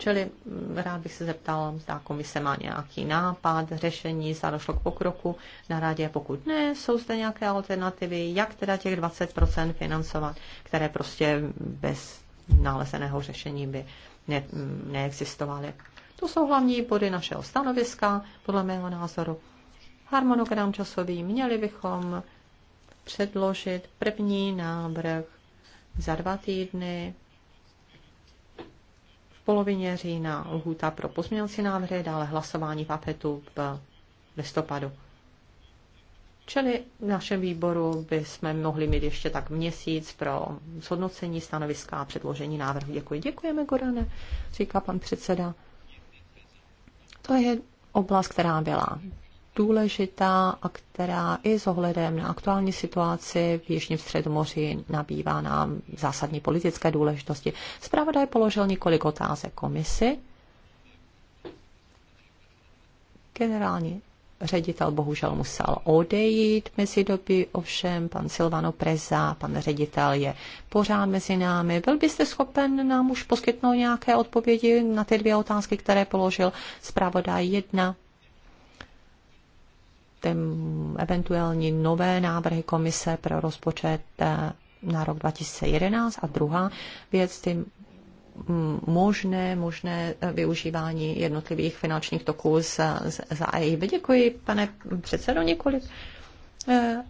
Čili mm, rád bych se zeptal, zda komise má nějaký nápad, řešení, zda došlo k pokroku na radě. Pokud ne, jsou zde nějaké alternativy, jak teda těch 20% financovat, které prostě bez nalezeného řešení by ne, mm, neexistovaly. To jsou hlavní body našeho stanoviska, podle mého názoru. Harmonogram časový měli bychom předložit první návrh za dva týdny polovině října, lhůta pro pozměňovací návrhy, dále hlasování v APETu v listopadu. Čili v našem výboru jsme mohli mít ještě tak měsíc pro zhodnocení stanoviska a předložení návrhu. Děkuji. Děkujeme, Gorane, říká pan předseda. To je oblast, která byla důležitá a která i s ohledem na aktuální situaci v Jižním středomoří nabývá nám zásadní politické důležitosti. Zpravodaj položil několik otázek komisi. Generální ředitel bohužel musel odejít mezi doby, ovšem pan Silvano Preza, pan ředitel je pořád mezi námi. Byl byste schopen nám už poskytnout nějaké odpovědi na ty dvě otázky, které položil zpravodaj jedna ten eventuální nové návrhy komise pro rozpočet eh, na rok 2011 a druhá věc, ty možné, možné eh, využívání jednotlivých finančních toků za, za e EIB. Děkuji, pane předsedo, několik eh,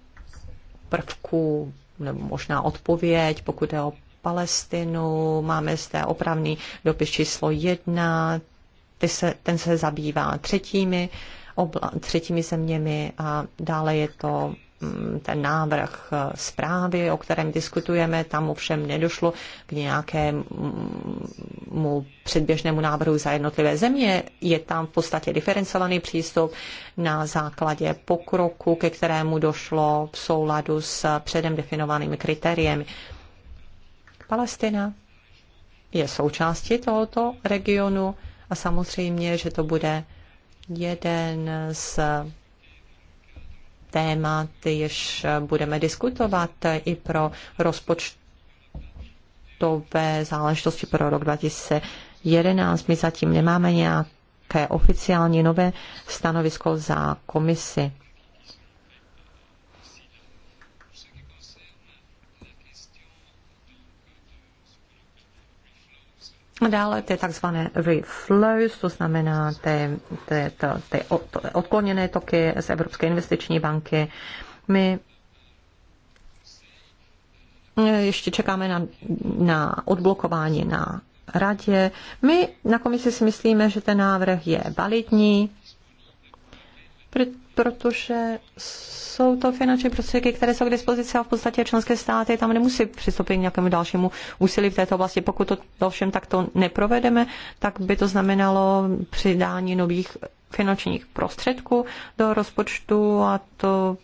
prvků, nebo možná odpověď, pokud je o Palestinu, máme zde opravný dopis číslo jedna, ty se, ten se zabývá třetími obla, třetími zeměmi a dále je to mm, ten návrh eh, zprávy, o kterém diskutujeme, tam ovšem nedošlo k nějakému předběžnému návrhu za jednotlivé země. Je tam v podstatě diferencovaný přístup na základě pokroku, ke kterému došlo v souladu s předem definovanými kritériemi. Palestina je součástí tohoto regionu a samozřejmě, že to bude jeden z témat, jež budeme diskutovat i pro rozpočtové záležitosti pro rok 2011. My zatím nemáme nějaké oficiální nové stanovisko za komisi. Dále ty takzvané reflows, to znamená ty, ty, ty, ty odkloněné toky z Evropské investiční banky. My ještě čekáme na, na odblokování na radě. My na komisi si myslíme, že ten návrh je validní, protože jsou to finanční prostředky, které jsou k dispozici a v podstatě členské státy tam nemusí přistoupit k nějakému dalšímu úsilí v této oblasti. Pokud to ovšem takto neprovedeme, tak by to znamenalo přidání nových finančních prostředků do rozpočtu a to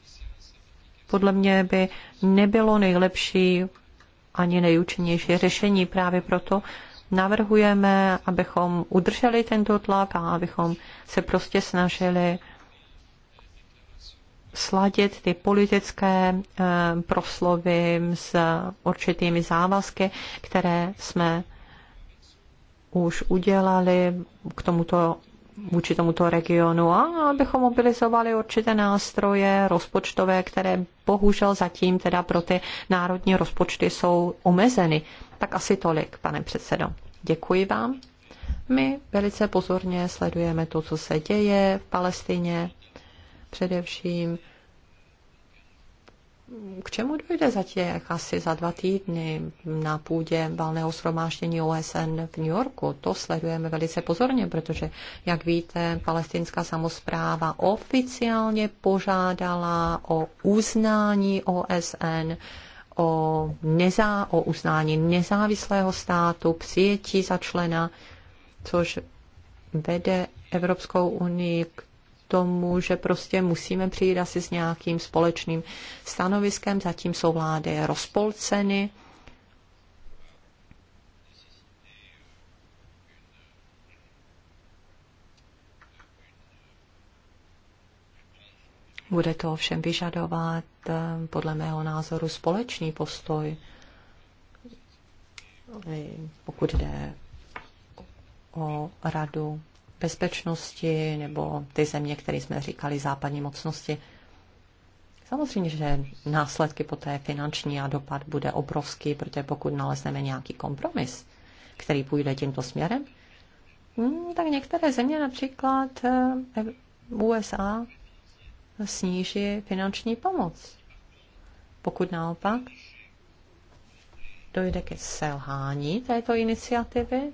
podle mě by nebylo nejlepší ani nejúčinnější řešení. Právě proto navrhujeme, abychom udrželi tento tlak a abychom se prostě snažili sladit ty politické eh, proslovy s určitými závazky, které jsme už udělali k tomuto vůči tomuto regionu a abychom mobilizovali určité nástroje rozpočtové, které bohužel zatím teda pro ty národní rozpočty jsou omezeny. Tak asi tolik, pane předsedo. Děkuji vám. My velice pozorně sledujeme to, co se děje v Palestině především k čemu dojde za těch asi za dva týdny na půdě valného shromáždění OSN v New Yorku? To sledujeme velice pozorně, protože, jak víte, palestinská samozpráva oficiálně požádala o uznání OSN, o, nezá, o uznání nezávislého státu, přijetí za člena, což vede Evropskou unii k tomu, že prostě musíme přijít asi s nějakým společným stanoviskem, zatím jsou vlády rozpolceny. Bude to ovšem vyžadovat, eh, podle mého názoru, společný postoj, pokud jde o radu bezpečnosti nebo ty země, které jsme říkali západní mocnosti. Samozřejmě, že následky té finanční a dopad bude obrovský, protože pokud nalezneme nějaký kompromis, který půjde tímto směrem, hmm, tak některé země, například eh, USA, sníží finanční pomoc. Pokud naopak dojde ke selhání této iniciativy,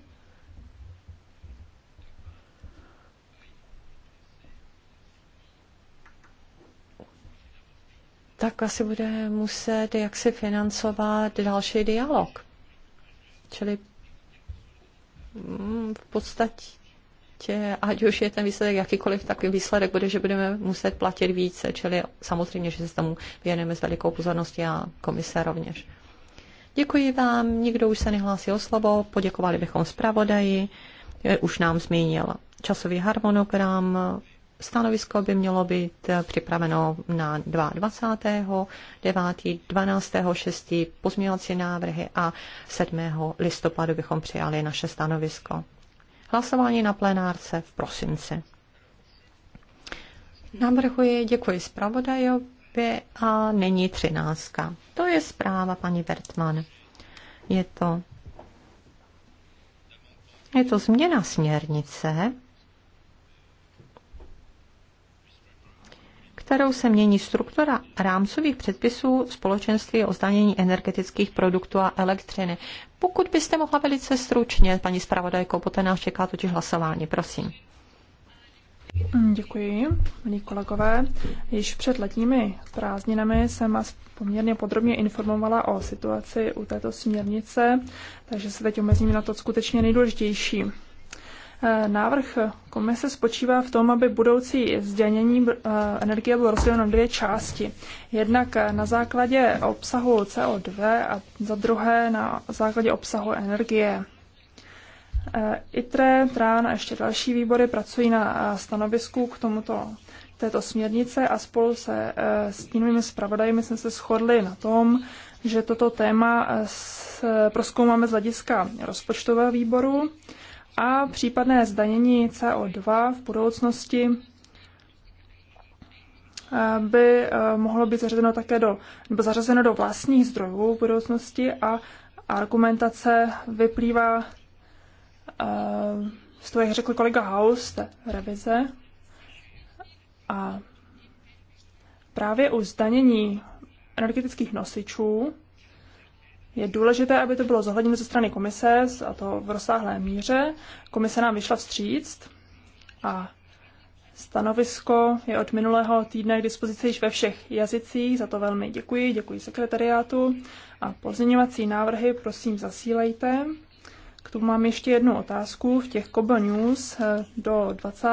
tak asi bude muset jaksi financovat další dialog. Čili mm, v podstatě, ať už je ten výsledek jakýkoliv, tak výsledek bude, že budeme muset platit více, čili samozřejmě, že se tomu věnujeme s velikou pozorností a komise rovněž. Děkuji vám, nikdo už se nehlásí o slovo, poděkovali bychom zpravodaji, už nám zmínil časový harmonogram, Stanovisko by mělo být eh, připraveno na 22. 9. 12. 6. pozměňovací návrhy a 7. listopadu bychom přijali naše stanovisko. Hlasování na plenárce v prosinci. Navrhuji, děkuji zpravodajovi a není třináctka. To je zpráva paní Bertman. Je to, je to změna směrnice kterou se mění struktura rámcových předpisů společenství o zdanění energetických produktů a elektřiny. Pokud byste mohla velice stručně, paní zpravodajko, poté nás čeká totiž hlasování, prosím. Děkuji, milí kolegové. Již před letními prázdninami jsem vás poměrně podrobně informovala o situaci u této směrnice, takže se teď omezím na to skutečně nejdůležitější. Návrh komise spočívá v tom, aby budoucí zdanění eh, energie bylo rozděleno na dvě části. Jednak na základě obsahu CO2 a za druhé na základě obsahu energie. Eh, ITRE, TRAN a ještě další výbory pracují na eh, stanovisku k tomuto této směrnice a spolu se stínovými zpravodajmi jsme se shodli na tom, že toto téma proskoumáme z hlediska rozpočtového výboru a případné zdanění CO2 v budoucnosti eh, by eh, mohlo být zařazeno také do, nebo zařazeno do vlastních zdrojů v budoucnosti a argumentace vyplývá eh, z toho, jak řekl kolega Haus, té revize. A právě u zdanění energetických nosičů je důležité, aby to bylo zohledněno ze strany komise, a to v rozsáhlé míře. Komise nám vyšla vstříct a Stanovisko je od minulého týdne k dispozici již ve všech jazycích, za to velmi děkuji, děkuji sekretariátu. A pozměňovací návrhy prosím zasílejte. K tomu mám ještě jednu otázku. V těch Kobo News eh, do 20.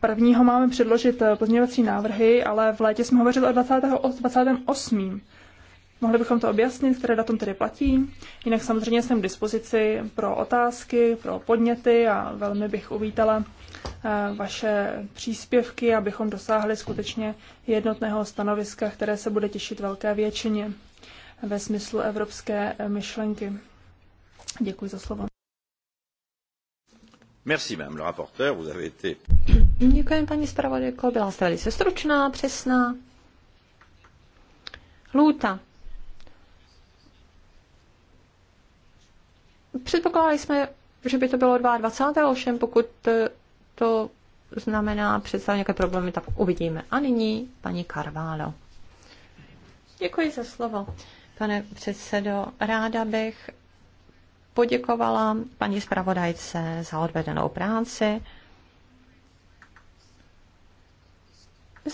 Prvního máme předložit eh, pozměňovací návrhy, ale v létě jsme hovořili o 20. 28. Mohli bychom to objasnit, které datum tedy platí. Jinak samozřejmě jsem k dispozici pro otázky, pro podněty a velmi bych uvítala eh, vaše příspěvky, abychom dosáhli skutečně jednotného stanoviska, které se bude těšit velké většině ve smyslu evropské myšlenky. Děkuji za slovo. Merci, madame le rapporteur, vous avez été... Děkuji, paní zpravodajko, byla jste velice stručná, přesná. Lůta Předpokládali jsme, že by to bylo 22. ovšem pokud eh, to znamená představit nějaké problémy, tak uvidíme. A nyní paní Carvalho. Děkuji za slovo, pane předsedo. Ráda bych poděkovala paní zpravodajce za odvedenou práci.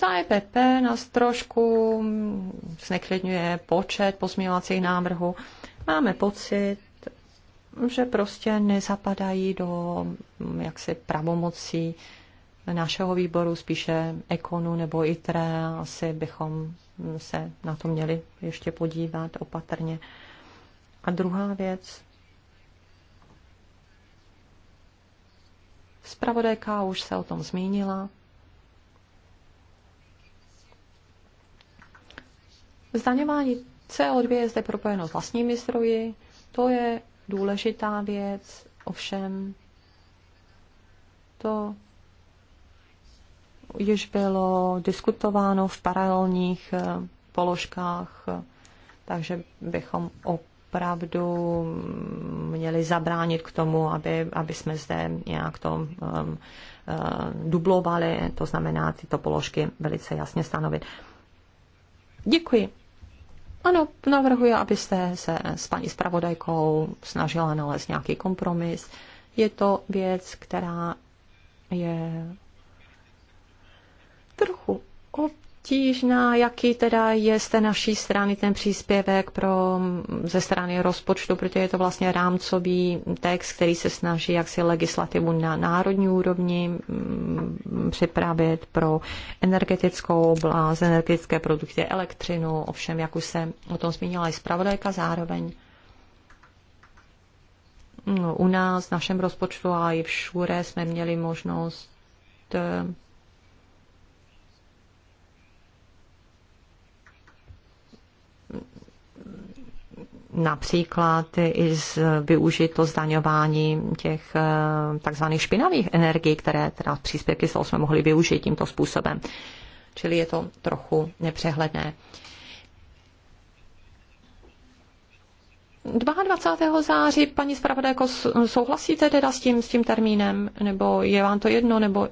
Za EPP nás trošku zneklidňuje počet pozměňovacích návrhů. Máme pocit, že prostě nezapadají do mm, jaksi pravomocí našeho výboru, spíše ekonu nebo ITRE. Asi bychom se na to měli ještě podívat opatrně. A druhá věc. Spravodajka už se o tom zmínila. Zdaňování CO2 je zde propojeno s vlastními zdroji. To je důležitá věc, ovšem to již bylo diskutováno v paralelních eh, položkách, eh, takže bychom opravdu měli zabránit k tomu, aby, aby jsme zde nějak to um, dublovali, to znamená tyto položky velice jasně stanovit. Děkuji. Ano, navrhuji, abyste se s paní zpravodajkou snažila nalézt nějaký kompromis. Je to věc, která je trochu obtížná, jaký teda je z té naší strany ten příspěvek pro, ze strany rozpočtu, protože je to vlastně rámcový text, který se snaží jaksi legislativu na národní úrovni mm, připravit pro energetickou oblast, energetické produkty, elektřinu, ovšem, jak už se o tom zmínila i zpravodajka zároveň. No, u nás, v našem rozpočtu a i všude jsme měli možnost eh, například i z, využít to zdaňování těch eh, takzvaných špinavých energií, které teda příspěvky jsou jsme mohli využít tímto způsobem. Čili je to trochu nepřehledné. 22. září, paní zpravodajko, souhlasíte teda s tím, s tím termínem? Nebo je vám to jedno? Nebo...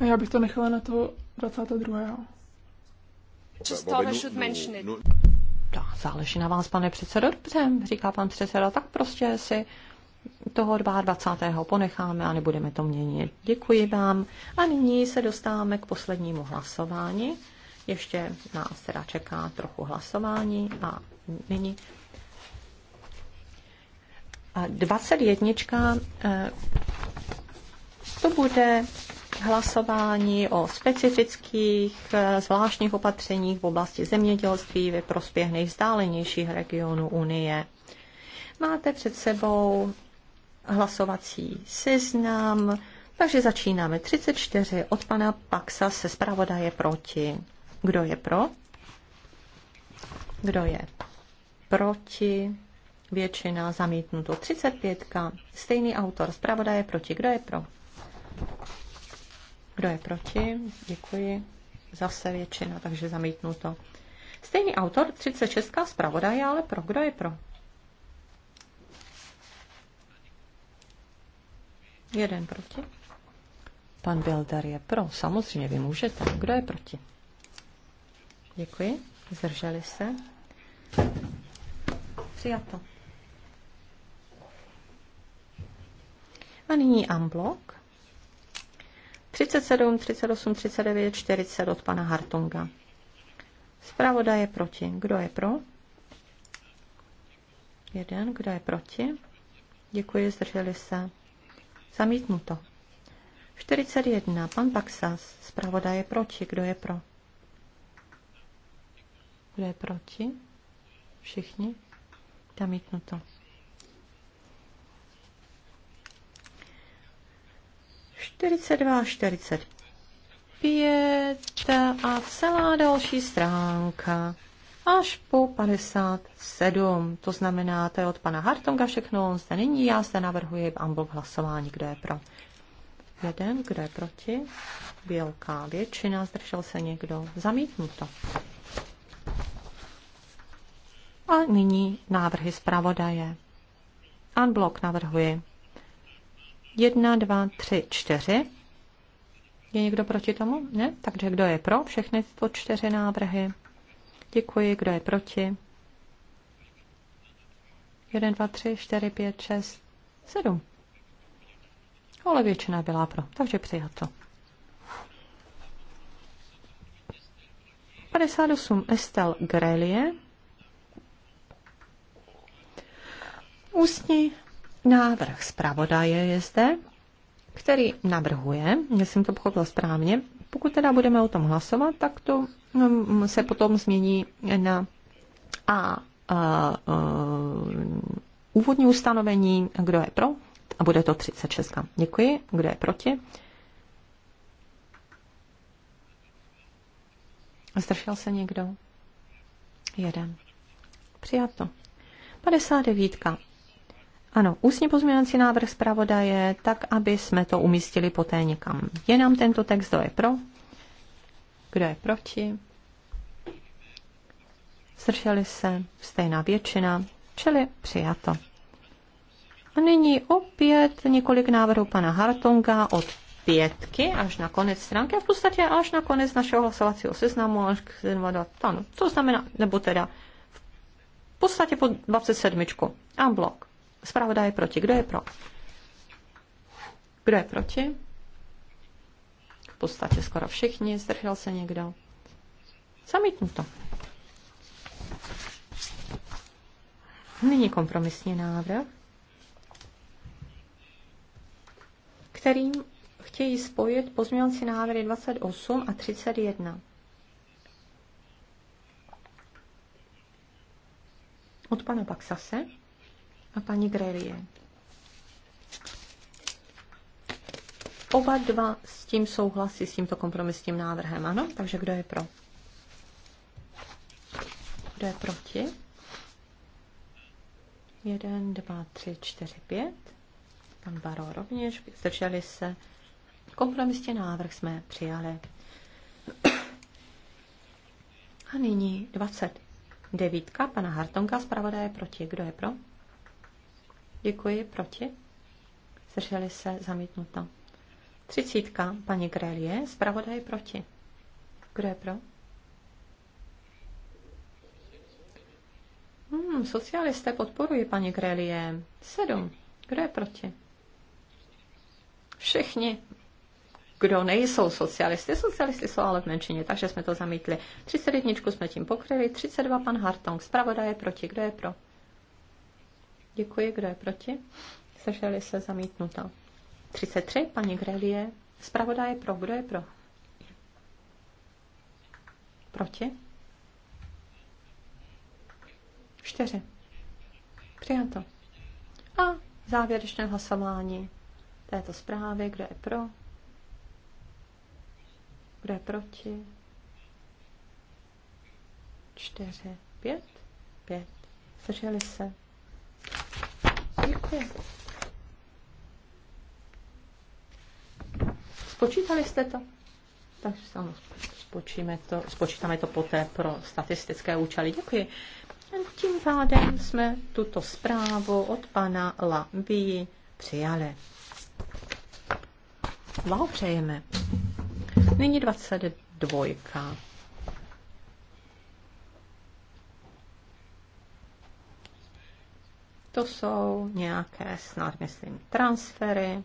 Já bych to nechala na to 22. No, záleží na vás, pane předsedo. Dobře, říká pan předseda, tak prostě si toho 22. ponecháme a nebudeme to měnit. Děkuji vám. A nyní se dostáváme k poslednímu hlasování. Ještě nás teda čeká trochu hlasování a nyní 21. Eh, to bude hlasování o specifických eh, zvláštních opatřeních v oblasti zemědělství ve prospěch nejvzdálenějších regionů Unie. Máte před sebou hlasovací seznam, takže začínáme 34 od pana Paxa se zpravodaje proti. Kdo je pro? Kdo je proti? Většina zamítnuto 35. Stejný autor zpravodaje proti. Kdo je pro? Kdo je proti? Děkuji. Zase většina, takže zamítnu to. Stejný autor, 36. zpravodaj, ale pro. Kdo je pro? Jeden proti. Pan Bildar je pro. Samozřejmě, vy můžete. Kdo je proti? Děkuji. Zdrželi se. Přijato. A nyní amblok. 37, 38, 39, 40 od pana Hartonga. Zpravoda je proti. Kdo je pro? Jeden. Kdo je proti? Děkuji, zdrželi se. Zamítnuto. 41. Pan Paxas. Zpravoda je proti. Kdo je pro? Kdo je proti? Všichni? Zamítnuto. 42 45 a celá další stránka až po 57. To znamená, to je od pana Hartonga všechno, on zde není, já zde navrhuji ambok hlasování, kdo je pro. Jeden, kdo je proti? Bělká většina, zdržel se někdo, zamítnuto. A nyní návrhy zpravodaje. Unblock navrhuji 1, 2, 3, 4. Je někdo proti tomu? Ne? Takže kdo je pro všechny tyto čtyři návrhy? Děkuji. Kdo je proti? 1, 2, 3, 4, 5, 6, 7. Ale většina byla pro, takže přijato. 58 Estel Grelie. Ústní Návrh zpravodaje je zde, který navrhuje, jestli jsem to pochopil správně, pokud teda budeme o tom hlasovat, tak to mm, se potom změní na a, a, a úvodní ustanovení, kdo je pro, a bude to 36. Děkuji. Kdo je proti? Zdržel se někdo? Jeden. Přijato. 59. Ano, ústně pozměňovací návrh zpravodaje, tak aby jsme to umístili poté někam. Je nám tento text, kdo je pro, kdo je proti. Zdrželi se stejná většina, čili přijato. A nyní opět několik návrhů pana Hartonga od pětky až na konec stránky a v podstatě až na konec našeho hlasovacího seznamu až k 27. To znamená, nebo teda v podstatě pod 27. A blok. Zpravodaj je proti. Kdo je pro? Kdo je proti? V podstatě skoro všichni. Zdržel se někdo? to. Nyní kompromisní návrh, kterým chtějí spojit pozměňovací návrhy 28 a 31. Od pana Paxase a paní Grelie. Oba dva s tím souhlasí, s tímto kompromisním návrhem, ano? Takže kdo je pro? Kdo je proti? Jeden dva tři čtyři pět. Pan Baro rovněž. Zdrželi se. Kompromisní návrh jsme přijali. A nyní 29. Pana Hartonka, zpravodaje proti. Kdo je pro? Děkuji. Proti? Zdrželi se. Zamítnuto. Třicítka. Paní Grelie. Zpravodaj proti. Kdo je pro? Hmm, socialisté podporují paní Grelie. Sedm. Kdo je proti? Všichni, kdo nejsou socialisty, socialisty jsou ale v menšině, takže jsme to zamítli. 31 jsme tím pokryli, 32 pan Hartong, zpravodaje proti, kdo je pro? Děkuji. Kdo je proti? Zdrželi se zamítnuto. 33. Paní Grelie. Zpravodaj je pro. Kdo je pro? Proti? 4. Přijato. A závěrečné hlasování této zprávy. Kdo je pro? Kdo je proti? 4. 5. 5. Zdrželi se. Spočítali jste to? Takže spočíme to, spočítáme to poté pro statistické účely. Děkuji. Tím pádem jsme tuto zprávu od pana Lambii přijali. přejeme. Nyní 22. To jsou nějaké, snad myslím, transfery.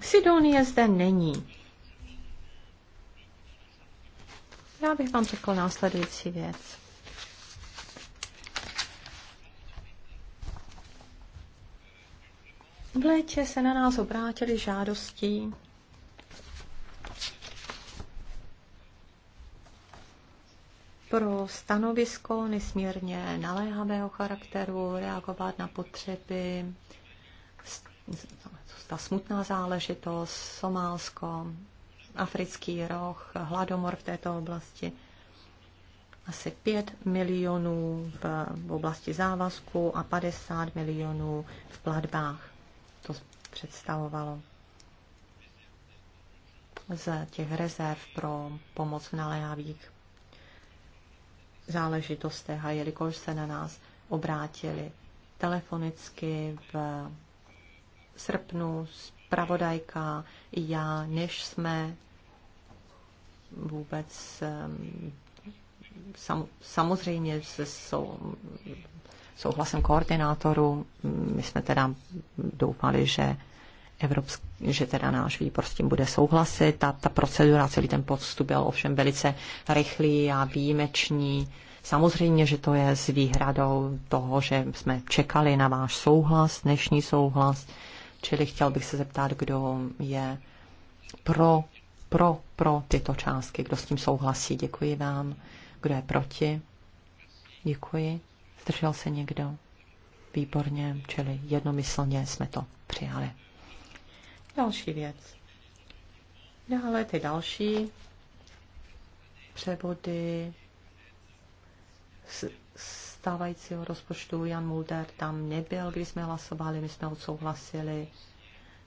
Sidonie zde není. Já bych vám řekl následující věc. V létě se na nás obrátili žádostí pro stanovisko nesmírně naléhavého charakteru, reagovat na potřeby, ta smutná záležitost, Somálsko, africký roh, hladomor v této oblasti, asi 5 milionů v oblasti závazku a 50 milionů v platbách. To představovalo z těch rezerv pro pomoc v naléhavých záležitostech a jelikož se na nás obrátili telefonicky v srpnu zpravodajka i já, než jsme vůbec sam, samozřejmě se sou, souhlasem koordinátoru, my jsme teda doufali, že Evropský, že teda náš výbor s tím bude souhlasit. Ta, ta procedura, celý ten postup byl ovšem velice rychlý a výjimečný. Samozřejmě, že to je s výhradou toho, že jsme čekali na váš souhlas, dnešní souhlas. Čili chtěl bych se zeptat, kdo je pro, pro, pro tyto částky, kdo s tím souhlasí. Děkuji vám. Kdo je proti? Děkuji. Zdržel se někdo? Výborně, čili jednomyslně jsme to přijali. Další věc. Dále ty další převody stávajícího rozpočtu Jan Mulder tam nebyl, když jsme hlasovali, my jsme odsouhlasili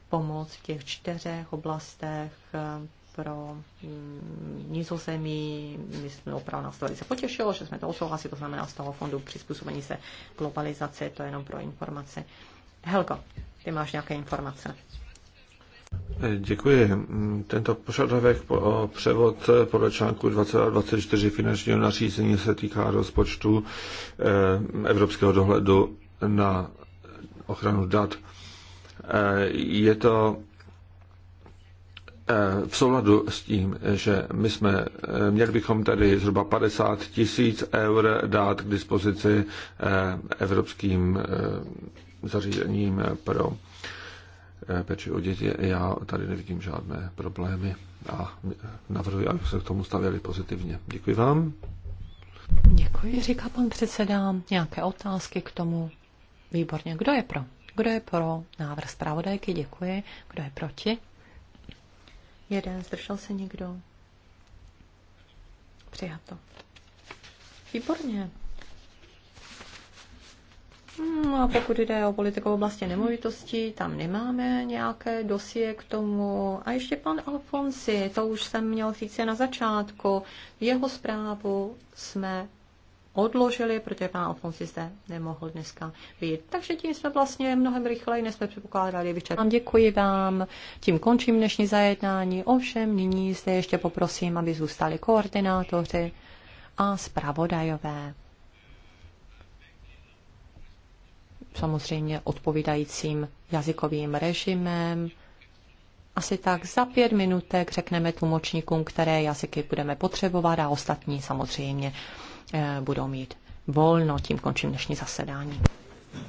pomoc v těch čtyřech oblastech eh, pro mm, nizozemí. My jsme opravdu nás to velice potěšilo, že jsme to odsouhlasili, to znamená z toho fondu přizpůsobení se globalizaci, to je jenom pro informace. Helgo, ty máš nějaké informace? Děkuji. Tento požadavek o převod podle článku 2024 finančního nařízení se týká rozpočtu eh, evropského dohledu na ochranu dat. Eh, je to eh, v souladu s tím, že my jsme, měli bychom tady zhruba 50 tisíc eur dát k dispozici evropským zařízením pro péči o děti, já tady nevidím žádné problémy a navrhuji, aby se k tomu stavěli pozitivně. Děkuji vám. Děkuji, říká pan předseda. Nějaké otázky k tomu? Výborně. Kdo je pro? Kdo je pro návrh zpravodajky? Děkuji. Kdo je proti? Jeden. Zdržel se někdo? Přijato. Výborně. No a pokud jde o politiku v oblasti nemovitosti, tam nemáme nějaké dosie k tomu. A ještě pan Alfonsi, to už jsem měl říct na začátku, jeho zprávu jsme odložili, protože pan Alfonsi zde nemohl dneska být. Takže tím jsme vlastně mnohem rychleji, než jsme předpokládali vyčet. Vám děkuji vám, tím končím dnešní zajednání. Ovšem, nyní zde ještě poprosím, aby zůstali koordinátoři a zpravodajové. samozřejmě odpovídajícím jazykovým režimem. Asi tak za pět minutek řekneme tlumočníkům, které jazyky budeme potřebovat a ostatní samozřejmě eh, budou mít volno. Tím končím dnešní zasedání.